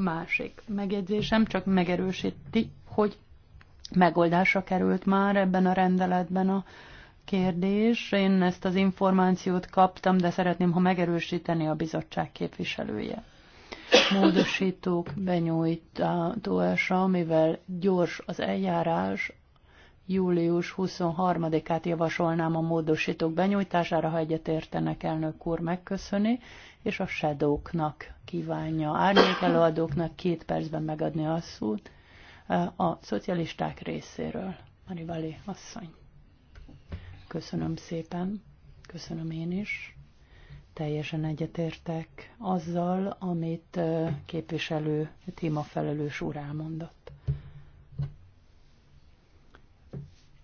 másik megjegyzésem csak megerősíti, hogy megoldásra került már ebben a rendeletben a kérdés. Én ezt az információt kaptam, de szeretném, ha megerősíteni a bizottság képviselője. Módosítók benyújtása, amivel gyors az eljárás, július 23-át javasolnám a módosítók benyújtására, ha egyetértenek elnök úr megköszöni, és a sedóknak kívánja árnyékelőadóknak két percben megadni a szót eh, a szocialisták részéről. Marivali asszony. Köszönöm szépen, köszönöm én is. Teljesen egyetértek azzal, amit eh, képviselő témafelelős úr elmondott.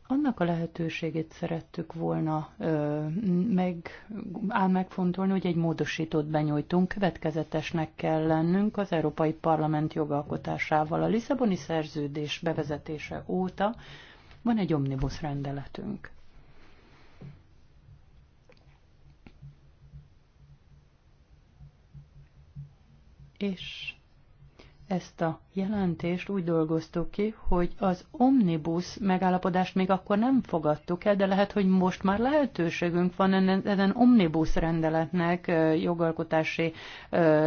annak a lehetőségét szerettük volna ö, meg, áll megfontolni, hogy egy módosítót benyújtunk, következetesnek kell lennünk az Európai Parlament jogalkotásával. A Lisszaboni szerződés bevezetése óta van egy omnibus rendeletünk. És ezt a jelentést úgy dolgoztuk ki, hogy az omnibus megállapodást még akkor nem fogadtuk el, de lehet, hogy most már lehetőségünk van ezen omnibus rendeletnek, jogalkotási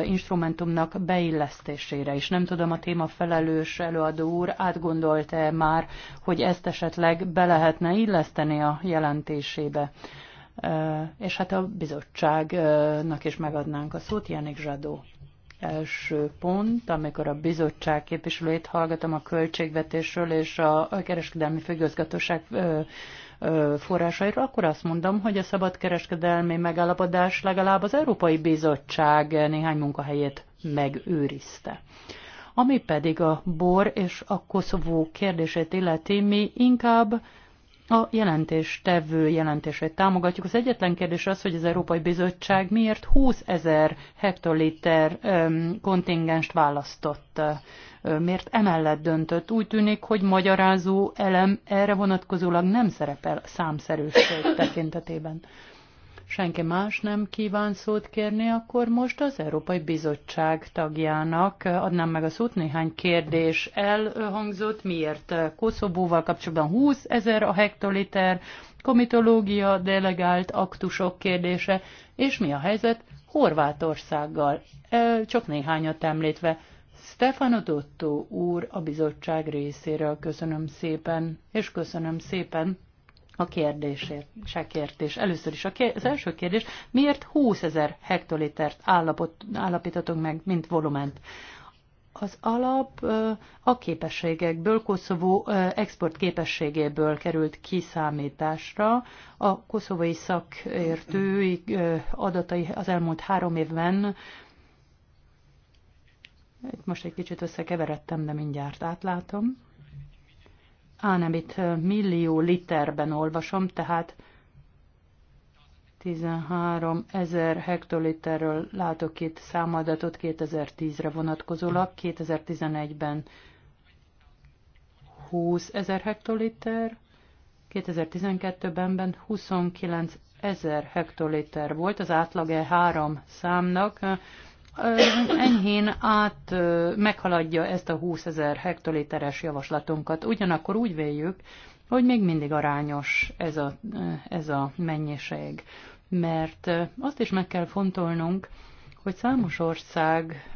instrumentumnak beillesztésére is. Nem tudom, a téma felelős előadó úr átgondolta már, hogy ezt esetleg be lehetne illeszteni a jelentésébe. És hát a bizottságnak is megadnánk a szót, Jánik Zsadó első pont, amikor a bizottság képviselőjét hallgatom a költségvetésről és a kereskedelmi főgazgatóság forrásairól, akkor azt mondom, hogy a szabadkereskedelmi megállapodás legalább az Európai Bizottság néhány munkahelyét megőrizte. Ami pedig a bor és a Koszovó kérdését illeti, mi inkább a jelentés tevő jelentését támogatjuk. Az egyetlen kérdés az, hogy az Európai Bizottság miért 20 ezer hektoliter kontingenst választott, miért emellett döntött. Úgy tűnik, hogy magyarázó elem erre vonatkozólag nem szerepel számszerűség tekintetében senki más nem kíván szót kérni, akkor most az Európai Bizottság tagjának adnám meg a szót. Néhány kérdés elhangzott, miért Koszobóval kapcsolatban 20 ezer a hektoliter, komitológia, delegált aktusok kérdése, és mi a helyzet Horvátországgal, csak néhányat említve. Stefano Dotto úr a bizottság részéről köszönöm szépen, és köszönöm szépen a kérdésért, se kérdés. Először is a kér, az első kérdés, miért 20 ezer hektolitert állapot, állapítatunk meg, mint volument? Az alap a képességekből, Koszovó export képességéből került kiszámításra. A koszovói szakértői adatai az elmúlt három évben, itt most egy kicsit összekeveredtem, de mindjárt átlátom, Á, nem, itt millió literben olvasom, tehát 13 ezer hektoliterről látok itt számadatot 2010-re vonatkozólag, 2011-ben 20 ezer hektoliter, 2012-ben 29 ezer hektoliter volt, az átlag E3 számnak, enyhén át meghaladja ezt a 20 ezer hektoliteres javaslatunkat. Ugyanakkor úgy véljük, hogy még mindig arányos ez a, ez a mennyiség. Mert azt is meg kell fontolnunk, hogy számos ország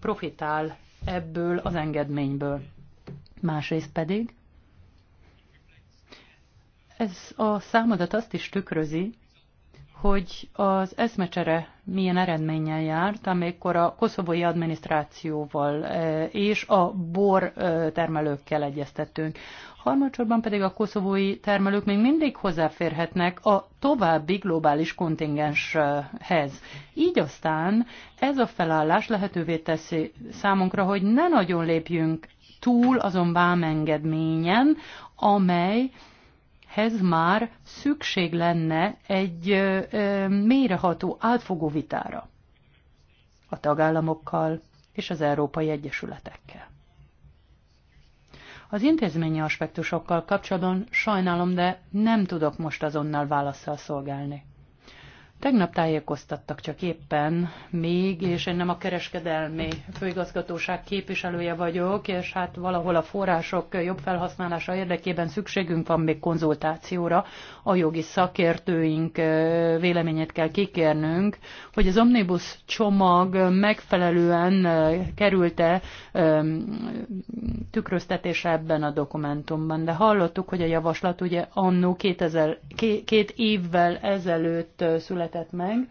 profitál ebből az engedményből. Másrészt pedig ez a számadat azt is tükrözi, hogy az eszmecsere milyen eredménnyel járt, amikor a koszovói adminisztrációval eh, és a bor eh, termelőkkel egyeztettünk. Harmadsorban pedig a koszovói termelők még mindig hozzáférhetnek a további globális kontingenshez. Így aztán ez a felállás lehetővé teszi számunkra, hogy ne nagyon lépjünk túl azon vámengedményen, amely ehhez már szükség lenne egy mélyreható, átfogó vitára a tagállamokkal és az Európai Egyesületekkel. Az intézményi aspektusokkal kapcsolatban sajnálom, de nem tudok most azonnal válaszsal szolgálni. Tegnap tájékoztattak csak éppen még, és én nem a kereskedelmi főigazgatóság képviselője vagyok, és hát valahol a források jobb felhasználása érdekében szükségünk van még konzultációra. A jogi szakértőink véleményét kell kikérnünk, hogy az omnibus csomag megfelelően került-e tükröztetése ebben a dokumentumban. De hallottuk, hogy a javaslat ugye annó két évvel ezelőtt született, született meg,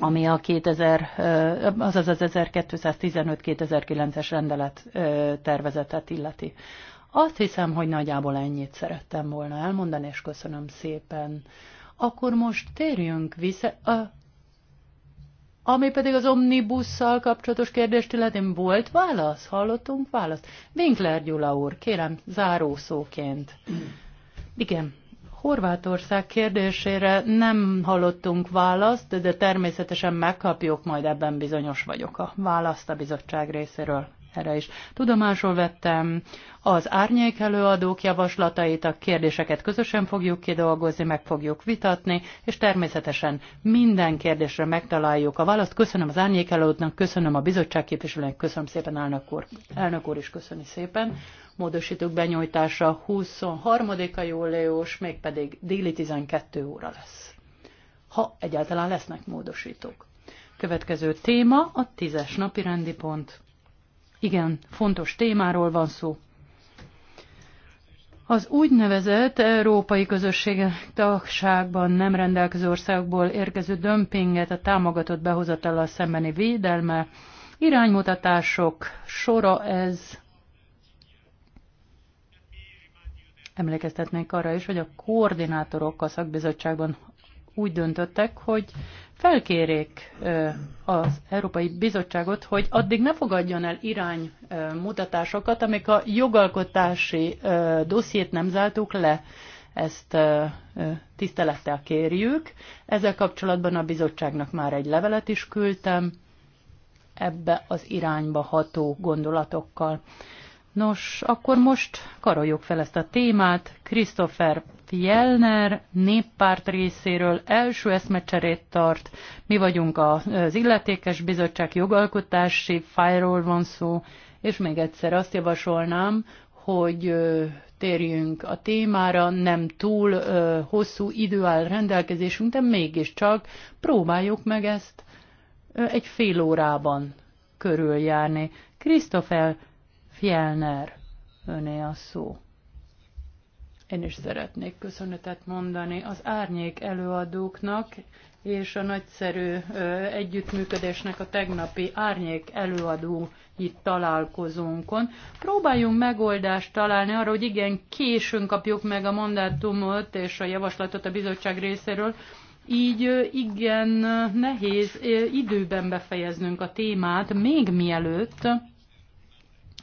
ami a 2000, azaz az 1215-2009-es rendelet tervezetet illeti. Azt hiszem, hogy nagyjából ennyit szerettem volna elmondani, és köszönöm szépen. Akkor most térjünk vissza, a, ami pedig az omnibusszal kapcsolatos kérdést illeti, volt válasz, hallottunk választ. Winkler Gyula úr, kérem, zárószóként. Igen, Horvátország kérdésére nem hallottunk választ, de természetesen megkapjuk, majd ebben bizonyos vagyok a választ a bizottság részéről erre is. Tudomásul vettem az árnyék előadók javaslatait, a kérdéseket közösen fogjuk kidolgozni, meg fogjuk vitatni, és természetesen minden kérdésre megtaláljuk a választ. Köszönöm az árnyék előadóknak, köszönöm a bizottság képviselőnek, köszönöm szépen elnök úr. Elnök úr is köszöni szépen módosítók benyújtása 23-a július, mégpedig déli 12 óra lesz. Ha egyáltalán lesznek módosítók. Következő téma a tízes napi rendi pont. Igen, fontos témáról van szó. Az úgynevezett európai közösség tagságban nem rendelkező országból érkező dömpinget a támogatott behozatállal szembeni védelme, iránymutatások sora ez Emlékeztetnék arra is, hogy a koordinátorok a szakbizottságban úgy döntöttek, hogy felkérék az Európai Bizottságot, hogy addig ne fogadjon el iránymutatásokat, amik a jogalkotási dossziét nem zártuk le. Ezt tisztelettel kérjük. Ezzel kapcsolatban a bizottságnak már egy levelet is küldtem ebbe az irányba ható gondolatokkal. Nos, akkor most karoljuk fel ezt a témát. Christopher Fjellner néppárt részéről első eszmecserét tart. Mi vagyunk az illetékes bizottság jogalkotási fájról van szó, és még egyszer azt javasolnám, hogy térjünk a témára, nem túl hosszú idő áll rendelkezésünk, de mégiscsak próbáljuk meg ezt egy fél órában körüljárni. Christopher Fjellner, öné a szó. Én is szeretnék köszönetet mondani az árnyék előadóknak és a nagyszerű együttműködésnek a tegnapi árnyék előadó itt találkozónkon. Próbáljunk megoldást találni arra, hogy igen, későn kapjuk meg a mandátumot és a javaslatot a bizottság részéről, így igen nehéz időben befejeznünk a témát, még mielőtt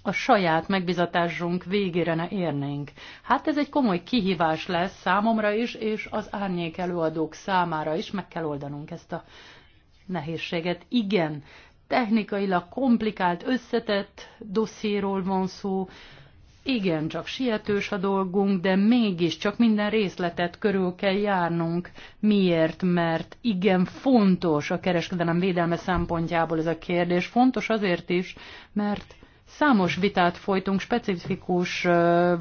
a saját megbizatásunk végére ne érnénk. Hát ez egy komoly kihívás lesz számomra is, és az árnyék előadók számára is meg kell oldanunk ezt a nehézséget. Igen, technikailag komplikált, összetett dosszéról van szó, igen, csak sietős a dolgunk, de mégiscsak minden részletet körül kell járnunk. Miért? Mert igen, fontos a kereskedelem védelme szempontjából ez a kérdés. Fontos azért is, mert Számos vitát folytunk specifikus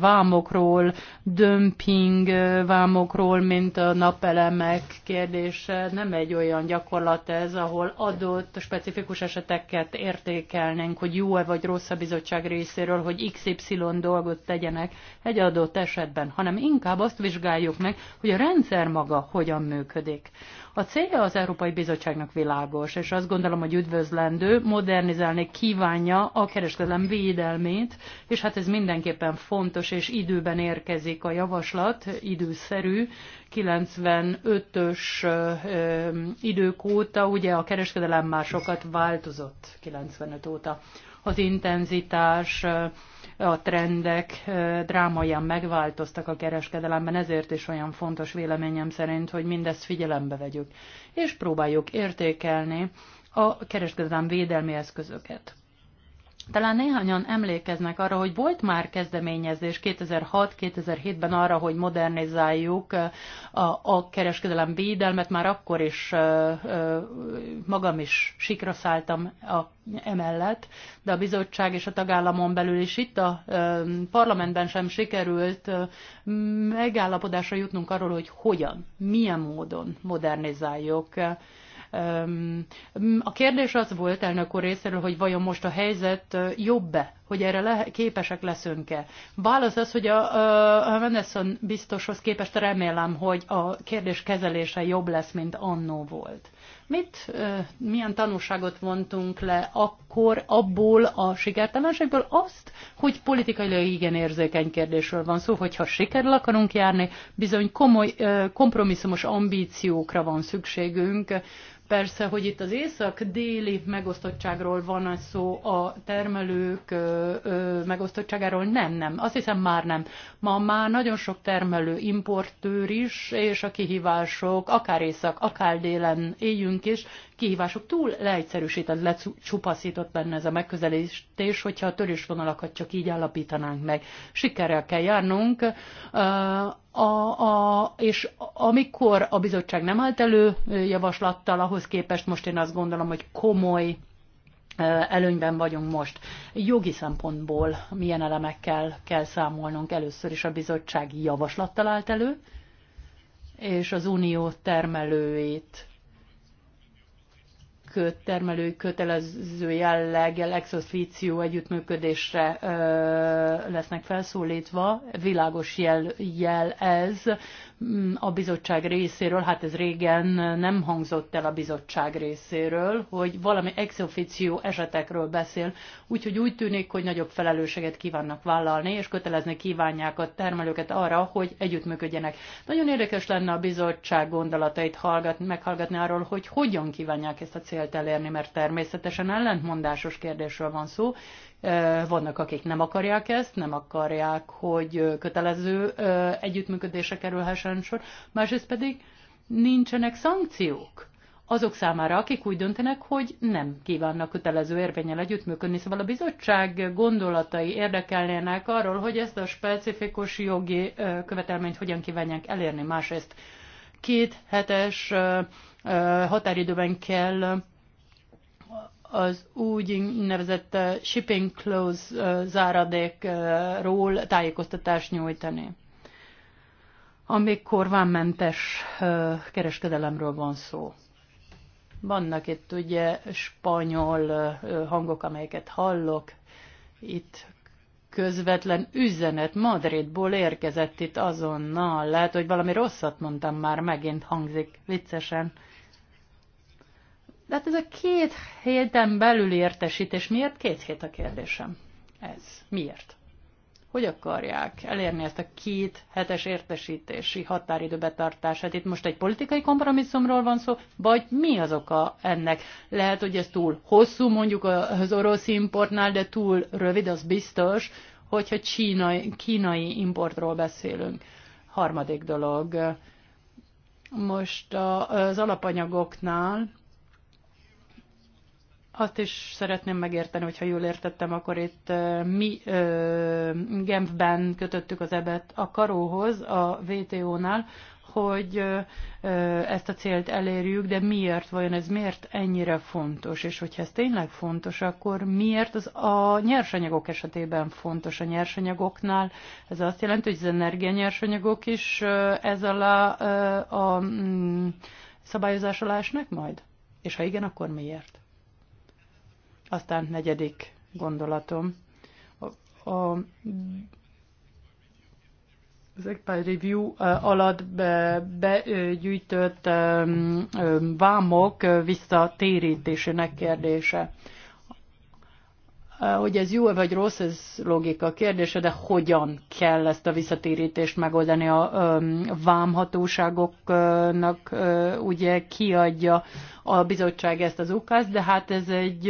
vámokról, dömping vámokról, mint a napelemek kérdése. Nem egy olyan gyakorlat ez, ahol adott specifikus eseteket értékelnénk, hogy jó-e vagy rossz a bizottság részéről, hogy XY dolgot tegyenek egy adott esetben, hanem inkább azt vizsgáljuk meg, hogy a rendszer maga hogyan működik. A célja az Európai Bizottságnak világos, és azt gondolom, hogy üdvözlendő, modernizálni kívánja a kereskedelem védelmét, és hát ez mindenképpen fontos, és időben érkezik a javaslat, időszerű, 95-ös idők óta, ugye a kereskedelem már sokat változott 95 óta. Az intenzitás, a trendek drámaian megváltoztak a kereskedelemben, ezért is olyan fontos véleményem szerint, hogy mindezt figyelembe vegyük, és próbáljuk értékelni a kereskedelem védelmi eszközöket. Talán néhányan emlékeznek arra, hogy volt már kezdeményezés 2006-2007-ben arra, hogy modernizáljuk a, a kereskedelem védelmet, már akkor is magam is sikra szálltam a, emellett, de a bizottság és a tagállamon belül is itt a parlamentben sem sikerült megállapodásra jutnunk arról, hogy hogyan, milyen módon modernizáljuk a kérdés az volt elnök úr részéről, hogy vajon most a helyzet jobb-e, hogy erre le, képesek leszünk-e. Válasz az, hogy a, a Mendelson biztoshoz képest remélem, hogy a kérdés kezelése jobb lesz, mint annó volt. Mit, milyen tanulságot vontunk le akkor abból a sikertelenségből? Azt, hogy politikailag igen érzékeny kérdésről van szó, hogyha sikerül akarunk járni, bizony komoly kompromisszumos ambíciókra van szükségünk, Persze, hogy itt az észak-déli megosztottságról van a szó, a termelők ö, ö, megosztottságáról nem, nem. Azt hiszem már nem. Ma már nagyon sok termelő importőr is, és a kihívások, akár észak, akár délen éljünk is, kihívások túl leegyszerűsített, lecsupaszított lenne ez a megközelítés, hogyha a törésvonalakat csak így állapítanánk meg. Sikerrel kell járnunk a, a, és amikor a bizottság nem állt elő javaslattal, ahhoz képest most én azt gondolom, hogy komoly előnyben vagyunk most. Jogi szempontból milyen elemekkel kell számolnunk? Először is a bizottság javaslattal állt elő, és az unió termelőit köt, termelői kötelező jelleggel ex officio együttműködésre ö, lesznek felszólítva. Világos jel, jel ez Mm, a bizottság részéről, hát ez régen nem hangzott el a bizottság részéről, hogy valami ex officio esetekről beszél, úgyhogy úgy tűnik, hogy nagyobb felelősséget kívánnak vállalni, és kötelezni kívánják a termelőket arra, hogy együttműködjenek. Nagyon érdekes lenne a bizottság gondolatait hallgatni, meghallgatni arról, hogy hogyan kívánják ezt a célt elérni, mert természetesen ellentmondásos kérdésről van szó, vannak, akik nem akarják ezt, nem akarják, hogy kötelező együttműködése kerülhessen sor, másrészt pedig nincsenek szankciók azok számára, akik úgy döntenek, hogy nem kívánnak kötelező érvényel együttműködni. Szóval a bizottság gondolatai érdekelnének arról, hogy ezt a specifikus jogi követelményt hogyan kívánják elérni. Másrészt két hetes határidőben kell az úgy nevezett eh, shipping close eh, záradékról tájékoztatást nyújtani, amikor vámmentes eh, kereskedelemről van szó. Vannak itt ugye spanyol hangok, amelyeket hallok. Itt közvetlen üzenet Madridból érkezett itt azonnal. Lehet, hogy valami rosszat mondtam már, megint hangzik viccesen. De hát ez a két héten belül értesítés, miért két hét a kérdésem? Ez. Miért? Hogy akarják elérni ezt a két hetes értesítési határidő betartását? Itt most egy politikai kompromisszumról van szó, vagy mi az oka ennek? Lehet, hogy ez túl hosszú mondjuk az orosz importnál, de túl rövid, az biztos, hogyha csínai, kínai importról beszélünk. Harmadik dolog. Most az alapanyagoknál azt is szeretném megérteni, hogyha jól értettem, akkor itt mi Genfben kötöttük az ebet a karóhoz, a VTO-nál, hogy ezt a célt elérjük, de miért, vajon ez miért ennyire fontos, és hogyha ez tényleg fontos, akkor miért az a nyersanyagok esetében fontos a nyersanyagoknál, ez azt jelenti, hogy az energianyersanyagok is ez alá a, a, mm, a szabályozás alá esnek majd? És ha igen, akkor miért? Aztán negyedik gondolatom. A, a az ECPAL Review alatt begyűjtött vámok visszatérítésének kérdése. Eh, hogy ez jó -e vagy rossz, ez logika kérdése, de hogyan kell ezt a visszatérítést megoldani a vámhatóságoknak, ugye kiadja a bizottság ezt az ukázt, de hát ez egy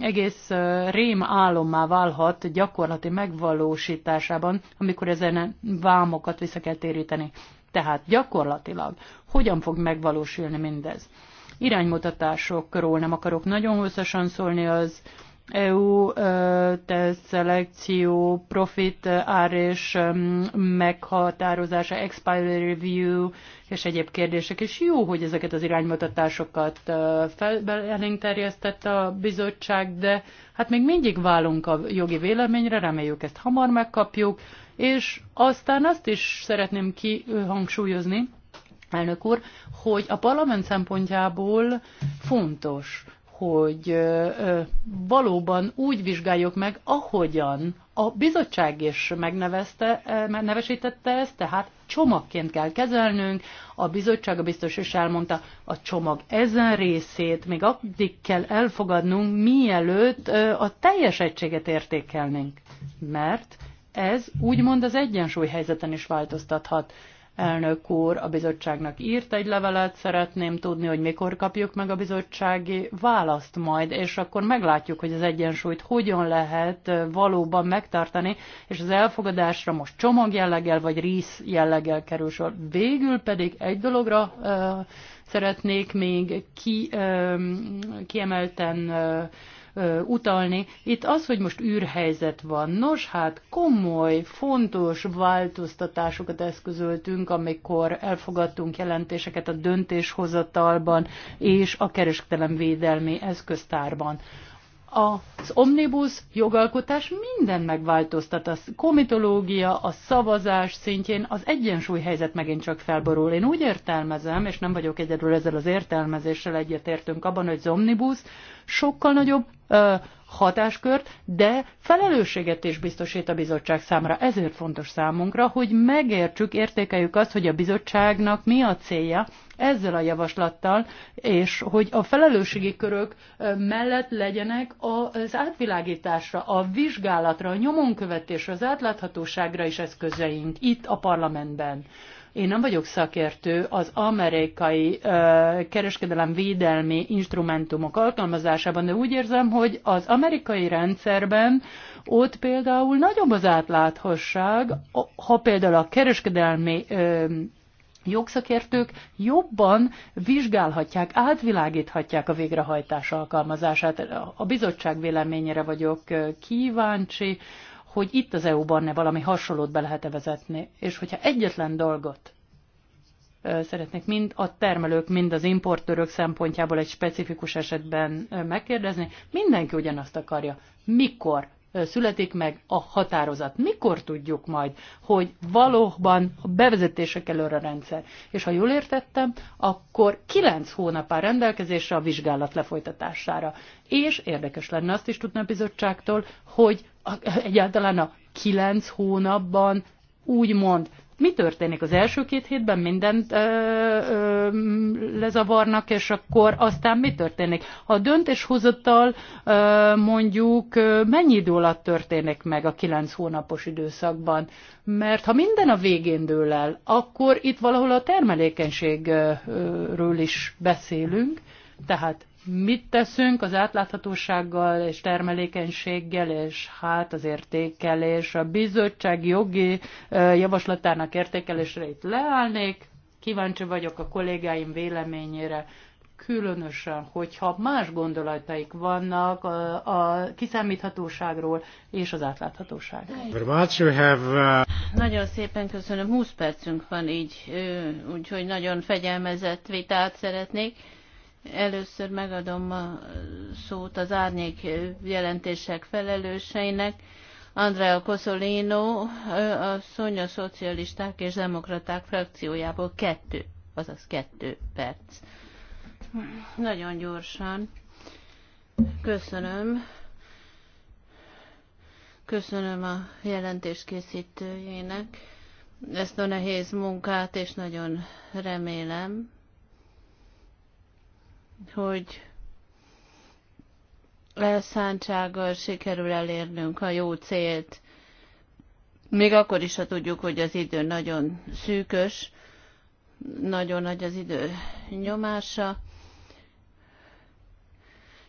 egész rém álommá válhat gyakorlati megvalósításában, amikor ezen vámokat vissza kell téríteni. Tehát gyakorlatilag hogyan fog megvalósulni mindez? Iránymutatásokról nem akarok nagyon hosszasan szólni, az EU szelekció, profit ár és meghatározása, expiry review és egyéb kérdések. És jó, hogy ezeket az iránymutatásokat felénk terjesztett a bizottság, de hát még mindig válunk a jogi véleményre, reméljük ezt hamar megkapjuk, és aztán azt is szeretném kihangsúlyozni, elnök úr, hogy a parlament szempontjából fontos, hogy valóban úgy vizsgáljuk meg, ahogyan a bizottság is megnevezte, megnevesítette ezt, tehát csomagként kell kezelnünk. A bizottság, a biztos is elmondta, a csomag ezen részét még addig kell elfogadnunk, mielőtt a teljes egységet értékelnénk. Mert ez úgymond az egyensúly helyzeten is változtathat elnök úr a bizottságnak írt egy levelet, szeretném tudni, hogy mikor kapjuk meg a bizottsági választ majd, és akkor meglátjuk, hogy az egyensúlyt hogyan lehet valóban megtartani, és az elfogadásra most csomag jelleggel vagy rész jelleggel kerül sor. Végül pedig egy dologra uh, szeretnék még ki, uh, kiemelten uh, utalni. Itt az, hogy most űrhelyzet van. Nos, hát komoly, fontos változtatásokat eszközöltünk, amikor elfogadtunk jelentéseket a döntéshozatalban és a kereskedelem védelmi eszköztárban az omnibus jogalkotás minden megváltoztat. A komitológia, a szavazás szintjén az egyensúly helyzet megint csak felborul. Én úgy értelmezem, és nem vagyok egyedül ezzel az értelmezéssel egyetértünk abban, hogy az omnibus sokkal nagyobb ö, hatáskört, de felelősséget is biztosít a bizottság számára. Ezért fontos számunkra, hogy megértsük, értékeljük azt, hogy a bizottságnak mi a célja ezzel a javaslattal, és hogy a felelősségi körök mellett legyenek az átvilágításra, a vizsgálatra, a nyomonkövetésre, az átláthatóságra is eszközeink itt a parlamentben. Én nem vagyok szakértő az amerikai uh, kereskedelem védelmi instrumentumok alkalmazásában, de úgy érzem, hogy az amerikai rendszerben ott például nagyobb az átláthatóság, ha például a kereskedelmi uh, jogszakértők jobban vizsgálhatják, átvilágíthatják a végrehajtás alkalmazását. A bizottság véleményére vagyok kíváncsi, hogy itt az EU-ban ne valami hasonlót be lehet -e vezetni. És hogyha egyetlen dolgot szeretnék mind a termelők, mind az importőrök szempontjából egy specifikus esetben megkérdezni. Mindenki ugyanazt akarja. Mikor születik meg a határozat. Mikor tudjuk majd, hogy valóban bevezetése kell a rendszer? És ha jól értettem, akkor kilenc hónap áll rendelkezésre a vizsgálat lefolytatására. És érdekes lenne azt is tudni a bizottságtól, hogy egyáltalán a kilenc hónapban úgymond mi történik az első két hétben? Mindent ö, ö, lezavarnak, és akkor aztán mi történik? Ha a döntéshozattal ö, mondjuk ö, mennyi idő alatt történik meg a kilenc hónapos időszakban? Mert ha minden a végén dől el, akkor itt valahol a termelékenységről is beszélünk, tehát mit teszünk az átláthatósággal és termelékenységgel, és hát az értékelés, a bizottság jogi javaslatának értékelésre itt leállnék. Kíváncsi vagyok a kollégáim véleményére, különösen, hogyha más gondolataik vannak a, a kiszámíthatóságról és az átláthatóságról.
Uh,
nagyon szépen köszönöm, 20 percünk van
így, úgyhogy nagyon fegyelmezett vitát szeretnék. Először megadom a szót az árnyék jelentések felelőseinek. Andrea Cosolino, a Szonya Szocialisták és Demokraták frakciójából kettő, azaz kettő perc. Nagyon gyorsan. Köszönöm. Köszönöm a jelentés készítőjének ezt a nehéz munkát, és nagyon remélem, hogy elszántsággal sikerül elérnünk a jó célt, még akkor is, ha tudjuk, hogy az idő nagyon szűkös, nagyon nagy az idő nyomása,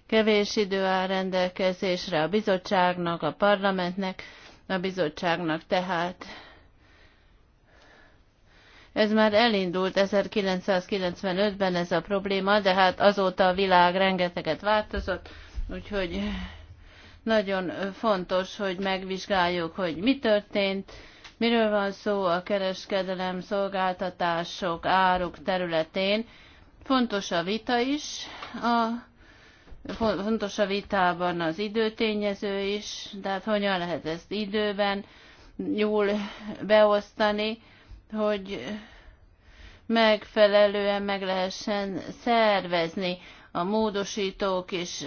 kevés idő áll rendelkezésre a bizottságnak, a parlamentnek, a bizottságnak tehát ez már elindult 1995-ben ez a probléma, de hát azóta a világ rengeteget változott, úgyhogy nagyon fontos, hogy megvizsgáljuk, hogy mi történt, miről van szó a kereskedelem, szolgáltatások, áruk területén. Fontos a vita is, a, fontos a vitában az időtényező is, tehát hogyan lehet ezt időben jól beosztani, hogy megfelelően meg lehessen szervezni, a módosítók is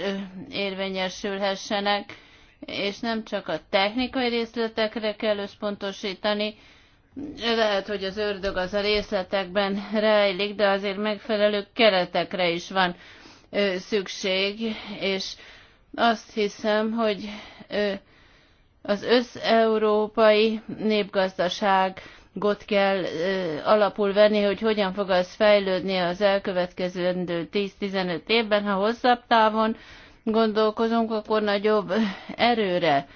érvényesülhessenek, és nem csak a technikai részletekre kell összpontosítani, lehet, hogy az ördög az a részletekben rejlik, de azért megfelelő keretekre is van ö, szükség, és azt hiszem, hogy ö, az összeurópai népgazdaság got kell alapul venni, hogy hogyan fog az fejlődni az elkövetkezendő 10-15 évben, ha hosszabb távon gondolkozunk, akkor nagyobb erőre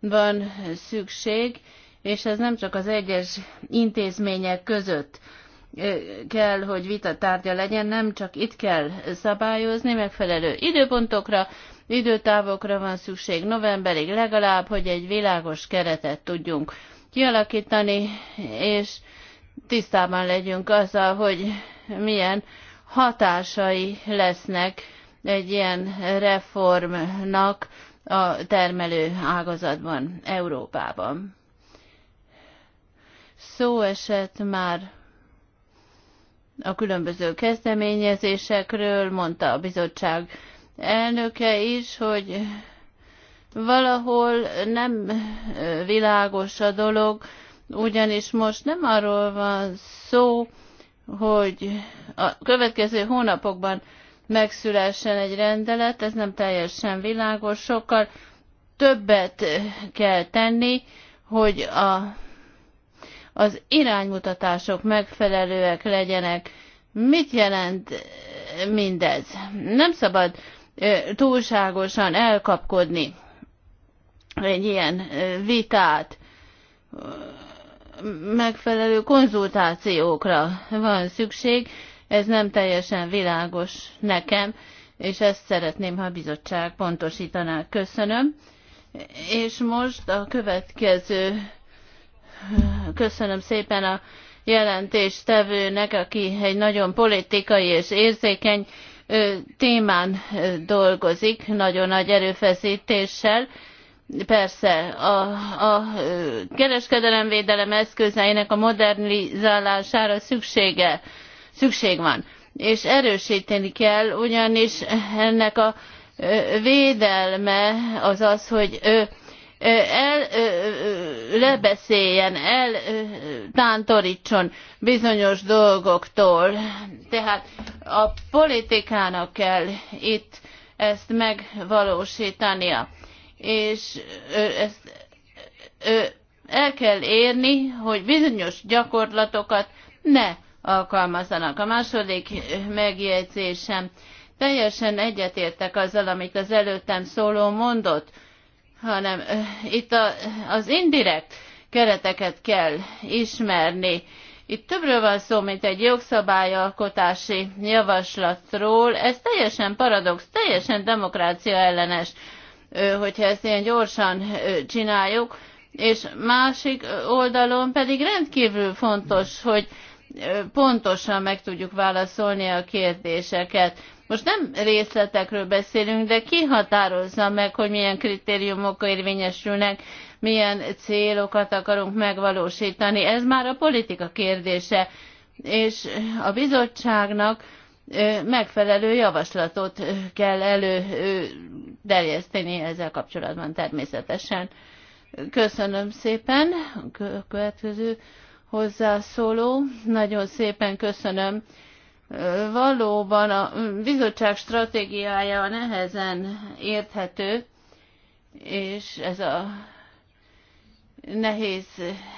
van szükség, és ez nem csak az egyes intézmények között kell, hogy vita tárgya legyen, nem csak itt kell szabályozni, megfelelő időpontokra, időtávokra van szükség novemberig legalább, hogy egy világos keretet tudjunk kialakítani, és tisztában legyünk azzal, hogy milyen hatásai lesznek egy ilyen reformnak a termelő ágazatban, Európában. Szó esett már a különböző kezdeményezésekről, mondta a bizottság elnöke is, hogy valahol nem világos a dolog, ugyanis most nem arról van szó, hogy a következő hónapokban megszülessen egy rendelet, ez nem teljesen világos, sokkal többet kell tenni, hogy a, az iránymutatások megfelelőek legyenek. Mit jelent mindez? Nem szabad túlságosan elkapkodni egy ilyen vitát, megfelelő konzultációkra van szükség, ez nem teljesen világos nekem, és ezt szeretném, ha a bizottság pontosítaná. Köszönöm. És most a következő, köszönöm szépen a jelentéstevőnek, aki egy nagyon politikai és érzékeny témán dolgozik, nagyon nagy erőfeszítéssel, Persze, a, a kereskedelemvédelem eszközeinek a modernizálására szüksége, szükség van, és erősíteni kell, ugyanis ennek a védelme az az, hogy ő el lebeszéljen, el tántorítson bizonyos dolgoktól. Tehát a politikának kell itt ezt megvalósítania és ezt el kell érni, hogy bizonyos gyakorlatokat ne alkalmazzanak. A második megjegyzésem. Teljesen egyetértek azzal, amit az előttem szóló mondott, hanem itt a, az indirekt kereteket kell ismerni. Itt többről van szó, mint egy jogszabályalkotási javaslatról. Ez teljesen paradox, teljesen demokrácia ellenes hogyha ezt ilyen gyorsan csináljuk, és másik oldalon pedig rendkívül fontos, hogy pontosan meg tudjuk válaszolni a kérdéseket. Most nem részletekről beszélünk, de ki határozza meg, hogy milyen kritériumok érvényesülnek, milyen célokat akarunk megvalósítani. Ez már a politika kérdése. És a bizottságnak megfelelő javaslatot kell előterjeszteni ezzel kapcsolatban természetesen. Köszönöm szépen. A következő hozzászóló. Nagyon szépen köszönöm. Valóban a bizottság stratégiája nehezen érthető, és ez a nehéz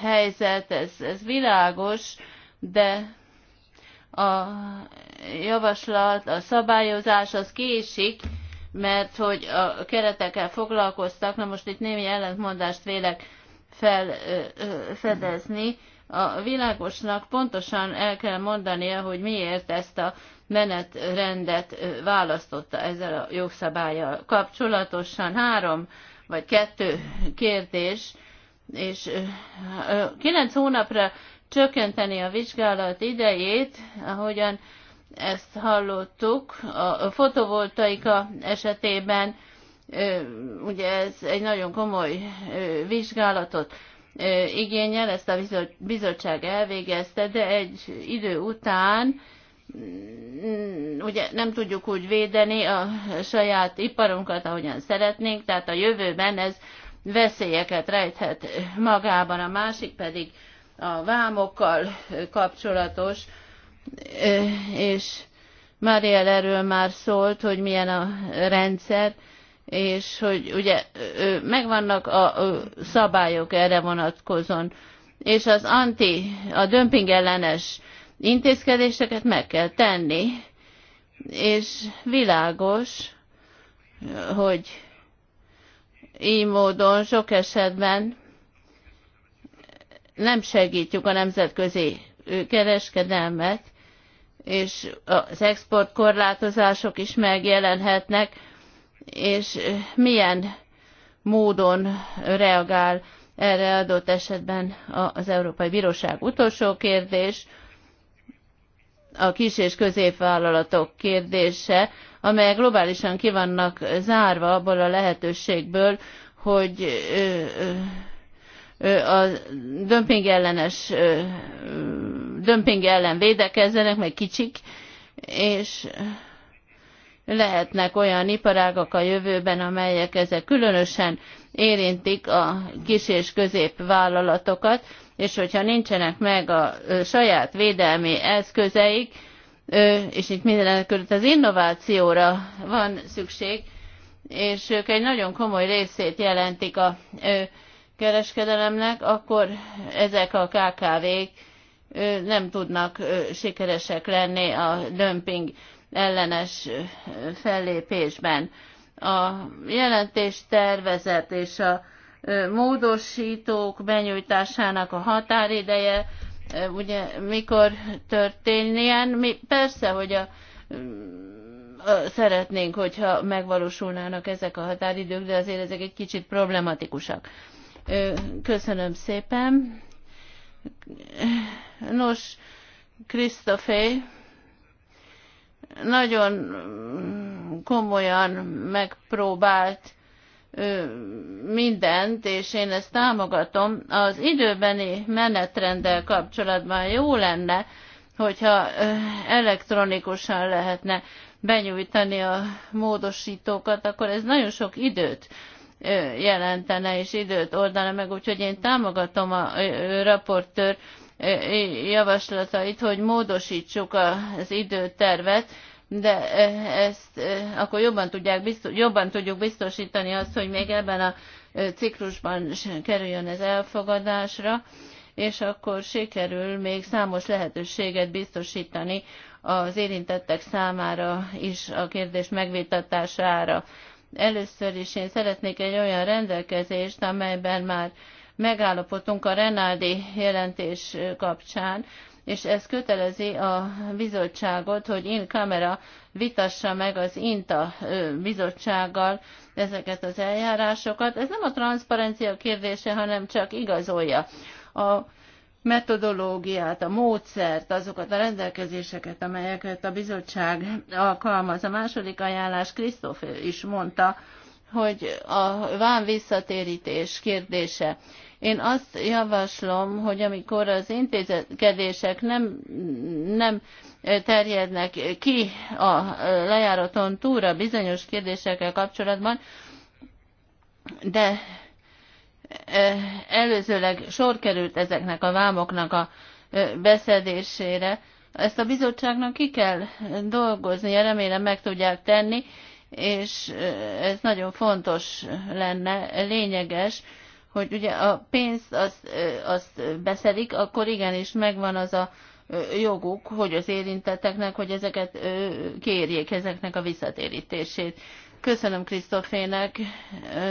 helyzet, ez, ez világos, de a javaslat, a szabályozás az késik, mert hogy a keretekkel foglalkoztak, na most itt némi ellentmondást vélek felfedezni. A világosnak pontosan el kell mondania, hogy miért ezt a menetrendet választotta ezzel a jogszabályjal kapcsolatosan. Három vagy kettő kérdés, és kilenc hónapra csökkenteni a vizsgálat idejét, ahogyan ezt hallottuk. A fotovoltaika esetében ugye ez egy nagyon komoly vizsgálatot igényel, ezt a bizottság elvégezte, de egy idő után mm, ugye nem tudjuk úgy védeni a saját iparunkat, ahogyan szeretnénk, tehát a jövőben ez veszélyeket rejthet magában, a másik pedig a vámokkal kapcsolatos, és Mariel erről már szólt, hogy milyen a rendszer, és hogy ugye megvannak a szabályok erre vonatkozóan, és az anti, a dömping ellenes intézkedéseket meg kell tenni, és világos, hogy így módon sok esetben nem segítjük a nemzetközi kereskedelmet, és az exportkorlátozások is megjelenhetnek, és milyen módon reagál erre adott esetben az Európai Bíróság. Utolsó kérdés, a kis és középvállalatok kérdése, amelyek globálisan kivannak zárva abból a lehetőségből, hogy a dömping ellenes dömping ellen védekezzenek, meg kicsik, és lehetnek olyan iparágak a jövőben, amelyek ezek különösen érintik a kis és vállalatokat, és hogyha nincsenek meg a saját védelmi eszközeik, és itt mindenek körül az innovációra van szükség, és ők egy nagyon komoly részét jelentik a kereskedelemnek, akkor ezek a KKV-k nem tudnak sikeresek lenni a dömping ellenes fellépésben. A jelentés tervezet és a módosítók benyújtásának a határideje, ugye mikor történjen, mi persze, hogy a szeretnénk, hogyha megvalósulnának ezek a határidők, de azért ezek egy kicsit problematikusak. Köszönöm szépen. Nos, Krisztofé, nagyon komolyan megpróbált mindent, és én ezt támogatom. Az időbeni menetrenddel kapcsolatban jó lenne, hogyha elektronikusan lehetne benyújtani a módosítókat, akkor ez nagyon sok időt jelentene és időt oldana meg, úgyhogy én támogatom a raportőr javaslatait, hogy módosítsuk az időtervet, de ezt akkor jobban, tudják, biztos, jobban tudjuk biztosítani azt, hogy még ebben a ciklusban kerüljön ez elfogadásra, és akkor sikerül még számos lehetőséget biztosítani az érintettek számára is a kérdés megvitatására. Először is én szeretnék egy olyan rendelkezést, amelyben már megállapodtunk a Renaldi jelentés kapcsán, és ez kötelezi a bizottságot, hogy in kamera vitassa meg az INTA bizottsággal ezeket az eljárásokat. Ez nem a transzparencia kérdése, hanem csak igazolja. A metodológiát, a módszert, azokat a rendelkezéseket, amelyeket a bizottság alkalmaz. A második ajánlás Krisztóf is mondta, hogy a vám visszatérítés kérdése. Én azt javaslom, hogy amikor az intézkedések nem, nem terjednek ki a lejáraton túlra bizonyos kérdésekkel kapcsolatban, de előzőleg sor került ezeknek a vámoknak a beszedésére. Ezt a bizottságnak ki kell dolgozni, remélem meg tudják tenni, és ez nagyon fontos lenne, lényeges, hogy ugye a pénzt azt, azt beszedik, akkor igenis megvan az a joguk, hogy az érintetteknek, hogy ezeket kérjék, ezeknek a visszatérítését. Köszönöm Krisztofének,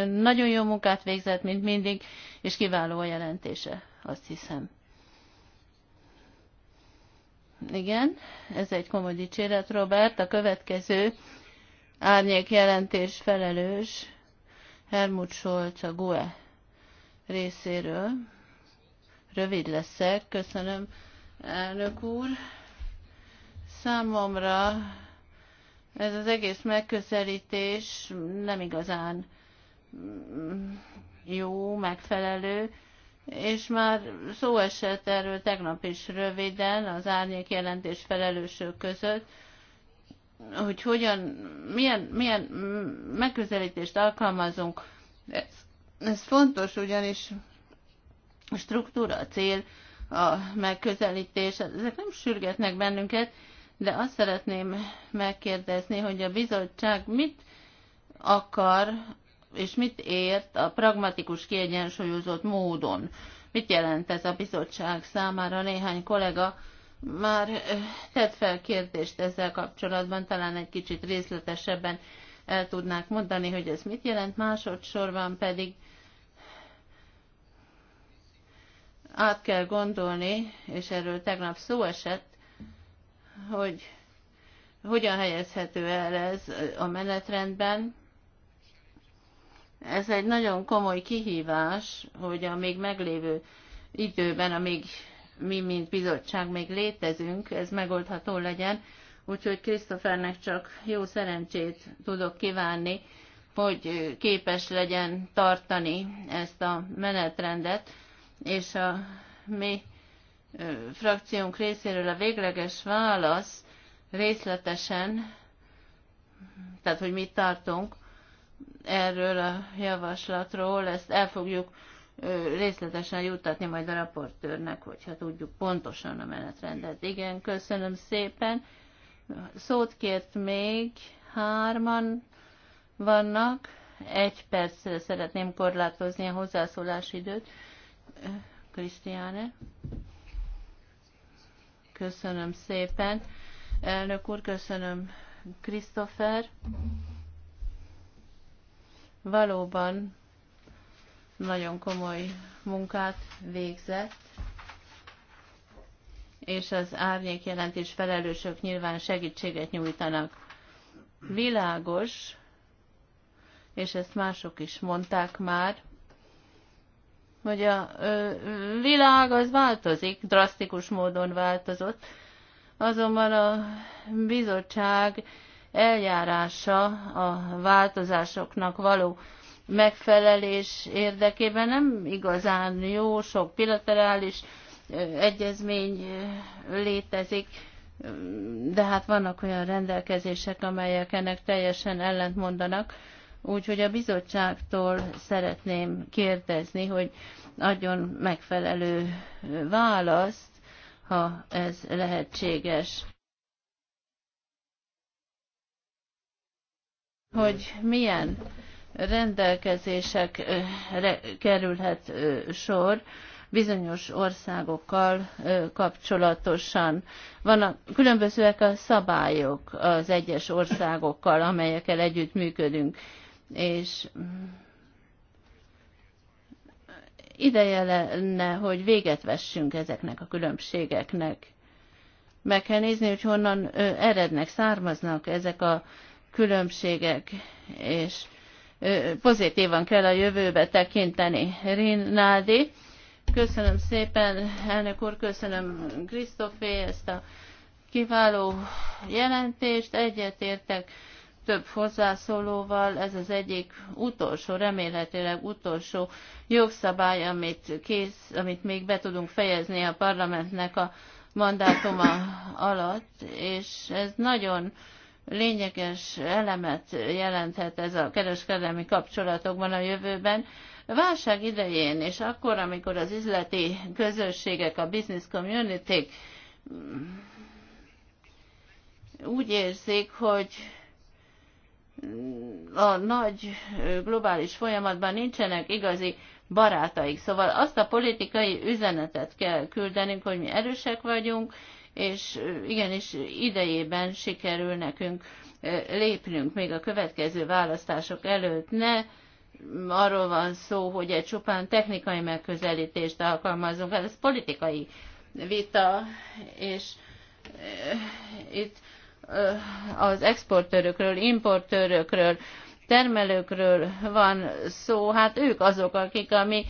nagyon jó munkát végzett, mint mindig, és kiváló a jelentése, azt hiszem. Igen, ez egy komoly dicséret, Robert. A következő árnyék jelentés felelős Hermut Scholz a GUE részéről. Rövid leszek, köszönöm, elnök úr. Számomra ez az egész megközelítés nem igazán jó, megfelelő, és már szó esett erről tegnap is röviden az árnyék jelentés felelősök között, hogy hogyan, milyen, milyen megközelítést alkalmazunk. Ez, ez fontos, ugyanis a struktúra, a cél, a megközelítés, ezek nem sürgetnek bennünket, de azt szeretném megkérdezni, hogy a bizottság mit akar és mit ért a pragmatikus kiegyensúlyozott módon. Mit jelent ez a bizottság számára? Néhány kollega már eh, tett fel kérdést ezzel kapcsolatban, talán egy kicsit részletesebben el tudnák mondani, hogy ez mit jelent, másodszorban pedig át kell gondolni, és erről tegnap szó esett, hogy hogyan helyezhető el ez a menetrendben. Ez egy nagyon komoly kihívás, hogy a még meglévő időben, amíg mi, mint bizottság még létezünk, ez megoldható legyen. Úgyhogy Krisztofernek csak jó szerencsét tudok kívánni, hogy képes legyen tartani ezt a menetrendet, és a mi frakciónk részéről a végleges válasz részletesen, tehát hogy mit tartunk erről a javaslatról, ezt el fogjuk részletesen juttatni majd a raportőrnek, hogyha tudjuk pontosan a menetrendet. Igen, köszönöm szépen. Szót kért még hárman vannak. Egy percre szeretném korlátozni a hozzászólási időt. Krisztiáne. Köszönöm szépen. Elnök úr, köszönöm, Christopher. Valóban nagyon komoly munkát végzett, és az árnyék jelentés felelősök nyilván segítséget nyújtanak. Világos, és ezt mások is mondták már, hogy a világ az változik, drasztikus módon változott, azonban a bizottság eljárása a változásoknak való megfelelés érdekében nem igazán jó, sok bilaterális egyezmény létezik, de hát vannak olyan rendelkezések, amelyek ennek teljesen ellentmondanak. mondanak Úgyhogy a bizottságtól szeretném kérdezni, hogy adjon megfelelő választ, ha ez lehetséges. Hogy milyen rendelkezésekre kerülhet sor bizonyos országokkal kapcsolatosan. Vannak különbözőek a szabályok az egyes országokkal, amelyekkel együtt működünk és mm, ideje lenne, hogy véget vessünk ezeknek a különbségeknek. Meg kell nézni, hogy honnan erednek, származnak ezek a különbségek, és pozitívan kell a jövőbe tekinteni. Rinaldi, köszönöm szépen, elnök úr, köszönöm Krisztofé ezt a kiváló jelentést, egyetértek több hozzászólóval ez az egyik utolsó, remélhetőleg utolsó jogszabály, amit, kész, amit még be tudunk fejezni a parlamentnek a mandátuma alatt, és ez nagyon lényeges elemet jelenthet ez a kereskedelmi kapcsolatokban a jövőben. Válság idején, és akkor, amikor az üzleti közösségek, a business community mm, úgy érzik, hogy a nagy globális folyamatban nincsenek igazi barátaik. Szóval azt a politikai üzenetet kell küldenünk, hogy mi erősek vagyunk, és igenis idejében sikerül nekünk lépnünk még a következő választások előtt. Ne arról van szó, hogy egy csupán technikai megközelítést alkalmazunk, hát ez politikai vita, és itt az exportőrökről, importőrökről, termelőkről van szó, hát ők azok, akik a mi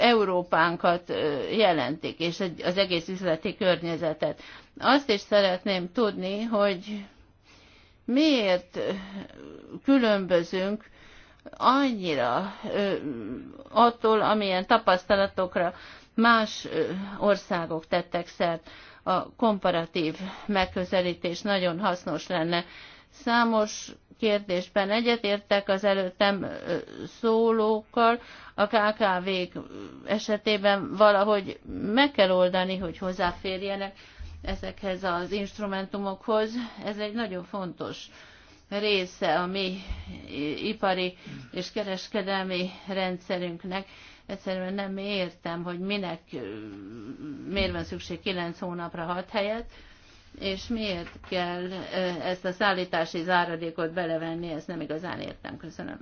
Európánkat jelentik, és az egész üzleti környezetet. Azt is szeretném tudni, hogy miért különbözünk annyira attól, amilyen tapasztalatokra más országok tettek szert a komparatív megközelítés nagyon hasznos lenne. Számos kérdésben egyetértek az előttem szólókkal, a kkv esetében valahogy meg kell oldani, hogy hozzáférjenek ezekhez az instrumentumokhoz. Ez egy nagyon fontos része a mi ipari és kereskedelmi rendszerünknek Egyszerűen nem értem, hogy minek, miért van szükség 9 hónapra 6 helyet, és miért kell ezt a szállítási záradékot belevenni, ezt nem igazán értem. Köszönöm.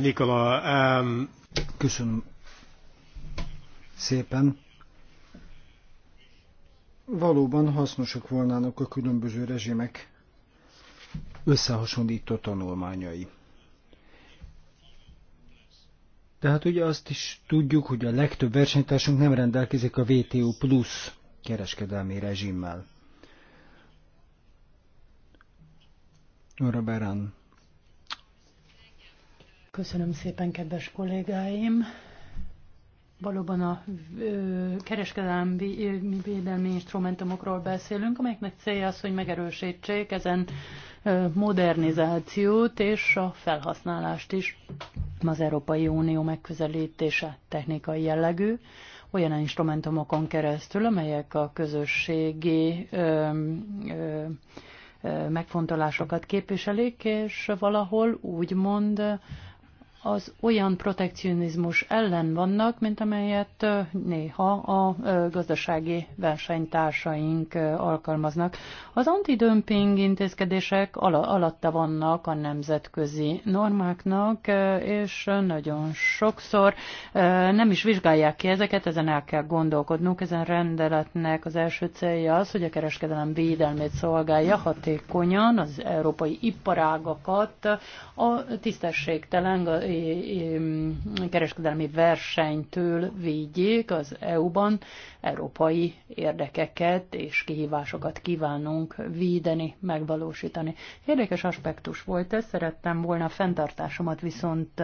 Nikola, um... köszönöm szépen.
Valóban hasznosak volnának a különböző rezsimek összehasonlító tanulmányai. Tehát ugye azt is tudjuk, hogy a legtöbb versenytársunk nem rendelkezik a WTO plusz kereskedelmi rezsimmel. Nora Berán.
Köszönöm szépen, kedves kollégáim! Valóban a ö, kereskedelmi védelmi instrumentumokról beszélünk, amelyeknek célja az, hogy megerősítsék ezen modernizációt és a felhasználást is. Az Európai Unió megközelítése technikai jellegű, olyan instrumentumokon keresztül, amelyek a közösségi ö, ö, megfontolásokat képviselik, és valahol úgymond az olyan protekcionizmus ellen vannak, mint amelyet néha a gazdasági versenytársaink alkalmaznak. Az antidömping intézkedések alatta vannak a nemzetközi normáknak, és nagyon sokszor nem is vizsgálják ki ezeket, ezen el kell gondolkodnunk. Ezen rendeletnek az első célja az, hogy a kereskedelem védelmét szolgálja hatékonyan az európai iparágakat a tisztességtelen kereskedelmi versenytől védjék az EU-ban, európai érdekeket és kihívásokat kívánunk védeni, megvalósítani. Érdekes aspektus volt ez, szerettem volna a fenntartásomat viszont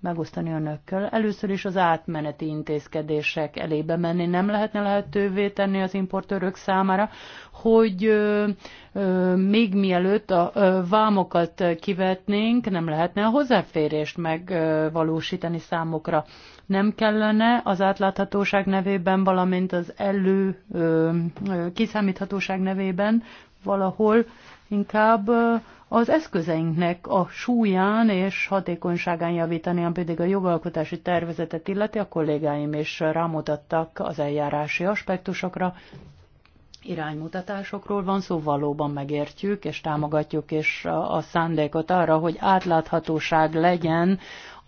megosztani önökkel. Először is az átmeneti intézkedések elébe menni. Nem lehetne lehetővé tenni az importőrök számára, hogy ö, ö, még mielőtt a ö, vámokat kivetnénk, nem lehetne a hozzáférést megvalósítani számokra. Nem kellene az átláthatóság nevében, valamint az elő ö, ö, kiszámíthatóság nevében valahol inkább az eszközeinknek a súlyán és hatékonyságán javítani, ami pedig a jogalkotási tervezetet illeti, a kollégáim is rámutattak az eljárási aspektusokra, iránymutatásokról van szó, valóban megértjük és támogatjuk és a szándékot arra, hogy átláthatóság legyen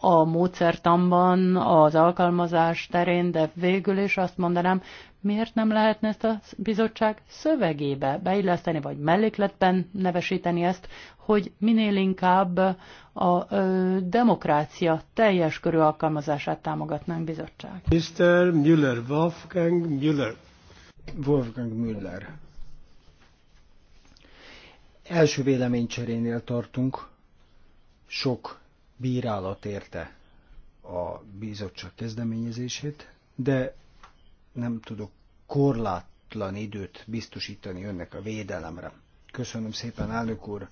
a módszertamban, az alkalmazás terén, de végül is azt mondanám, miért nem lehetne ezt a bizottság szövegébe beilleszteni, vagy mellékletben nevesíteni ezt, hogy minél inkább a ö, demokrácia teljes körű alkalmazását támogatnánk bizottság.
Mr. Müller, Wolfgang Müller.
Wolfgang Müller. Első véleménycserénél tartunk. Sok bírálat érte a bizottság kezdeményezését, de nem tudok korlátlan időt biztosítani önnek a védelemre. Köszönöm szépen, elnök úr!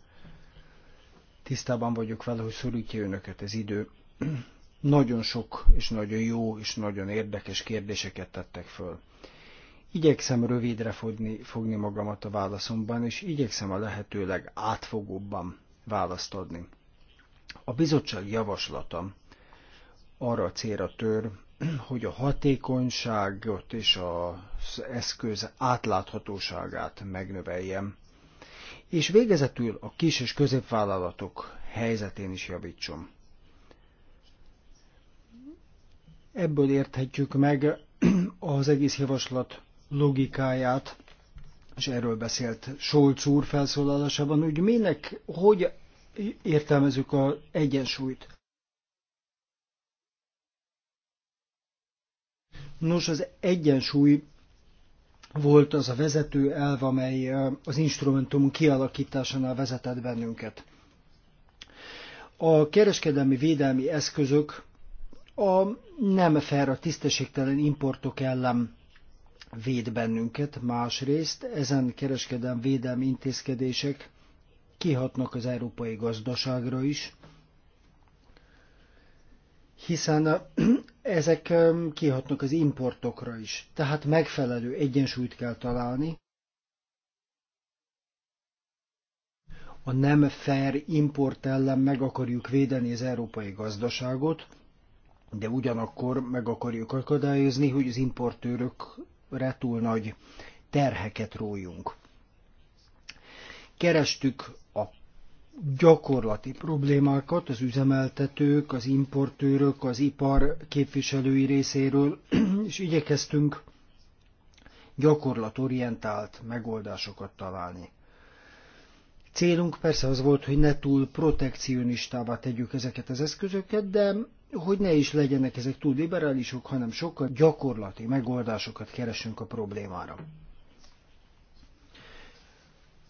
Tisztában vagyok vele, hogy szorítja önöket az idő. Nagyon sok és nagyon jó és nagyon érdekes kérdéseket tettek föl. Igyekszem rövidre fogni, fogni magamat a válaszomban, és igyekszem a lehetőleg átfogóbban választ adni. A bizottság javaslata arra a célra tör, hogy a hatékonyságot és az eszköz átláthatóságát megnöveljem, és végezetül a kis és középvállalatok helyzetén is javítsom. Ebből érthetjük meg az egész javaslat logikáját, és erről beszélt Solc úr felszólalásában, hogy minek, hogy értelmezzük az egyensúlyt. Nos, az egyensúly volt az a vezető elv, amely az instrumentum kialakításánál vezetett bennünket. A kereskedelmi védelmi eszközök a nem fel a tisztességtelen importok ellen véd bennünket, másrészt ezen kereskedelmi védelmi intézkedések kihatnak az európai gazdaságra is, hiszen ezek kihatnak az importokra is. Tehát megfelelő egyensúlyt kell találni. A nem fair import ellen meg akarjuk védeni az európai gazdaságot, de ugyanakkor meg akarjuk akadályozni, hogy az importőrökre túl nagy terheket rójunk. Kerestük gyakorlati problémákat az üzemeltetők, az importőrök, az ipar képviselői részéről, és igyekeztünk gyakorlatorientált megoldásokat találni. Célunk persze az volt, hogy ne túl protekcionistává tegyük ezeket az eszközöket, de hogy ne is legyenek ezek túl liberálisok, hanem sokkal gyakorlati megoldásokat keresünk a problémára.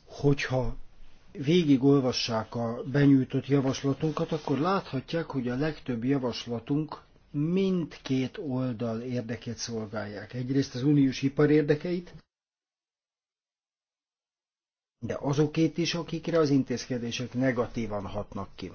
Hogyha végigolvassák a benyújtott javaslatunkat, akkor láthatják, hogy a legtöbb javaslatunk mindkét oldal érdekét szolgálják. Egyrészt az uniós ipar érdekeit, de azokét is, akikre az intézkedések negatívan hatnak ki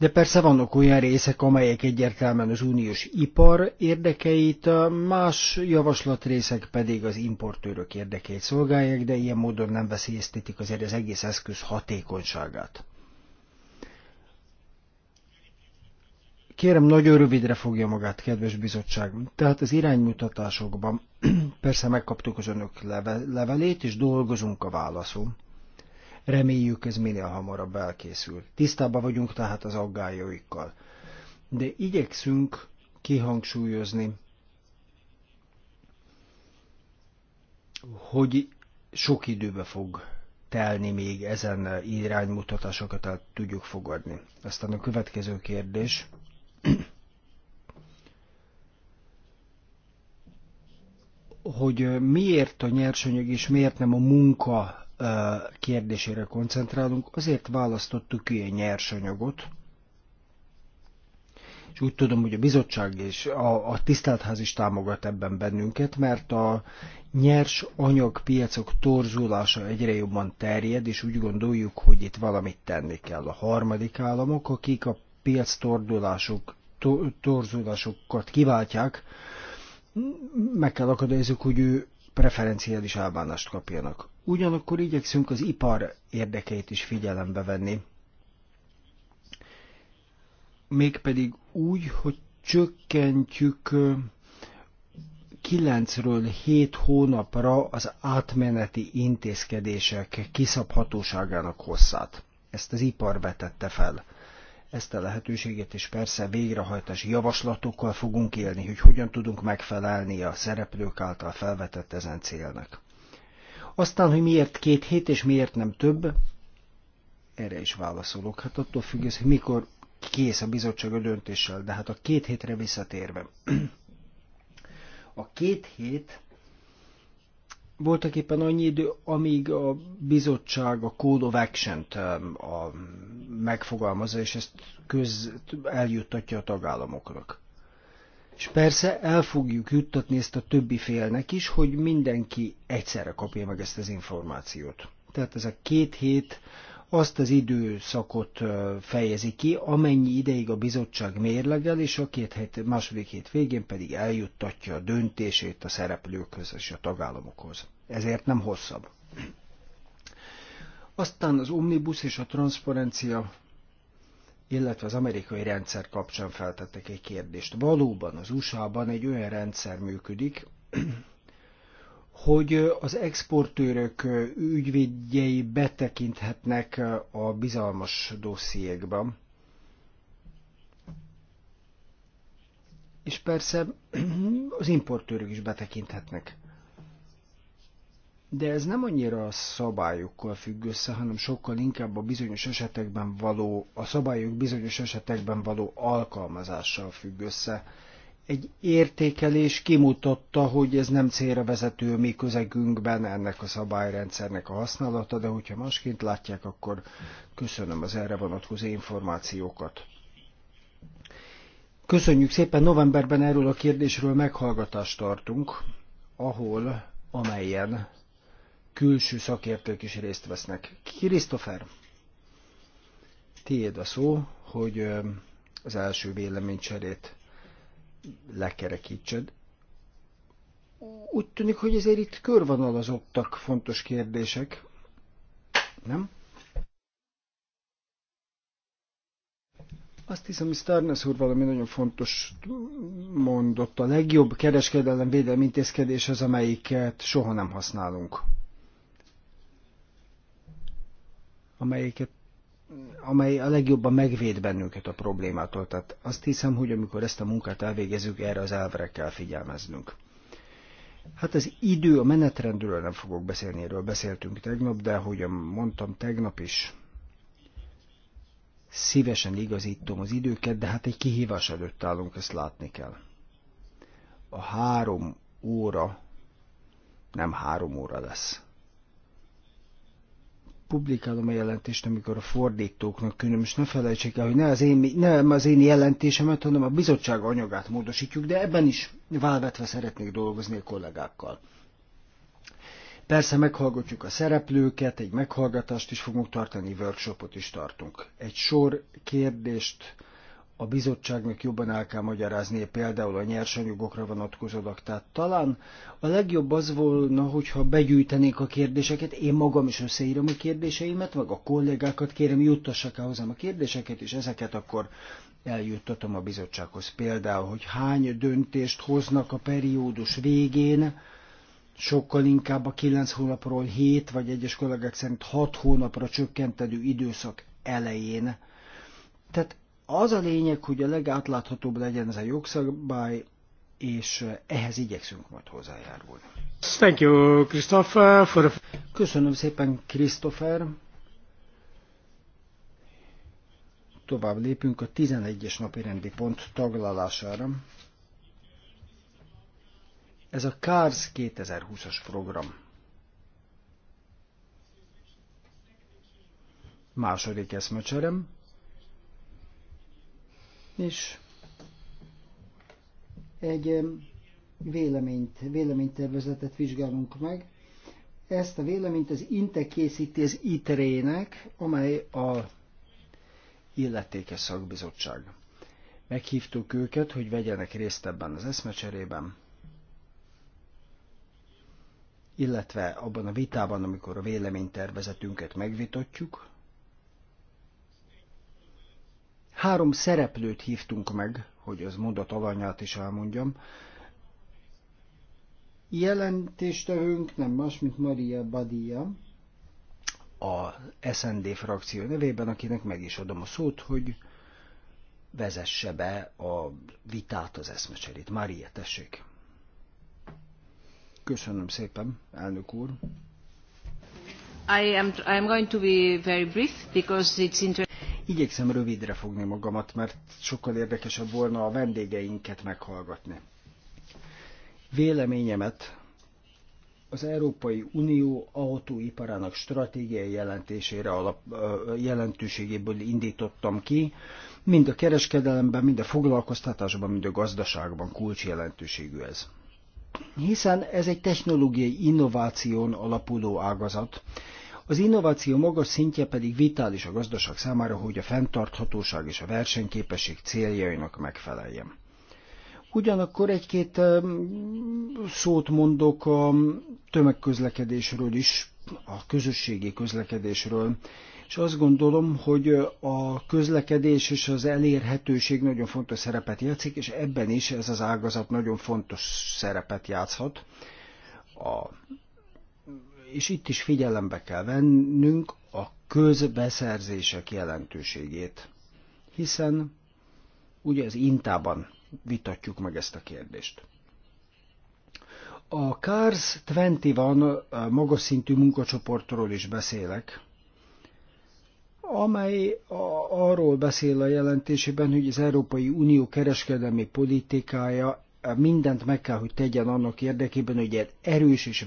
de persze vannak olyan részek, amelyek egyértelműen az uniós ipar érdekeit, más javaslatrészek pedig az importőrök érdekeit szolgálják, de ilyen módon nem veszélyeztetik azért az egész eszköz hatékonyságát. Kérem, nagyon rövidre fogja magát, kedves bizottság. Tehát az iránymutatásokban persze megkaptuk az önök levelét, és dolgozunk a válaszon. Reméljük ez minél hamarabb elkészül. Tisztában vagyunk tehát az aggályaikkal. De igyekszünk kihangsúlyozni, hogy sok időbe fog telni, még ezen iránymutatásokat el tudjuk fogadni. Aztán a következő kérdés. hogy miért a nyersanyag és miért nem a munka kérdésére koncentrálunk, azért választottuk ki a nyersanyagot, és úgy tudom, hogy a bizottság és a, a tiszteltház is támogat ebben bennünket, mert a nyers anyagpiacok torzulása egyre jobban terjed, és úgy gondoljuk, hogy itt valamit tenni kell. A harmadik államok, akik a piac tordulások, to, torzulásokat kiváltják, meg kell akadályozni, hogy ő preferenciális elbánást kapjanak. Ugyanakkor igyekszünk az ipar érdekeit is figyelembe venni. Mégpedig úgy, hogy csökkentjük 9-ről 7 hónapra az átmeneti intézkedések kiszabhatóságának hosszát. Ezt az ipar vetette fel. Ezt a lehetőséget is persze végrehajtási javaslatokkal fogunk élni, hogy hogyan tudunk megfelelni a szereplők által felvetett ezen célnak. Aztán, hogy miért két hét és miért nem több, erre is válaszolok. Hát attól függ, hogy mikor kész a bizottság a döntéssel, de hát a két hétre visszatérve. A két hét voltak éppen annyi idő, amíg a bizottság a Code of Action-t um, megfogalmazza, és ezt köz eljuttatja a tagállamoknak. És persze el fogjuk juttatni ezt a többi félnek is, hogy mindenki egyszerre kapja meg ezt az információt. Tehát ez a két hét azt az időszakot fejezi ki, amennyi ideig a bizottság mérlegel, és a két hét, második hét végén pedig eljuttatja a döntését a szereplőkhöz és a tagállamokhoz. Ezért nem hosszabb. Aztán az omnibus és a transzparencia illetve az amerikai rendszer kapcsán feltettek egy kérdést. Valóban az USA-ban egy olyan rendszer működik, hogy az exportőrök ügyvédjei betekinthetnek a bizalmas dossziékba, És persze az importőrök is betekinthetnek de ez nem annyira a szabályokkal függ össze, hanem sokkal inkább a bizonyos esetekben való, a szabályok bizonyos esetekben való alkalmazással függ össze. Egy értékelés kimutatta, hogy ez nem célra vezető mi közegünkben ennek a szabályrendszernek a használata, de hogyha másként látják, akkor köszönöm az erre vonatkozó információkat. Köszönjük szépen, novemberben erről a kérdésről meghallgatást tartunk, ahol, amelyen külső szakértők is részt vesznek. Krisztofer, tiéd a szó, hogy az első véleménycserét lekerekítsed. Úgy tűnik, hogy ezért itt körvonalazottak fontos kérdések, nem? Azt hiszem, hogy Starnes úr valami nagyon fontos mondott. A legjobb kereskedelem védelmi intézkedés az, amelyiket soha nem használunk. amelyeket amely a legjobban megvéd bennünket a problémától. Tehát azt hiszem, hogy amikor ezt a munkát elvégezzük, erre az elvre kell figyelmeznünk. Hát az idő, a menetrendről nem fogok beszélni, erről beszéltünk tegnap, de ahogy mondtam tegnap is, szívesen igazítom az időket, de hát egy kihívás előtt állunk, ezt látni kell. A három óra nem három óra lesz publikálom a jelentést, amikor a fordítóknak különöm, és ne felejtsék el, hogy ne az, én, nem az én jelentésemet, hanem a bizottság anyagát módosítjuk, de ebben is válvetve szeretnék dolgozni a kollégákkal. Persze meghallgatjuk a szereplőket, egy meghallgatást is fogunk tartani, workshopot is tartunk. Egy sor kérdést a bizottságnak jobban el kell magyaráznia például a nyersanyagokra vonatkozólag. Tehát talán a legjobb az volna, hogyha begyűjtenék a kérdéseket, én magam is összeírom a kérdéseimet, meg a kollégákat kérem juttassák el hozzám a kérdéseket, és ezeket akkor eljuttatom a bizottsághoz. Például, hogy hány döntést hoznak a periódus végén, sokkal inkább a 9 hónapról 7, vagy egyes kollégák szerint 6 hónapra csökkentedő időszak elején. Tehát az a lényeg, hogy a legátláthatóbb legyen ez a jogszabály, és ehhez igyekszünk majd hozzájárulni.
Thank you, Christopher. For... Köszönöm szépen, Christopher.
Tovább lépünk a 11-es napi rendi pont taglalására. Ez a CARS 2020-as program. Második eszmecserem és egy véleményt, véleménytervezetet vizsgálunk meg. Ezt a véleményt az INTE készíti az ITRE-nek, amely a illetékes szakbizottság. Meghívtuk őket, hogy vegyenek részt ebben az eszmecserében, illetve abban a vitában, amikor a véleménytervezetünket megvitatjuk, Három szereplőt hívtunk meg, hogy az mondat alanyát is elmondjam. Jelentéstevőnk nem más, mint Maria Badia, a SND frakció nevében, akinek meg is adom a szót, hogy vezesse be a vitát, az eszmecserét. Maria tessék! Köszönöm szépen, elnök úr!
I am, I am going to be very brief
because it's interesting. Igyekszem rövidre fogni magamat, mert sokkal érdekesebb volna a vendégeinket meghallgatni. Véleményemet az Európai Unió autóiparának stratégiai jelentésére alap, jelentőségéből indítottam ki, mind a kereskedelemben, mind a foglalkoztatásban, mind a gazdaságban kulcsjelentőségű ez. Hiszen ez egy technológiai innováción alapuló ágazat, az innováció magas szintje pedig vitális a gazdaság számára, hogy a fenntarthatóság és a versenyképesség céljainak megfeleljen. Ugyanakkor egy-két szót mondok a tömegközlekedésről is, a közösségi közlekedésről, és azt gondolom, hogy a közlekedés és az elérhetőség nagyon fontos szerepet játszik, és ebben is ez az ágazat nagyon fontos szerepet játszhat. A és itt is figyelembe kell vennünk a közbeszerzések jelentőségét, hiszen ugye az Intában vitatjuk meg ezt a kérdést. A CARS 21 van magas szintű munkacsoportról is beszélek, amely arról beszél a jelentésében, hogy az Európai Unió kereskedelmi politikája mindent meg kell, hogy tegyen annak érdekében, hogy egy erős és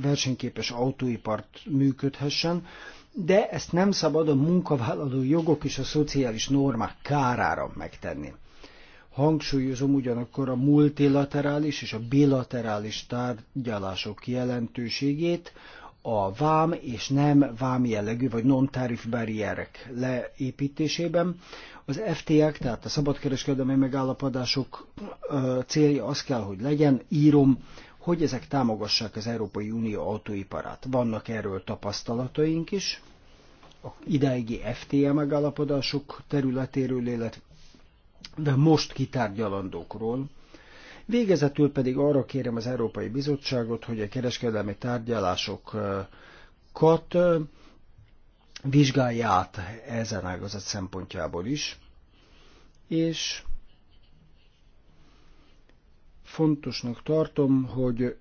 versenyképes autóipart működhessen, de ezt nem szabad a munkavállaló jogok és a szociális normák kárára megtenni. Hangsúlyozom ugyanakkor a multilaterális és a bilaterális tárgyalások jelentőségét, a vám és nem vám jellegű vagy non-tarif barrierek leépítésében, az FTA-k, tehát a szabadkereskedelmi megállapodások célja az kell, hogy legyen, írom, hogy ezek támogassák az Európai Unió autóiparát. Vannak erről tapasztalataink is, a idáigi FTA megállapodások területéről, illetve de most kitárgyalandókról. Végezetül pedig arra kérem az Európai Bizottságot, hogy a kereskedelmi tárgyalásokat vizsgálja át ezen ágazat szempontjából is, és fontosnak tartom, hogy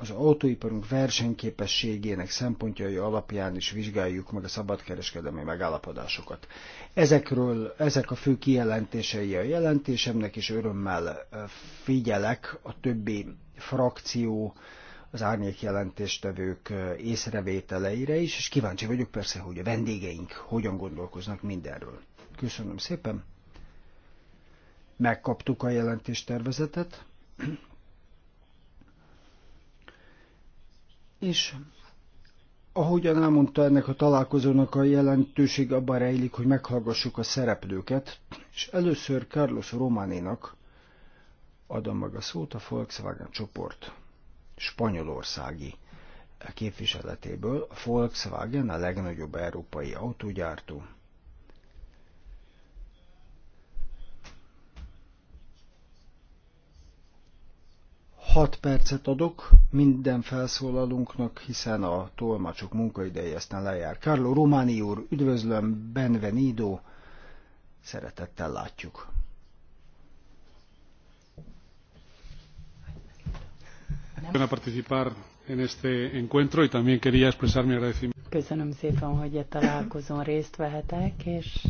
az autóiparunk versenyképességének szempontjai alapján is vizsgáljuk meg a szabadkereskedelmi megállapodásokat. Ezekről, ezek a fő kijelentései a jelentésemnek, és örömmel figyelek a többi frakció az árnyék jelentéstevők észrevételeire is, és kíváncsi vagyok persze, hogy a vendégeink hogyan gondolkoznak mindenről. Köszönöm szépen! Megkaptuk a jelentéstervezetet, és ahogyan elmondta ennek a találkozónak a jelentőség abban rejlik, hogy meghallgassuk a szereplőket, és először Carlos Románénak adom meg a szót a Volkswagen csoport spanyolországi képviseletéből. A Volkswagen a legnagyobb európai autógyártó. Hat percet adok minden felszólalunknak, hiszen a tolmacsok munkaideje aztán lejár. Carlo Romani úr, üdvözlöm, Benvenido, szeretettel látjuk.
Köszönöm szépen, hogy a találkozón részt vehetek, és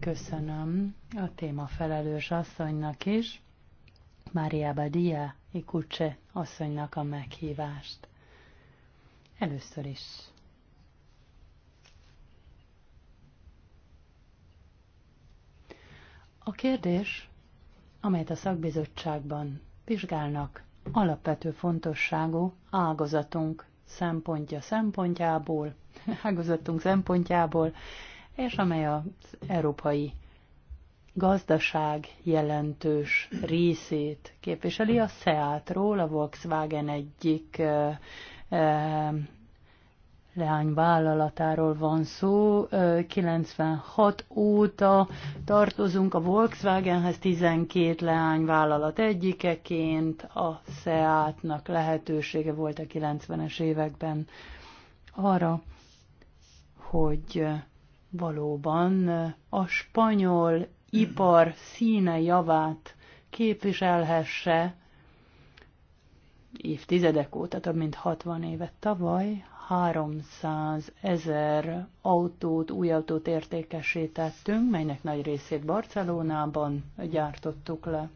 köszönöm a téma felelős asszonynak is, Mária Badia Ikucse asszonynak a meghívást. Először is. A kérdés, amelyet a szakbizottságban vizsgálnak, alapvető fontosságú ágazatunk szempontja szempontjából, ágazatunk szempontjából, és amely az európai gazdaság jelentős részét képviseli. A Seatról, a Volkswagen egyik eh, eh, leányvállalatáról van szó. 96 óta tartozunk a Volkswagenhez 12 leányvállalat egyikeként. A Seatnak lehetősége volt a 90-es években arra, hogy valóban a spanyol ipar színe javát képviselhesse évtizedek óta, több mint 60 évet tavaly, 300 ezer autót, új autót értékesítettünk, melynek nagy részét Barcelonában gyártottuk le.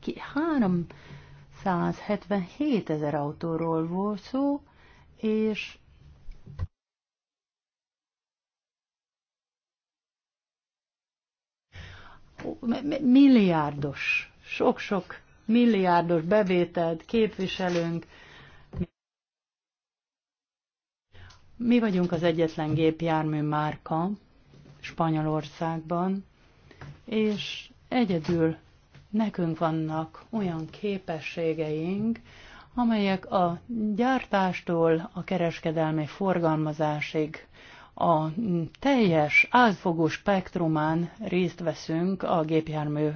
Ki 377 ezer autóról volt szó, és milliárdos, sok-sok milliárdos bevételt képviselünk. Mi vagyunk az egyetlen gépjármű márka Spanyolországban, és egyedül nekünk vannak olyan képességeink, amelyek a gyártástól a kereskedelmi forgalmazásig a teljes, átfogó spektrumán részt veszünk a gépjármű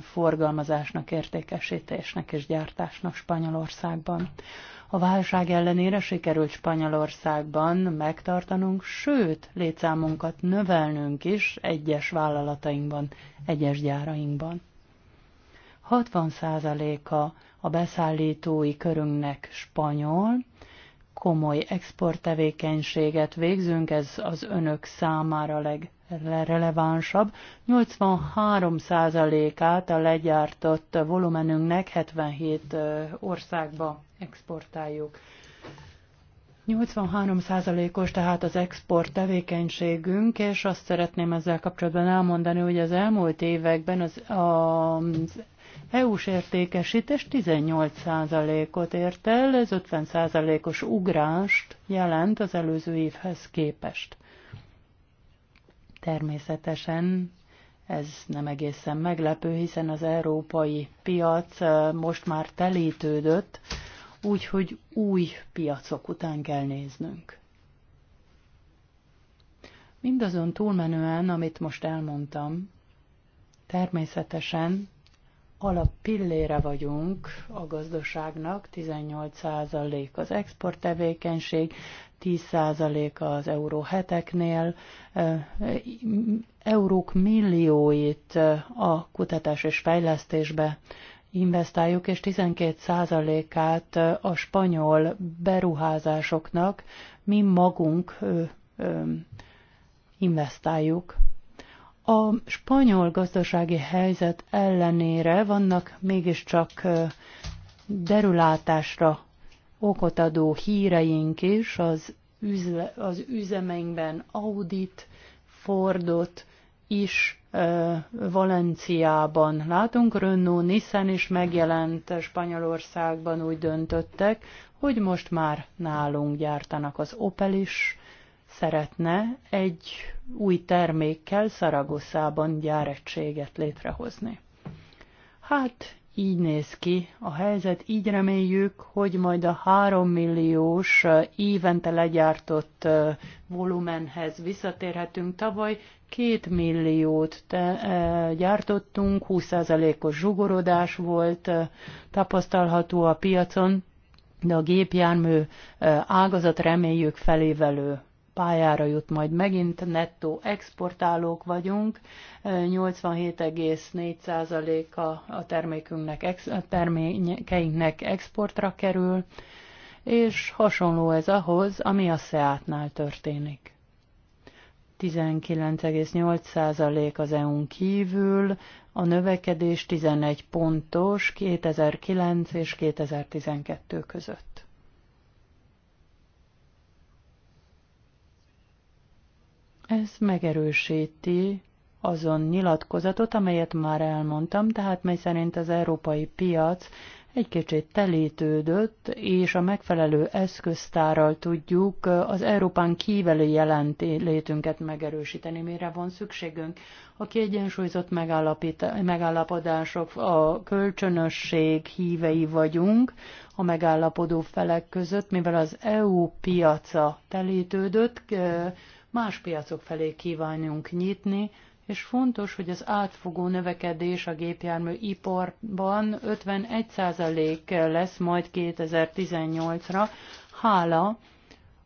forgalmazásnak, értékesítésnek és gyártásnak Spanyolországban. A válság ellenére sikerült Spanyolországban megtartanunk, sőt, létszámunkat növelnünk is egyes vállalatainkban, egyes gyárainkban. 60%-a a beszállítói körünknek spanyol, komoly exporttevékenységet végzünk, ez az önök számára legrelevánsabb. 83%-át a legyártott volumenünknek 77 országba exportáljuk. 83%-os tehát az export tevékenységünk, és azt szeretném ezzel kapcsolatban elmondani, hogy az elmúlt években az, az EU-s értékesítés 18%-ot ért el, ez 50%-os ugrást jelent az előző évhez képest. Természetesen ez nem egészen meglepő, hiszen az európai piac eh, most már telítődött, úgyhogy új piacok után kell néznünk. Mindazon túlmenően, amit most elmondtam, természetesen alappillére vagyunk a gazdaságnak, 18% az export tevékenység, 10% az euró heteknél, eurók millióit a kutatás és fejlesztésbe investáljuk, és 12%-át a spanyol beruházásoknak mi magunk investáljuk a spanyol gazdasági helyzet ellenére vannak mégiscsak derülátásra okot adó híreink is, az, üzle, az üzemeinkben Audit, Fordot is Valenciában látunk, Renault, Nissan is megjelent Spanyolországban, úgy döntöttek, hogy most már nálunk gyártanak az Opel is, szeretne egy új termékkel Szaragoszában gyáretséget létrehozni. Hát, így néz ki a helyzet, így reméljük, hogy majd a 3 milliós évente legyártott volumenhez visszatérhetünk. Tavaly 2 milliót te, gyártottunk, 20%-os zsugorodás volt tapasztalható a piacon, de a gépjármű ágazat reméljük felévelő pályára jut majd megint, nettó exportálók vagyunk, 87,4%-a a termékünknek, a termékeinknek exportra kerül, és hasonló ez ahhoz, ami a Seatnál történik. 19,8% az EU-n kívül, a növekedés 11 pontos 2009 és 2012 között. Ez megerősíti azon nyilatkozatot, amelyet már elmondtam, tehát mely szerint az európai piac egy kicsit telítődött, és a megfelelő eszköztárral tudjuk az Európán kívüli jelent létünket megerősíteni, mire van szükségünk. A kiegyensúlyozott megállapodások, a kölcsönösség hívei vagyunk a megállapodó felek között, mivel az EU piaca telítődött, más piacok felé kívánjunk nyitni, és fontos, hogy az átfogó növekedés a gépjármű iparban 51% lesz majd 2018-ra, hála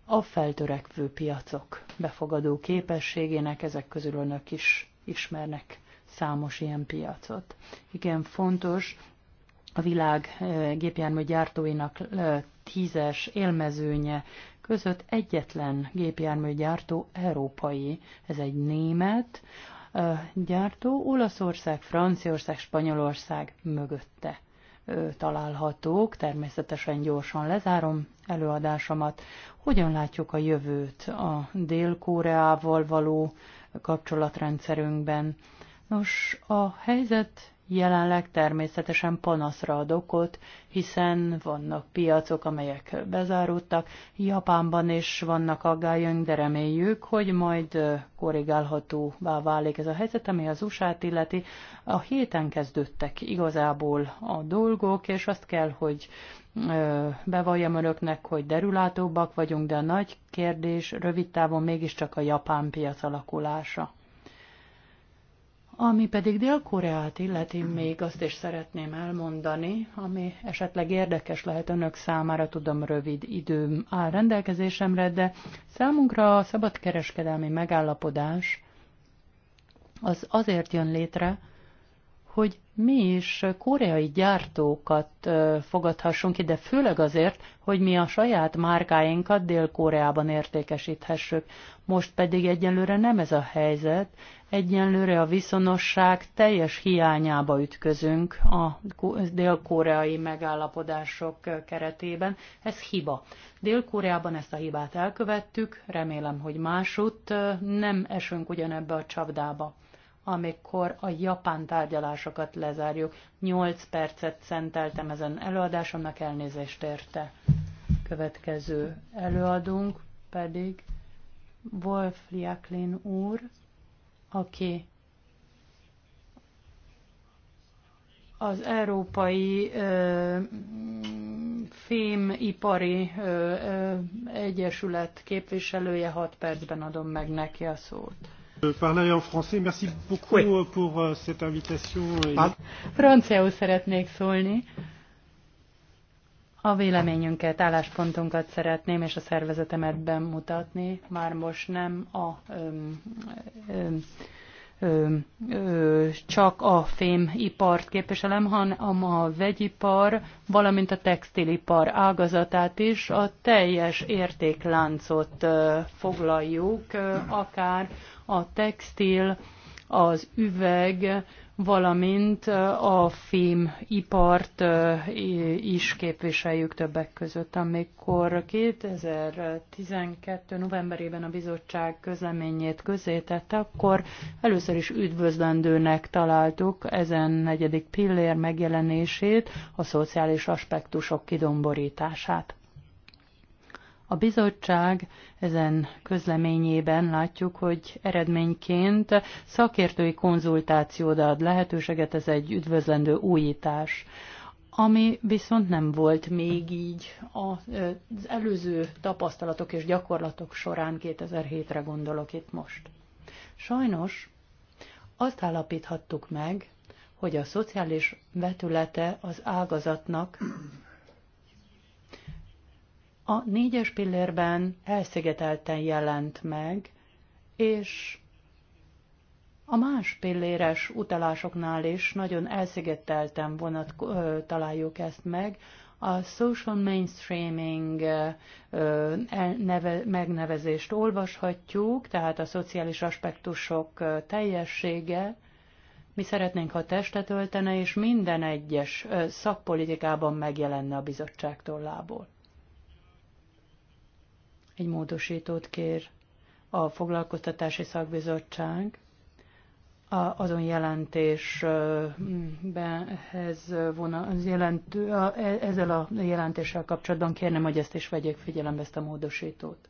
a feltörekvő piacok befogadó képességének, ezek közül önök is ismernek számos ilyen piacot. Igen, fontos a világ eh, gépjármű gyártóinak eh, tízes élmezőnye között egyetlen gépjárműgyártó európai. Ez egy német gyártó, Olaszország, Franciaország, Spanyolország mögötte találhatók. Természetesen gyorsan lezárom előadásomat. Hogyan látjuk a jövőt a Dél-Koreával való kapcsolatrendszerünkben? Nos, a helyzet Jelenleg természetesen panaszra ad okot, hiszen vannak piacok, amelyek bezáródtak. Japánban is vannak aggályunk, de reméljük, hogy majd korrigálhatóvá válik ez a helyzet, ami az USA-t illeti. A héten kezdődtek igazából a dolgok, és azt kell, hogy bevalljam önöknek, hogy derülátóbbak vagyunk, de a nagy kérdés rövid távon mégiscsak a japán piac alakulása. Ami pedig Dél-Koreát illeti, még azt is szeretném elmondani, ami esetleg érdekes lehet önök számára, tudom rövid időm áll rendelkezésemre, de számunkra a szabadkereskedelmi megállapodás az azért jön létre, hogy mi is koreai gyártókat fogadhassunk ide, főleg azért, hogy mi a saját márkáinkat Dél-Koreában értékesíthessük. Most pedig egyenlőre nem ez a helyzet, egyenlőre a viszonosság teljes hiányába ütközünk a dél-koreai megállapodások keretében. Ez hiba. Dél-Koreában ezt a hibát elkövettük, remélem, hogy másutt nem esünk ugyanebbe a csapdába amikor a japán tárgyalásokat lezárjuk. Nyolc percet szenteltem ezen előadásomnak, elnézést érte. Következő előadunk pedig Wolf Liaklin úr, aki az Európai ö, Fémipari ö, ö, Egyesület képviselője, 6 percben adom meg neki a szót.
Euh, parler en français. Merci beaucoup euh, pour euh, cette invitation. Ah.
Franciául szeretnék szólni. A véleményünket, álláspontunkat szeretném, és a szervezetemet bemutatni. Már most nem a öm, öm, csak a fémipart képviselem, hanem a vegyipar, valamint a textilipar ágazatát is, a teljes értékláncot foglaljuk, akár a textil, az üveg, valamint a filmipart is képviseljük többek között. Amikor 2012. novemberében a bizottság közleményét közzétette, akkor először is üdvözlendőnek találtuk ezen negyedik pillér megjelenését, a szociális aspektusok kidomborítását. A bizottság ezen közleményében látjuk, hogy eredményként szakértői konzultációra ad lehetőséget, ez egy üdvözlendő újítás ami viszont nem volt még így az előző tapasztalatok és gyakorlatok során 2007-re gondolok itt most. Sajnos azt állapíthattuk meg, hogy a szociális vetülete az ágazatnak a négyes pillérben elszigetelten jelent meg, és a más pilléres utalásoknál is nagyon elszigetelten vonat ö, találjuk ezt meg. A social mainstreaming ö, e, neve, megnevezést olvashatjuk, tehát a szociális aspektusok ö, teljessége. Mi szeretnénk, ha testet öltene, és minden egyes ö, szakpolitikában megjelenne a bizottság tollából egy módosítót kér a foglalkoztatási szakbizottság a, azon jelentéshez vona, az jelent, a, e, ezzel a jelentéssel kapcsolatban kérnem, hogy ezt is vegyék figyelembe ezt a módosítót.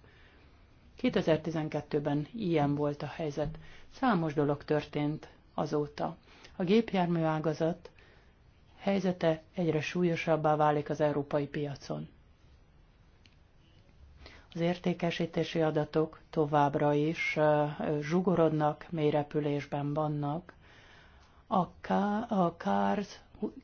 2012-ben ilyen volt a helyzet. Számos dolog történt azóta. A gépjármű ágazat helyzete egyre súlyosabbá válik az európai piacon. Az értékesítési adatok továbbra is zsugorodnak, mélyrepülésben vannak. A, a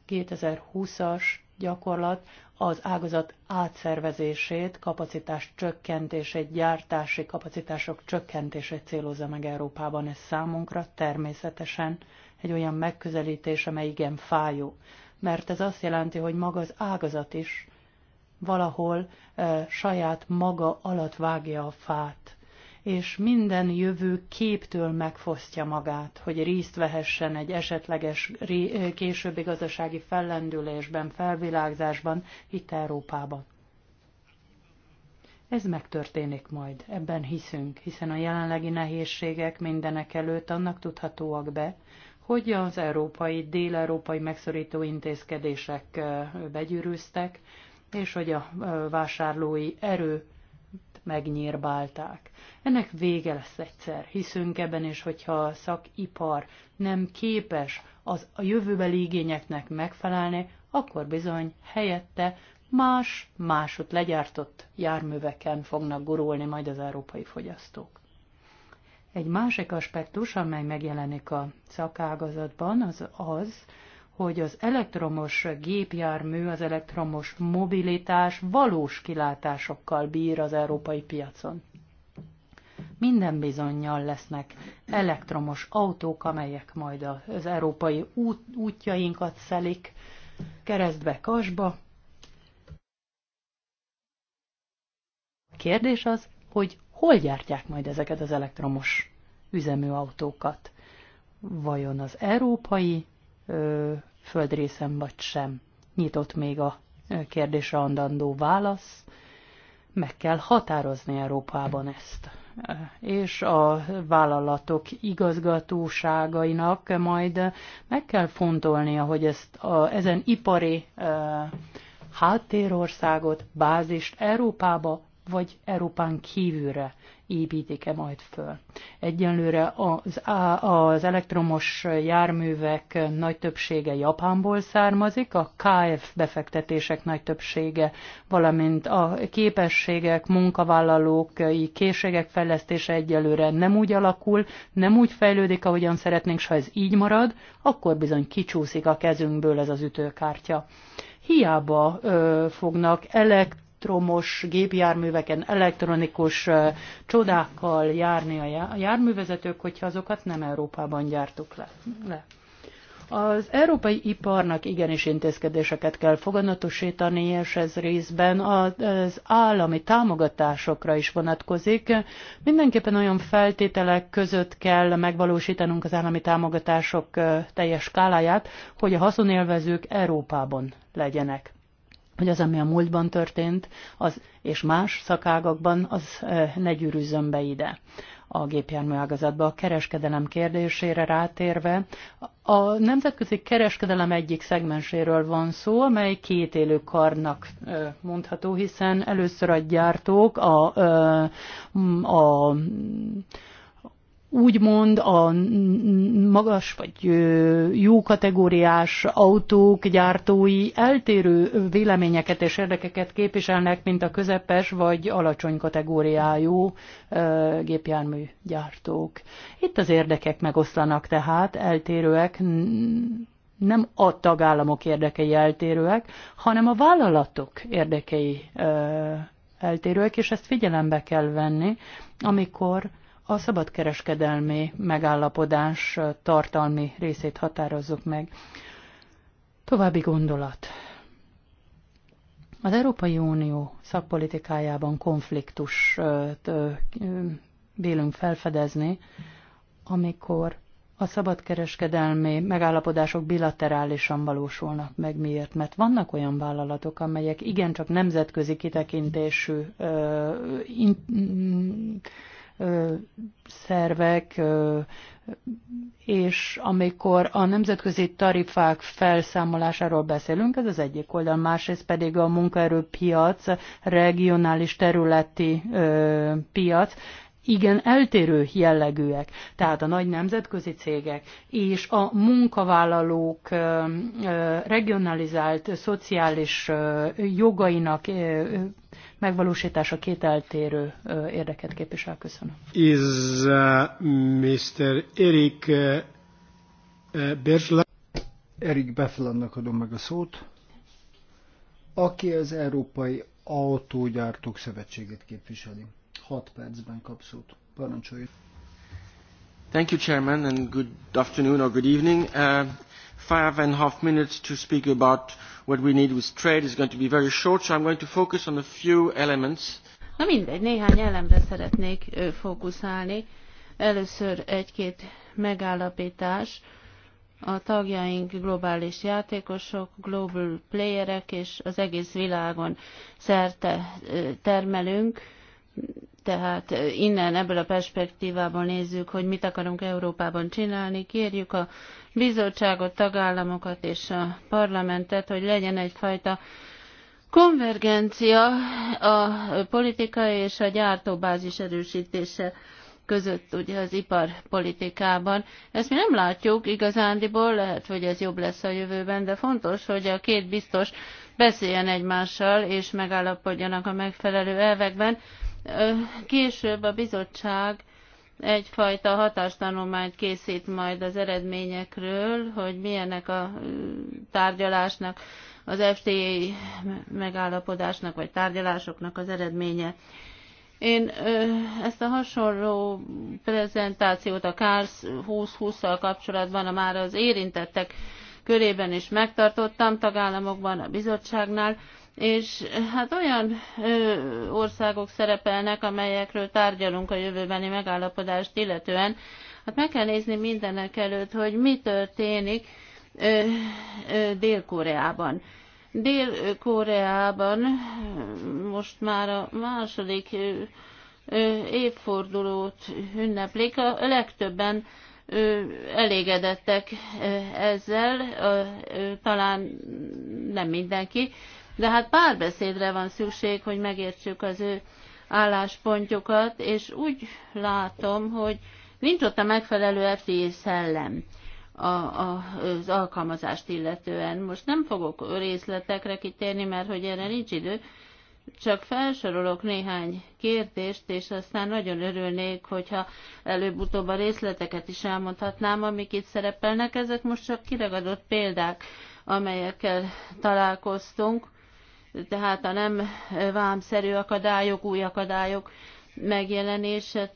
2020-as gyakorlat az ágazat átszervezését, kapacitás csökkentését, gyártási kapacitások csökkentését célozza meg Európában. Ez számunkra természetesen egy olyan megközelítés, amely igen fájó, mert ez azt jelenti, hogy maga az ágazat is valahol e, saját maga alatt vágja a fát, és minden jövő képtől megfosztja magát, hogy részt vehessen egy esetleges későbbi gazdasági fellendülésben, felvilágzásban itt Európában. Ez megtörténik majd, ebben hiszünk, hiszen a jelenlegi nehézségek mindenek előtt annak tudhatóak be, hogy az európai, dél-európai megszorító intézkedések begyűrűztek, és hogy a vásárlói erő megnyírbálták. Ennek vége lesz egyszer, hiszünk ebben, és hogyha a szakipar nem képes az a jövőbeli igényeknek megfelelni, akkor bizony helyette más, másot legyártott járműveken fognak gurulni majd az európai fogyasztók. Egy másik aspektus, amely megjelenik a szakágazatban, az az, hogy az elektromos gépjármű, az elektromos mobilitás valós kilátásokkal bír az európai piacon. Minden bizonyal lesznek elektromos autók, amelyek majd az európai út, útjainkat szelik keresztbe kasba. kérdés az, hogy hol gyártják majd ezeket az elektromos üzemű autókat? Vajon az európai földrészen vagy sem. Nyitott még a kérdésre andandó válasz. Meg kell határozni Európában ezt. És a vállalatok igazgatóságainak majd meg kell fontolnia, hogy ezt a, ezen ipari e, háttérországot, bázist Európába vagy Európán kívülre építik-e majd föl. Egyenlőre az, az elektromos járművek nagy többsége Japánból származik, a KF befektetések nagy többsége, valamint a képességek, munkavállalók, készségek fejlesztése egyelőre nem úgy alakul, nem úgy fejlődik, ahogyan szeretnénk, s ha ez így marad, akkor bizony kicsúszik a kezünkből ez az ütőkártya hiába ö, fognak elekt elektromos gépjárműveken, elektronikus csodákkal járni a járművezetők, hogyha azokat nem Európában gyártuk le. le. Az európai iparnak igenis intézkedéseket kell foganatosítani, és ez részben az állami támogatásokra is vonatkozik. Mindenképpen olyan feltételek között kell megvalósítanunk az állami támogatások teljes skáláját, hogy a haszonélvezők Európában legyenek hogy az, ami a múltban történt, az, és más szakágakban, az ne gyűrűzzön be ide a gépjármű ágazatba. A kereskedelem kérdésére rátérve, a nemzetközi kereskedelem egyik szegmenséről van szó, amely két élő karnak mondható, hiszen először a gyártók, a, a, a úgymond a magas vagy jó kategóriás autók gyártói eltérő véleményeket és érdekeket képviselnek, mint a közepes vagy alacsony kategóriájú gépjármű gyártók. Itt az érdekek megoszlanak tehát, eltérőek, nem a tagállamok érdekei eltérőek, hanem a vállalatok érdekei eltérőek, és ezt figyelembe kell venni, amikor a szabadkereskedelmi megállapodás tartalmi részét határozzuk meg. További gondolat. Az Európai Unió szakpolitikájában konfliktus vélünk felfedezni, amikor a szabadkereskedelmi megállapodások bilaterálisan valósulnak meg. Miért? Mert vannak olyan vállalatok, amelyek igencsak nemzetközi kitekintésű ö, in, szervek, és amikor a nemzetközi tarifák felszámolásáról beszélünk, ez az egyik oldal, másrészt pedig a munkaerőpiac, regionális területi piac, igen eltérő jellegűek, tehát a nagy nemzetközi cégek és a munkavállalók regionalizált szociális jogainak megvalósítása két eltérő érdeket képvisel. Köszönöm.
Is uh, Mr. Erik uh, uh Eric Erik Beflannak adom
meg a szót, aki az Európai Autógyártók Szövetségét képviseli. Hat percben kap szót. Parancsoljuk.
Thank you, Chairman, and good afternoon or good evening. Uh, five and a half minutes to speak about what we need with trade. is going to be very short, so I'm going to focus on a few elements.
Na mindegy, néhány elemre szeretnék fókuszálni. Először egy-két megállapítás. A tagjaink globális játékosok, global playerek, és az egész világon szerte termelünk tehát eh, innen, ebből a perspektívából nézzük, hogy mit akarunk Európában csinálni. Kérjük a bizottságot, tagállamokat és a parlamentet, hogy legyen egyfajta konvergencia a politika és a gyártóbázis erősítése között ugye az iparpolitikában. Ezt mi nem látjuk igazándiból, lehet, hogy ez jobb lesz a jövőben, de fontos, hogy a két biztos beszéljen egymással és megállapodjanak a megfelelő elvekben, Később a bizottság egyfajta hatástanulmányt készít majd az eredményekről, hogy milyenek a tárgyalásnak, az FTA megállapodásnak vagy tárgyalásoknak az eredménye. Én ezt a hasonló prezentációt a KARS 2020-szal kapcsolatban a már az érintettek körében is megtartottam, tagállamokban, a bizottságnál, és hát olyan országok szerepelnek, amelyekről tárgyalunk a jövőbeni megállapodást illetően. Hát meg kell nézni mindenek előtt, hogy mi történik Dél-Koreában. Dél-Koreában most már a második évfordulót ünneplik, a legtöbben elégedettek ezzel, talán nem mindenki, de hát párbeszédre van szükség, hogy megértsük az ő álláspontjukat, és úgy látom, hogy nincs ott a megfelelő FTI szellem a, a, az alkalmazást illetően. Most nem fogok részletekre kitérni, mert hogy erre nincs idő, csak felsorolok néhány kérdést, és aztán nagyon örülnék, hogyha előbb-utóbb a részleteket is elmondhatnám, amik itt szerepelnek. Ezek most csak kiragadott példák, amelyekkel találkoztunk tehát a nem vámszerű akadályok, új akadályok megjelenése,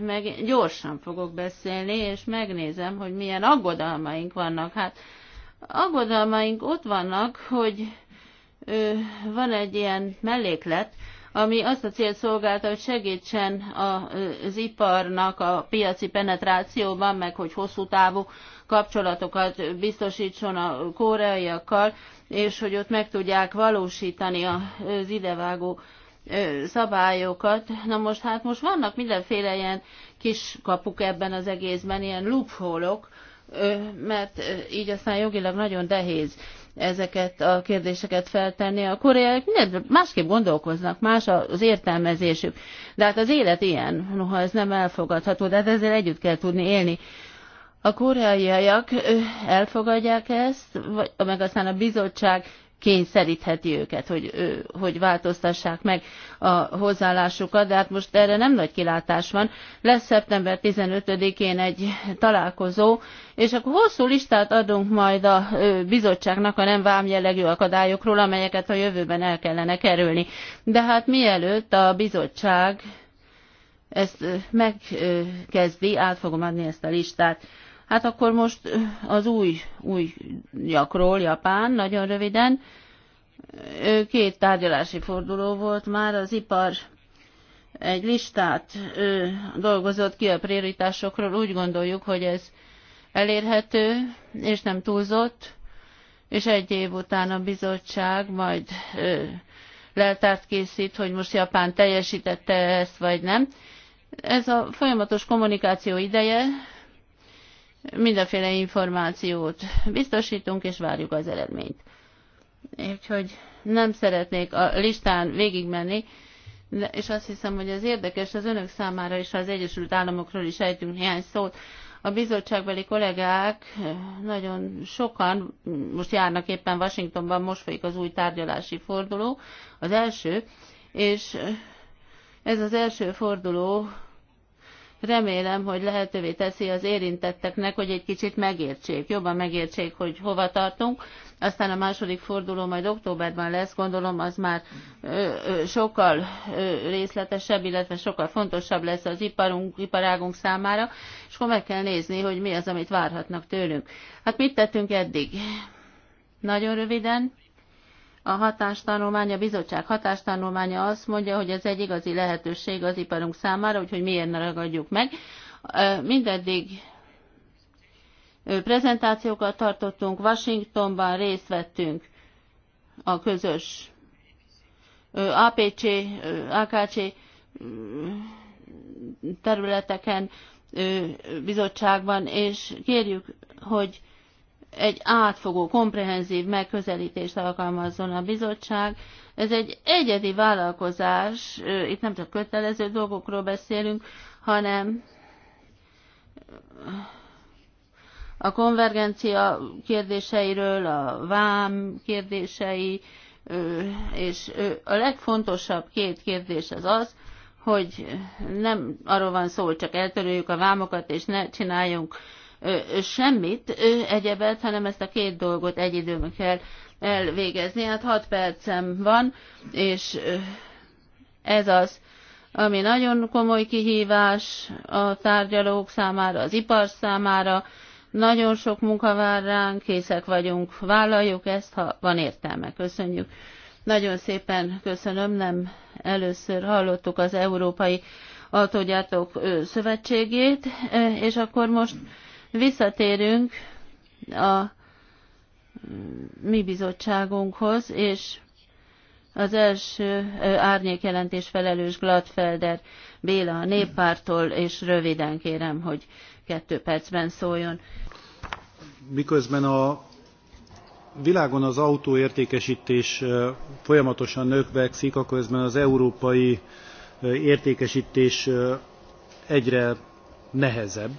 meg gyorsan fogok beszélni, és megnézem, hogy milyen aggodalmaink vannak. Hát aggodalmaink ott vannak, hogy ö, van egy ilyen melléklet, ami azt a cél szolgálta, hogy segítsen az iparnak a piaci penetrációban, meg hogy hosszú távú kapcsolatokat biztosítson a koreaiakkal, és hogy ott meg tudják valósítani az idevágó szabályokat. Na most hát most vannak mindenféle ilyen kis kapuk ebben az egészben, ilyen loophole-ok, mert így aztán jogilag nagyon nehéz ezeket a kérdéseket feltenni. A koreaiak másképp gondolkoznak, más az értelmezésük. De hát az élet ilyen, noha ez nem elfogadható, de hát ezzel együtt kell tudni élni a koreaiak elfogadják ezt, vagy, meg aztán a bizottság kényszerítheti őket, hogy, hogy változtassák meg a hozzáállásukat, de hát most erre nem nagy kilátás van. Lesz szeptember 15-én egy találkozó, és akkor hosszú listát adunk majd a bizottságnak a nem vámjellegű akadályokról, amelyeket a jövőben el kellene kerülni. De hát mielőtt a bizottság ezt megkezdi, át fogom adni ezt a listát Hát akkor most az új, új jakról, Japán, nagyon röviden. Két tárgyalási forduló volt már, az ipar egy listát ő, dolgozott ki a prioritásokról, úgy gondoljuk, hogy ez elérhető és nem túlzott, és egy év után a bizottság majd ő, leltárt készít, hogy most Japán teljesítette ezt vagy nem. Ez a folyamatos kommunikáció ideje, mindenféle információt biztosítunk, és várjuk az eredményt. Úgyhogy nem szeretnék a listán végigmenni, de, és azt hiszem, hogy ez érdekes az önök számára is, az Egyesült Államokról is ejtünk néhány szót. A bizottságbeli kollégák eh, nagyon sokan most járnak éppen Washingtonban, most folyik az új tárgyalási forduló, az első, és eh, ez az első forduló Remélem, hogy lehetővé teszi az érintetteknek, hogy egy kicsit megértsék, jobban megértsék, hogy hova tartunk. Aztán a második forduló majd októberben lesz, gondolom az már ö, ö, sokkal ö, részletesebb, illetve sokkal fontosabb lesz az iparunk, iparágunk számára, és akkor meg kell nézni, hogy mi az, amit várhatnak tőlünk. Hát mit tettünk eddig? Nagyon röviden a hatástanulmánya a bizottság hatástanulmánya azt mondja, hogy ez egy igazi lehetőség az iparunk számára, úgyhogy miért ne ragadjuk meg. Mindeddig prezentációkat tartottunk, Washingtonban részt vettünk a közös APC, AKC területeken, bizottságban, és kérjük, hogy egy átfogó, komprehenzív megközelítést alkalmazzon a bizottság. Ez egy egyedi vállalkozás, itt nem csak kötelező dolgokról beszélünk, hanem a konvergencia kérdéseiről, a vám kérdései, és a legfontosabb két kérdés az az, hogy nem arról van szó, hogy csak eltöröljük a vámokat, és ne csináljunk semmit egyebet, hanem ezt a két dolgot egy időben kell elvégezni. Hát 6 percem van, és ez az, ami nagyon komoly kihívás a tárgyalók számára, az ipar számára. Nagyon sok munka vár ránk, készek vagyunk, vállaljuk ezt, ha van értelme. Köszönjük. Nagyon szépen köszönöm, nem először hallottuk az Európai Autógyártók Szövetségét, és akkor most Visszatérünk a mi bizottságunkhoz, és az első árnyékjelentés felelős Gladfelder Béla a néppártól, és röviden kérem, hogy kettő percben szóljon.
Miközben a világon az autóértékesítés folyamatosan növekszik, közben az európai értékesítés egyre nehezebb,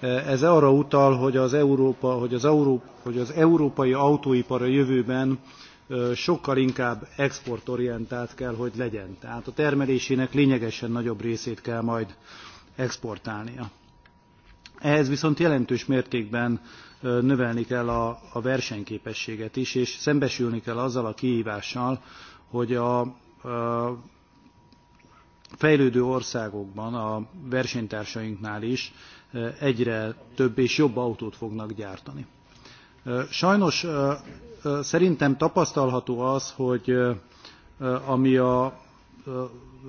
Eh, ez arra utal, hogy az, Európa, hogy az, Európa, hogy az európai autóipar a jövőben eh, sokkal inkább exportorientált kell, hogy legyen. Tehát a termelésének lényegesen nagyobb részét kell majd exportálnia. Ehhez viszont jelentős mértékben eh, növelni kell a, a versenyképességet is, és szembesülni kell azzal a kihívással, hogy a, a fejlődő országokban, a versenytársainknál is Eh, egyre több és jobb autót fognak gyártani. Eh, sajnos eh, szerintem tapasztalható az, hogy ami a,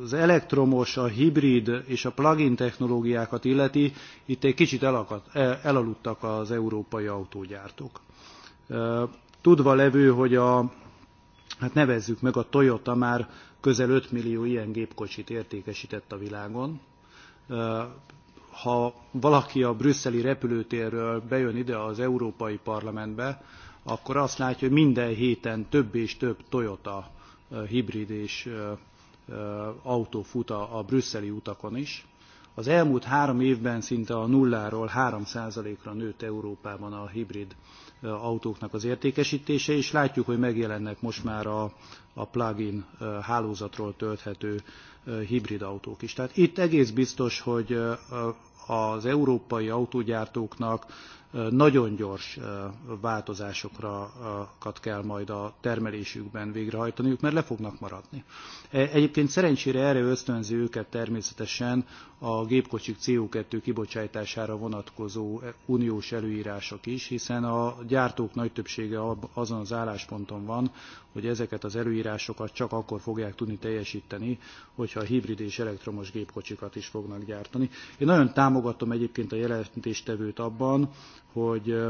az elektromos, a hibrid és a plug-in technológiákat illeti, itt egy kicsit elakadt, e, elaludtak az európai autógyártók. Tudva levő, hogy a, hát nevezzük meg a Toyota már közel 5 millió ilyen gépkocsit értékesített a világon, ha valaki a brüsszeli repülőtérről bejön ide az Európai Parlamentbe, akkor azt látja, hogy minden héten több és több Toyota hibrid és autó fut a, brüsszeli utakon is. Az elmúlt három évben szinte a nulláról 3%-ra nőtt Európában a hibrid autóknak az értékesítése, és látjuk, hogy megjelennek most már a, a plug-in hálózatról tölthető hibrid autók is. Tehát itt egész biztos, hogy az európai autógyártóknak nagyon gyors változásokat kell majd a termelésükben végrehajtaniuk, mert le fognak maradni. E, egyébként szerencsére erre ösztönzi őket természetesen a gépkocsik CO2 kibocsátására vonatkozó e, uniós előírások is, hiszen a gyártók nagy többsége azon az állásponton van, hogy ezeket az előírásokat csak akkor fogják tudni teljesíteni, hogyha a hibrid és elektromos gépkocsikat is fognak gyártani. Én nagyon támogatom egyébként a jelentéstevőt abban, hogy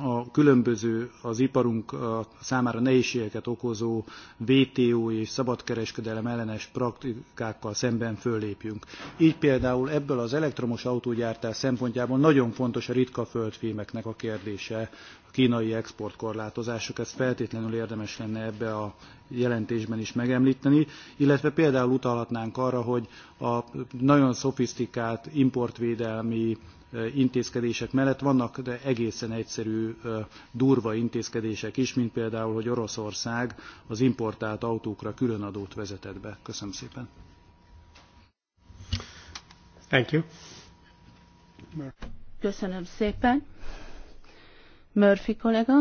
a különböző az iparunk számára nehézségeket okozó WTO és szabadkereskedelem ellenes praktikákkal szemben föllépjünk. Így például ebből az elektromos autógyártás szempontjából nagyon fontos a ritka földfémeknek a kérdése, a kínai exportkorlátozások, ezt feltétlenül érdemes lenne ebbe a jelentésben is megemlíteni, illetve például utalhatnánk arra, hogy a nagyon szofisztikált importvédelmi intézkedések mellett vannak de egészen egyszerű durva intézkedések is, mint például, hogy Oroszország az importált autókra külön adót vezetett be. Köszönöm szépen.
Thank you. Köszönöm szépen. Murphy kollega.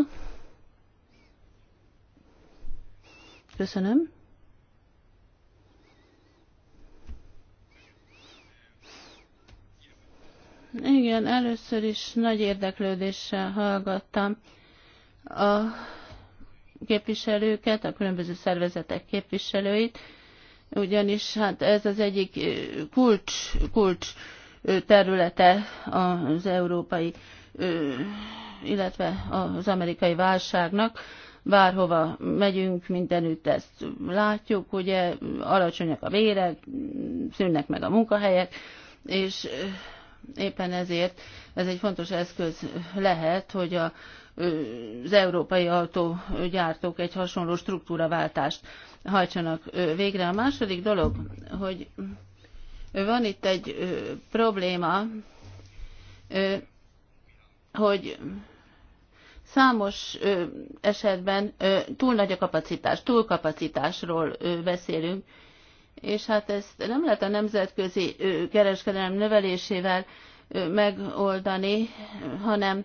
Köszönöm. Igen, először is nagy érdeklődéssel hallgattam a képviselőket, a különböző szervezetek képviselőit, ugyanis hát ez az egyik kulcs, kulcs területe az európai, illetve az amerikai válságnak. Bárhova megyünk, mindenütt ezt látjuk, ugye alacsonyak a vérek, szűnnek meg a munkahelyek, és Éppen ezért ez egy fontos eszköz lehet, hogy a, az európai autógyártók egy hasonló struktúraváltást hajtsanak végre. A második dolog, hogy van itt egy probléma, hogy számos esetben túl nagy a kapacitás, túlkapacitásról beszélünk, és hát ezt nem lehet a nemzetközi kereskedelem növelésével megoldani, hanem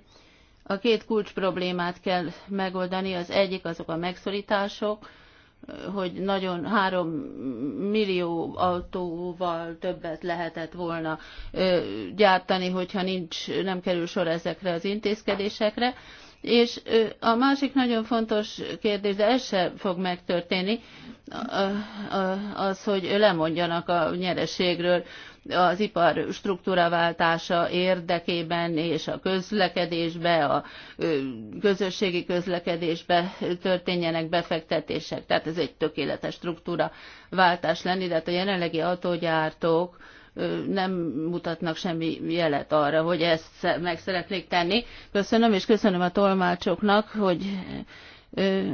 a két kulcs problémát kell megoldani. Az egyik azok a megszorítások, hogy nagyon három millió autóval többet lehetett volna gyártani, hogyha nincs, nem kerül sor ezekre az intézkedésekre és a másik nagyon fontos kérdés, de ez sem fog megtörténni, az, hogy lemondjanak a nyereségről az ipar struktúraváltása érdekében és a közlekedésbe, a közösségi közlekedésbe történjenek befektetések. Tehát ez egy tökéletes struktúraváltás lenni, de hát a jelenlegi autógyártók nem mutatnak semmi jelet arra, hogy ezt meg szeretnék tenni. Köszönöm, és köszönöm a tolmácsoknak, hogy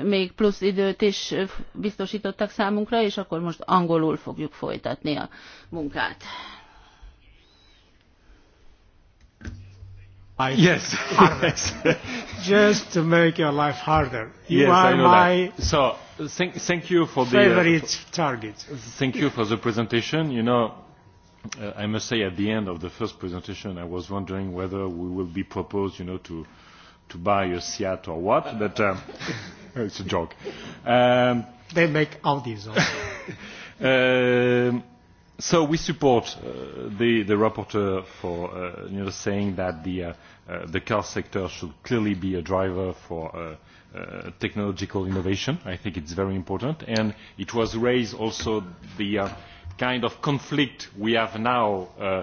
még plusz időt is biztosítottak számunkra, és akkor most angolul fogjuk folytatni a munkát.
I yes, yes.
just to make your life harder. You yes, are I know my that. so
thank, thank you for favorite the favorite uh, target. Thank you for the presentation. You know Uh, I must say at the end of the first presentation I was wondering whether we will be proposed you know, to, to buy a Seat or what, but um, it's a joke. Um, they make Audis these. um, so we support uh, the, the rapporteur for uh, you know, saying that the, uh, uh, the car sector should clearly be a driver for uh, Uh, technological innovation. I think it's very important. And it was raised also the, uh, kind of conflict we have now uh,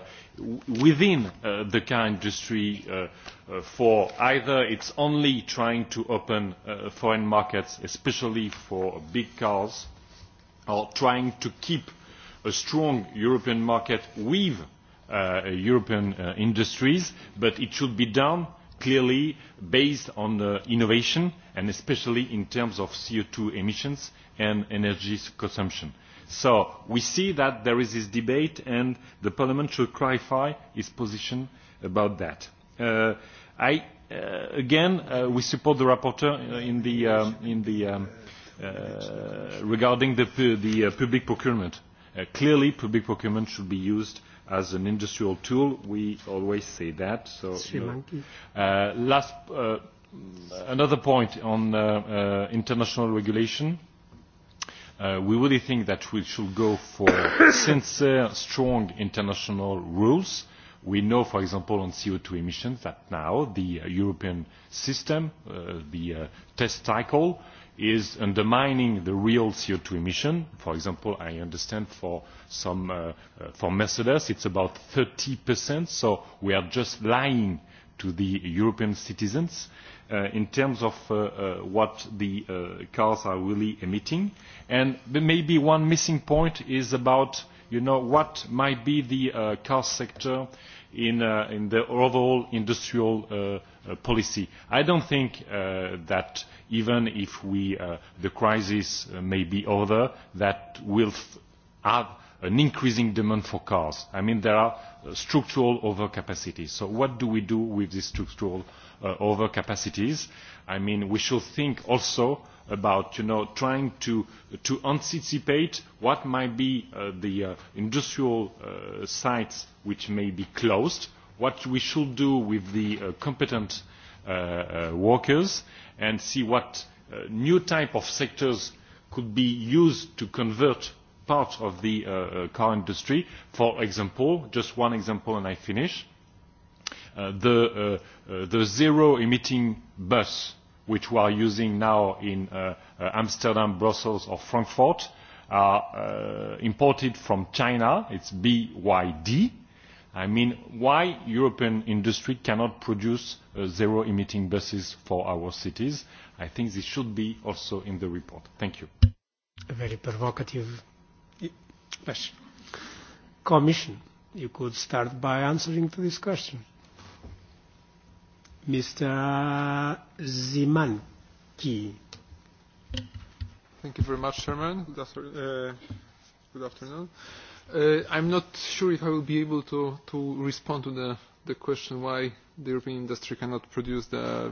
within uh, the car industry uh, for either it is only trying to open foreign markets especially for big cars or trying to keep a strong european market with european industries but it should be done clearly based on innovation and especially in terms of co two emissions and energy consumption So we see that there is this debate and the Parliament should clarify its position about that. Uh, I, uh, again, uh, we support the rapporteur uh, in the, um, in the, um, uh, regarding the, the uh, public procurement. Uh, clearly, public procurement should be used as an industrial tool. We always say that. So, uh, last, uh, another point on uh, uh, international regulation. Uh, Uh, we really think that we should go for sincere, strong international rules. We know, for example, on CO2 emissions that now the uh, European system, uh, the test cycle, is undermining the real CO2 emission. For example, I understand for, some, for Mercedes it's about 30%, so we are just lying to the European citizens Uh, in terms of uh, uh, what the uh, cars are really emitting. And maybe one missing point is about you know, what might be the uh, car sector in, uh, in the overall industrial uh, uh, policy. I don't think uh, that even if we, uh, the crisis uh, may be over, that will have an increasing demand for cars. I mean, there are uh, structural overcapacities. So what do we do with this structural overcapacity? uh, overcapacities. I mean, we should think also about you know, trying to, to anticipate what might be uh, the uh, industrial uh, sites which may be closed, what we should do with the uh, competent uh, uh, workers, and see what uh, new type of sectors could be used to convert part of the uh, uh car industry. For example, just one example and I finish Uh, the, uh, uh, the zero emitting bus which we are using now in uh, uh, Amsterdam, Brussels or Frankfurt are uh, imported from China. It's BYD. I mean, why European industry cannot produce uh, zero-emitting buses for our cities? I think this should be also in the report. Thank you.
A very provocative question. Commission, you could start by answering to this question. Mr. Zimanki.
Thank you very much, Chairman. Good, after, uh, good afternoon. Uh, I'm not sure if I will be able to, to respond to the, the question why the European industry cannot produce the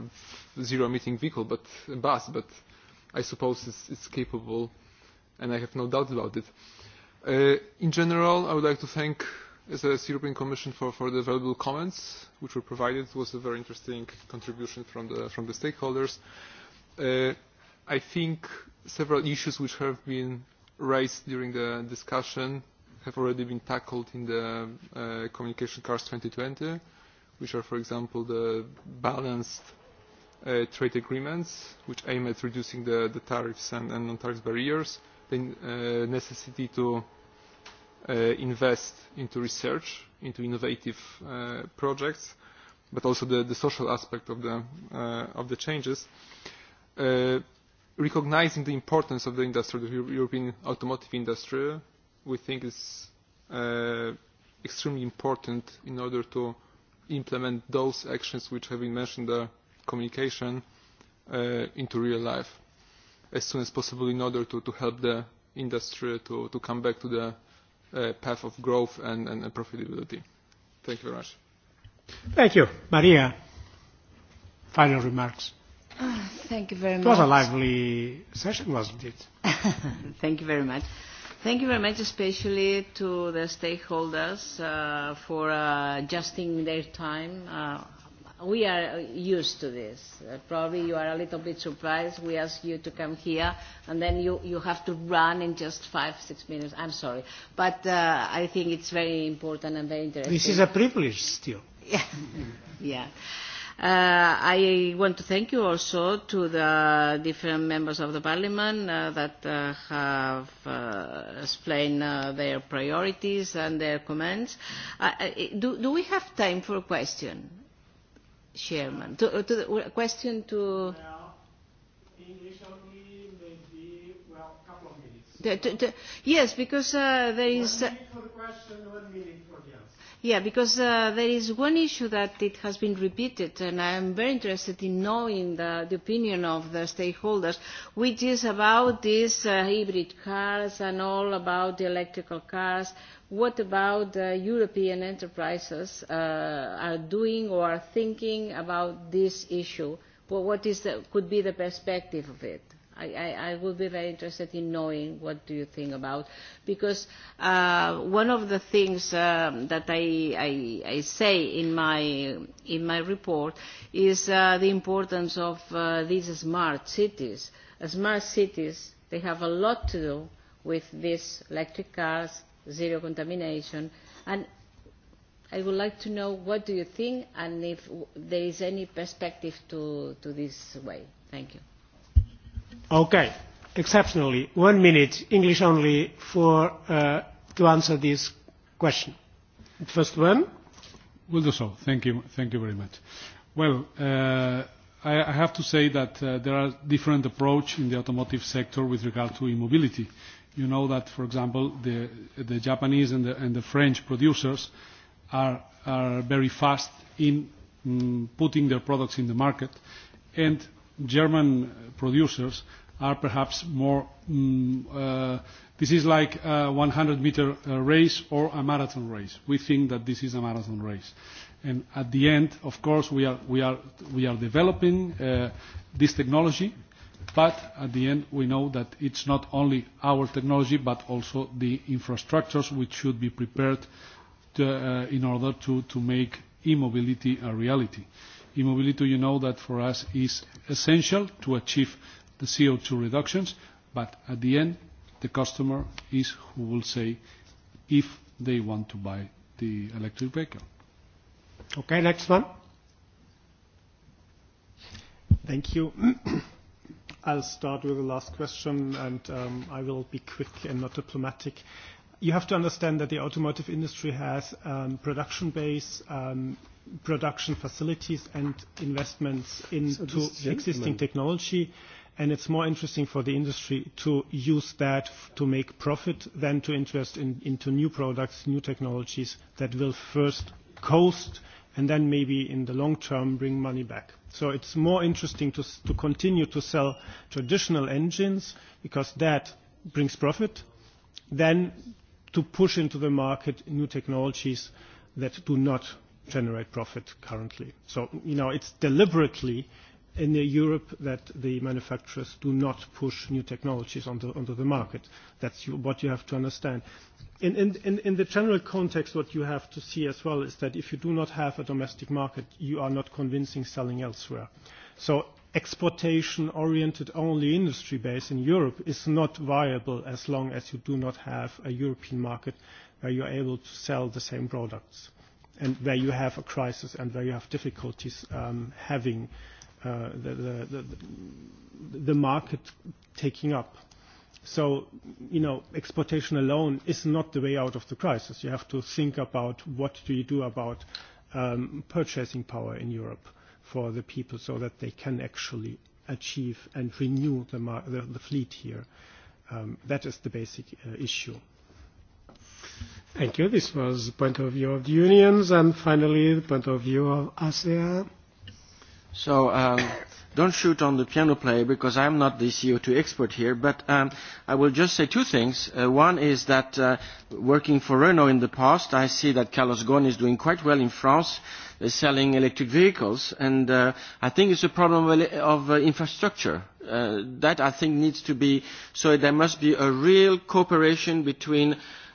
zero-emitting vehicle, but bus, but I suppose it's, it's capable, and I have no doubt about it. Uh, in general, I would like to thank as well as the European Commission for, for the valuable comments which were provided. It was a very interesting contribution from the, from the stakeholders. Uh, I think several issues which have been raised during the discussion have already been tackled in the uh, Communication Cars 2020, which are, for example, the balanced uh, trade agreements, which aim at reducing the, the tariffs and, and non-tariff barriers, the uh, necessity to uh, Uh, invest into research, into innovative uh, projects, but also the, the social aspect of the, uh, of the changes, uh, recognizing the importance of the industry, the European automotive industry, we think is uh, extremely important in order to implement those actions which have been mentioned in the communication uh, into real life as soon as possible in order to, to help the industry to, to come back to the uh, path of growth and, and, and profitability. Thank you very much.
Thank you. Maria, final remarks.
Uh, thank you very much. It was a
lively session, wasn't it?
thank you very much. Thank you very much, especially to the stakeholders uh, for uh, adjusting their time. Uh, we are used to this. Uh, probably you are a little bit surprised. We ask you to come here, and then you, you have to run in just five, six minutes. I'm sorry. But uh, I think it's very important and very interesting. This is a privilege still. yeah. yeah. Uh, I want to thank you also to the different members of the Parliament uh, that uh, have uh, explained uh, their priorities and their comments. Uh, uh do, do we have time for a question? Sherman. To, to the question to. Well,
English only,
yes, because uh, there is. Minute
for the question, one minute
Yeah, because uh, there is one issue that it has been repeated, and I am very interested in knowing the, the opinion of the stakeholders, which is about these uh, hybrid cars and all about the electrical cars. What about the European enterprises uh, are doing or are thinking about this issue? Well, what is the, could be the perspective of it? I, I, would be very interested in knowing what do you think about, because uh, one of the things um, that I, I, I say in my, in my report is uh, the importance of uh, these smart cities. Uh, smart cities, they have a lot to do with these electric cars, zero contamination, and I would like to know what do you think and if there is any perspective to, to this way. Thank you.
Okay. Exceptionally, one minute, English only, for uh, to answer
this question. first one. Will do so. Thank you. Thank you very much. Well, uh, I, I have to say that uh, there are different approach in the automotive sector with regard to immobility. You know that, for example, the, the Japanese and the, and the French producers are, are very fast in um, putting their products in the market, and German producers are perhaps more. Um, uh, this is like a 100 meter uh, race or a marathon race. We think that this is a marathon race. And at the end, of course, we are, we are, we are developing uh, this technology, but at the end, we know that it's not only our technology, but also the infrastructures which should be prepared to, uh, in order to, to make e-mobility a reality. E-mobility, you know that for us is essential to achieve the CO2 reductions, but at the end, the customer is who will say if they want to buy the electric vehicle.
Okay, next one. Thank you. I'll start
with
the last question, and um, I will be quick and not diplomatic. You have to understand that the automotive industry has um, production base, um, production facilities, and investments into so existing technology. Thing and it's more interesting for the industry to use that f- to make profit than to invest in, into new products, new technologies that will first cost and then maybe in the long term bring money back. So it's more interesting to, to continue to sell traditional engines because that brings profit than to push into the market new technologies that do not generate profit currently. So, you know, it's deliberately in Europe that the manufacturers do not push new technologies onto, onto the market. That's you, what you have to understand. In, in, in the general context, what you have to see as well is that if you do not have a domestic market, you are not convincing selling elsewhere. So exportation-oriented only industry base in Europe is not viable as long as you do not have a European market where you are able to sell the same products and where you have a crisis and where you have difficulties um, having uh, Uh, the, the, the, the market taking up. So, you know, exportation alone is not the way out of the crisis. You have to think about what do you do about um, purchasing power in Europe for the people so that they can actually achieve and renew the, mar the, the fleet here. Um, that is the basic uh, issue.
Thank you. This was the point of view of the unions and finally the point of view of ASEAN.
So um, don't shoot on the piano player because I'm not the CO2 expert here, but um, I will just say two things. Uh, one is that uh, working for Renault in the past, I see that Carlos Ghosn is doing quite well in France. They're uh, selling electric vehicles, and uh, I think it's a problem of uh, infrastructure. Uh, that I think needs to be, so there must be a real cooperation between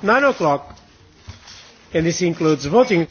at 9 o'clock, and this includes voting.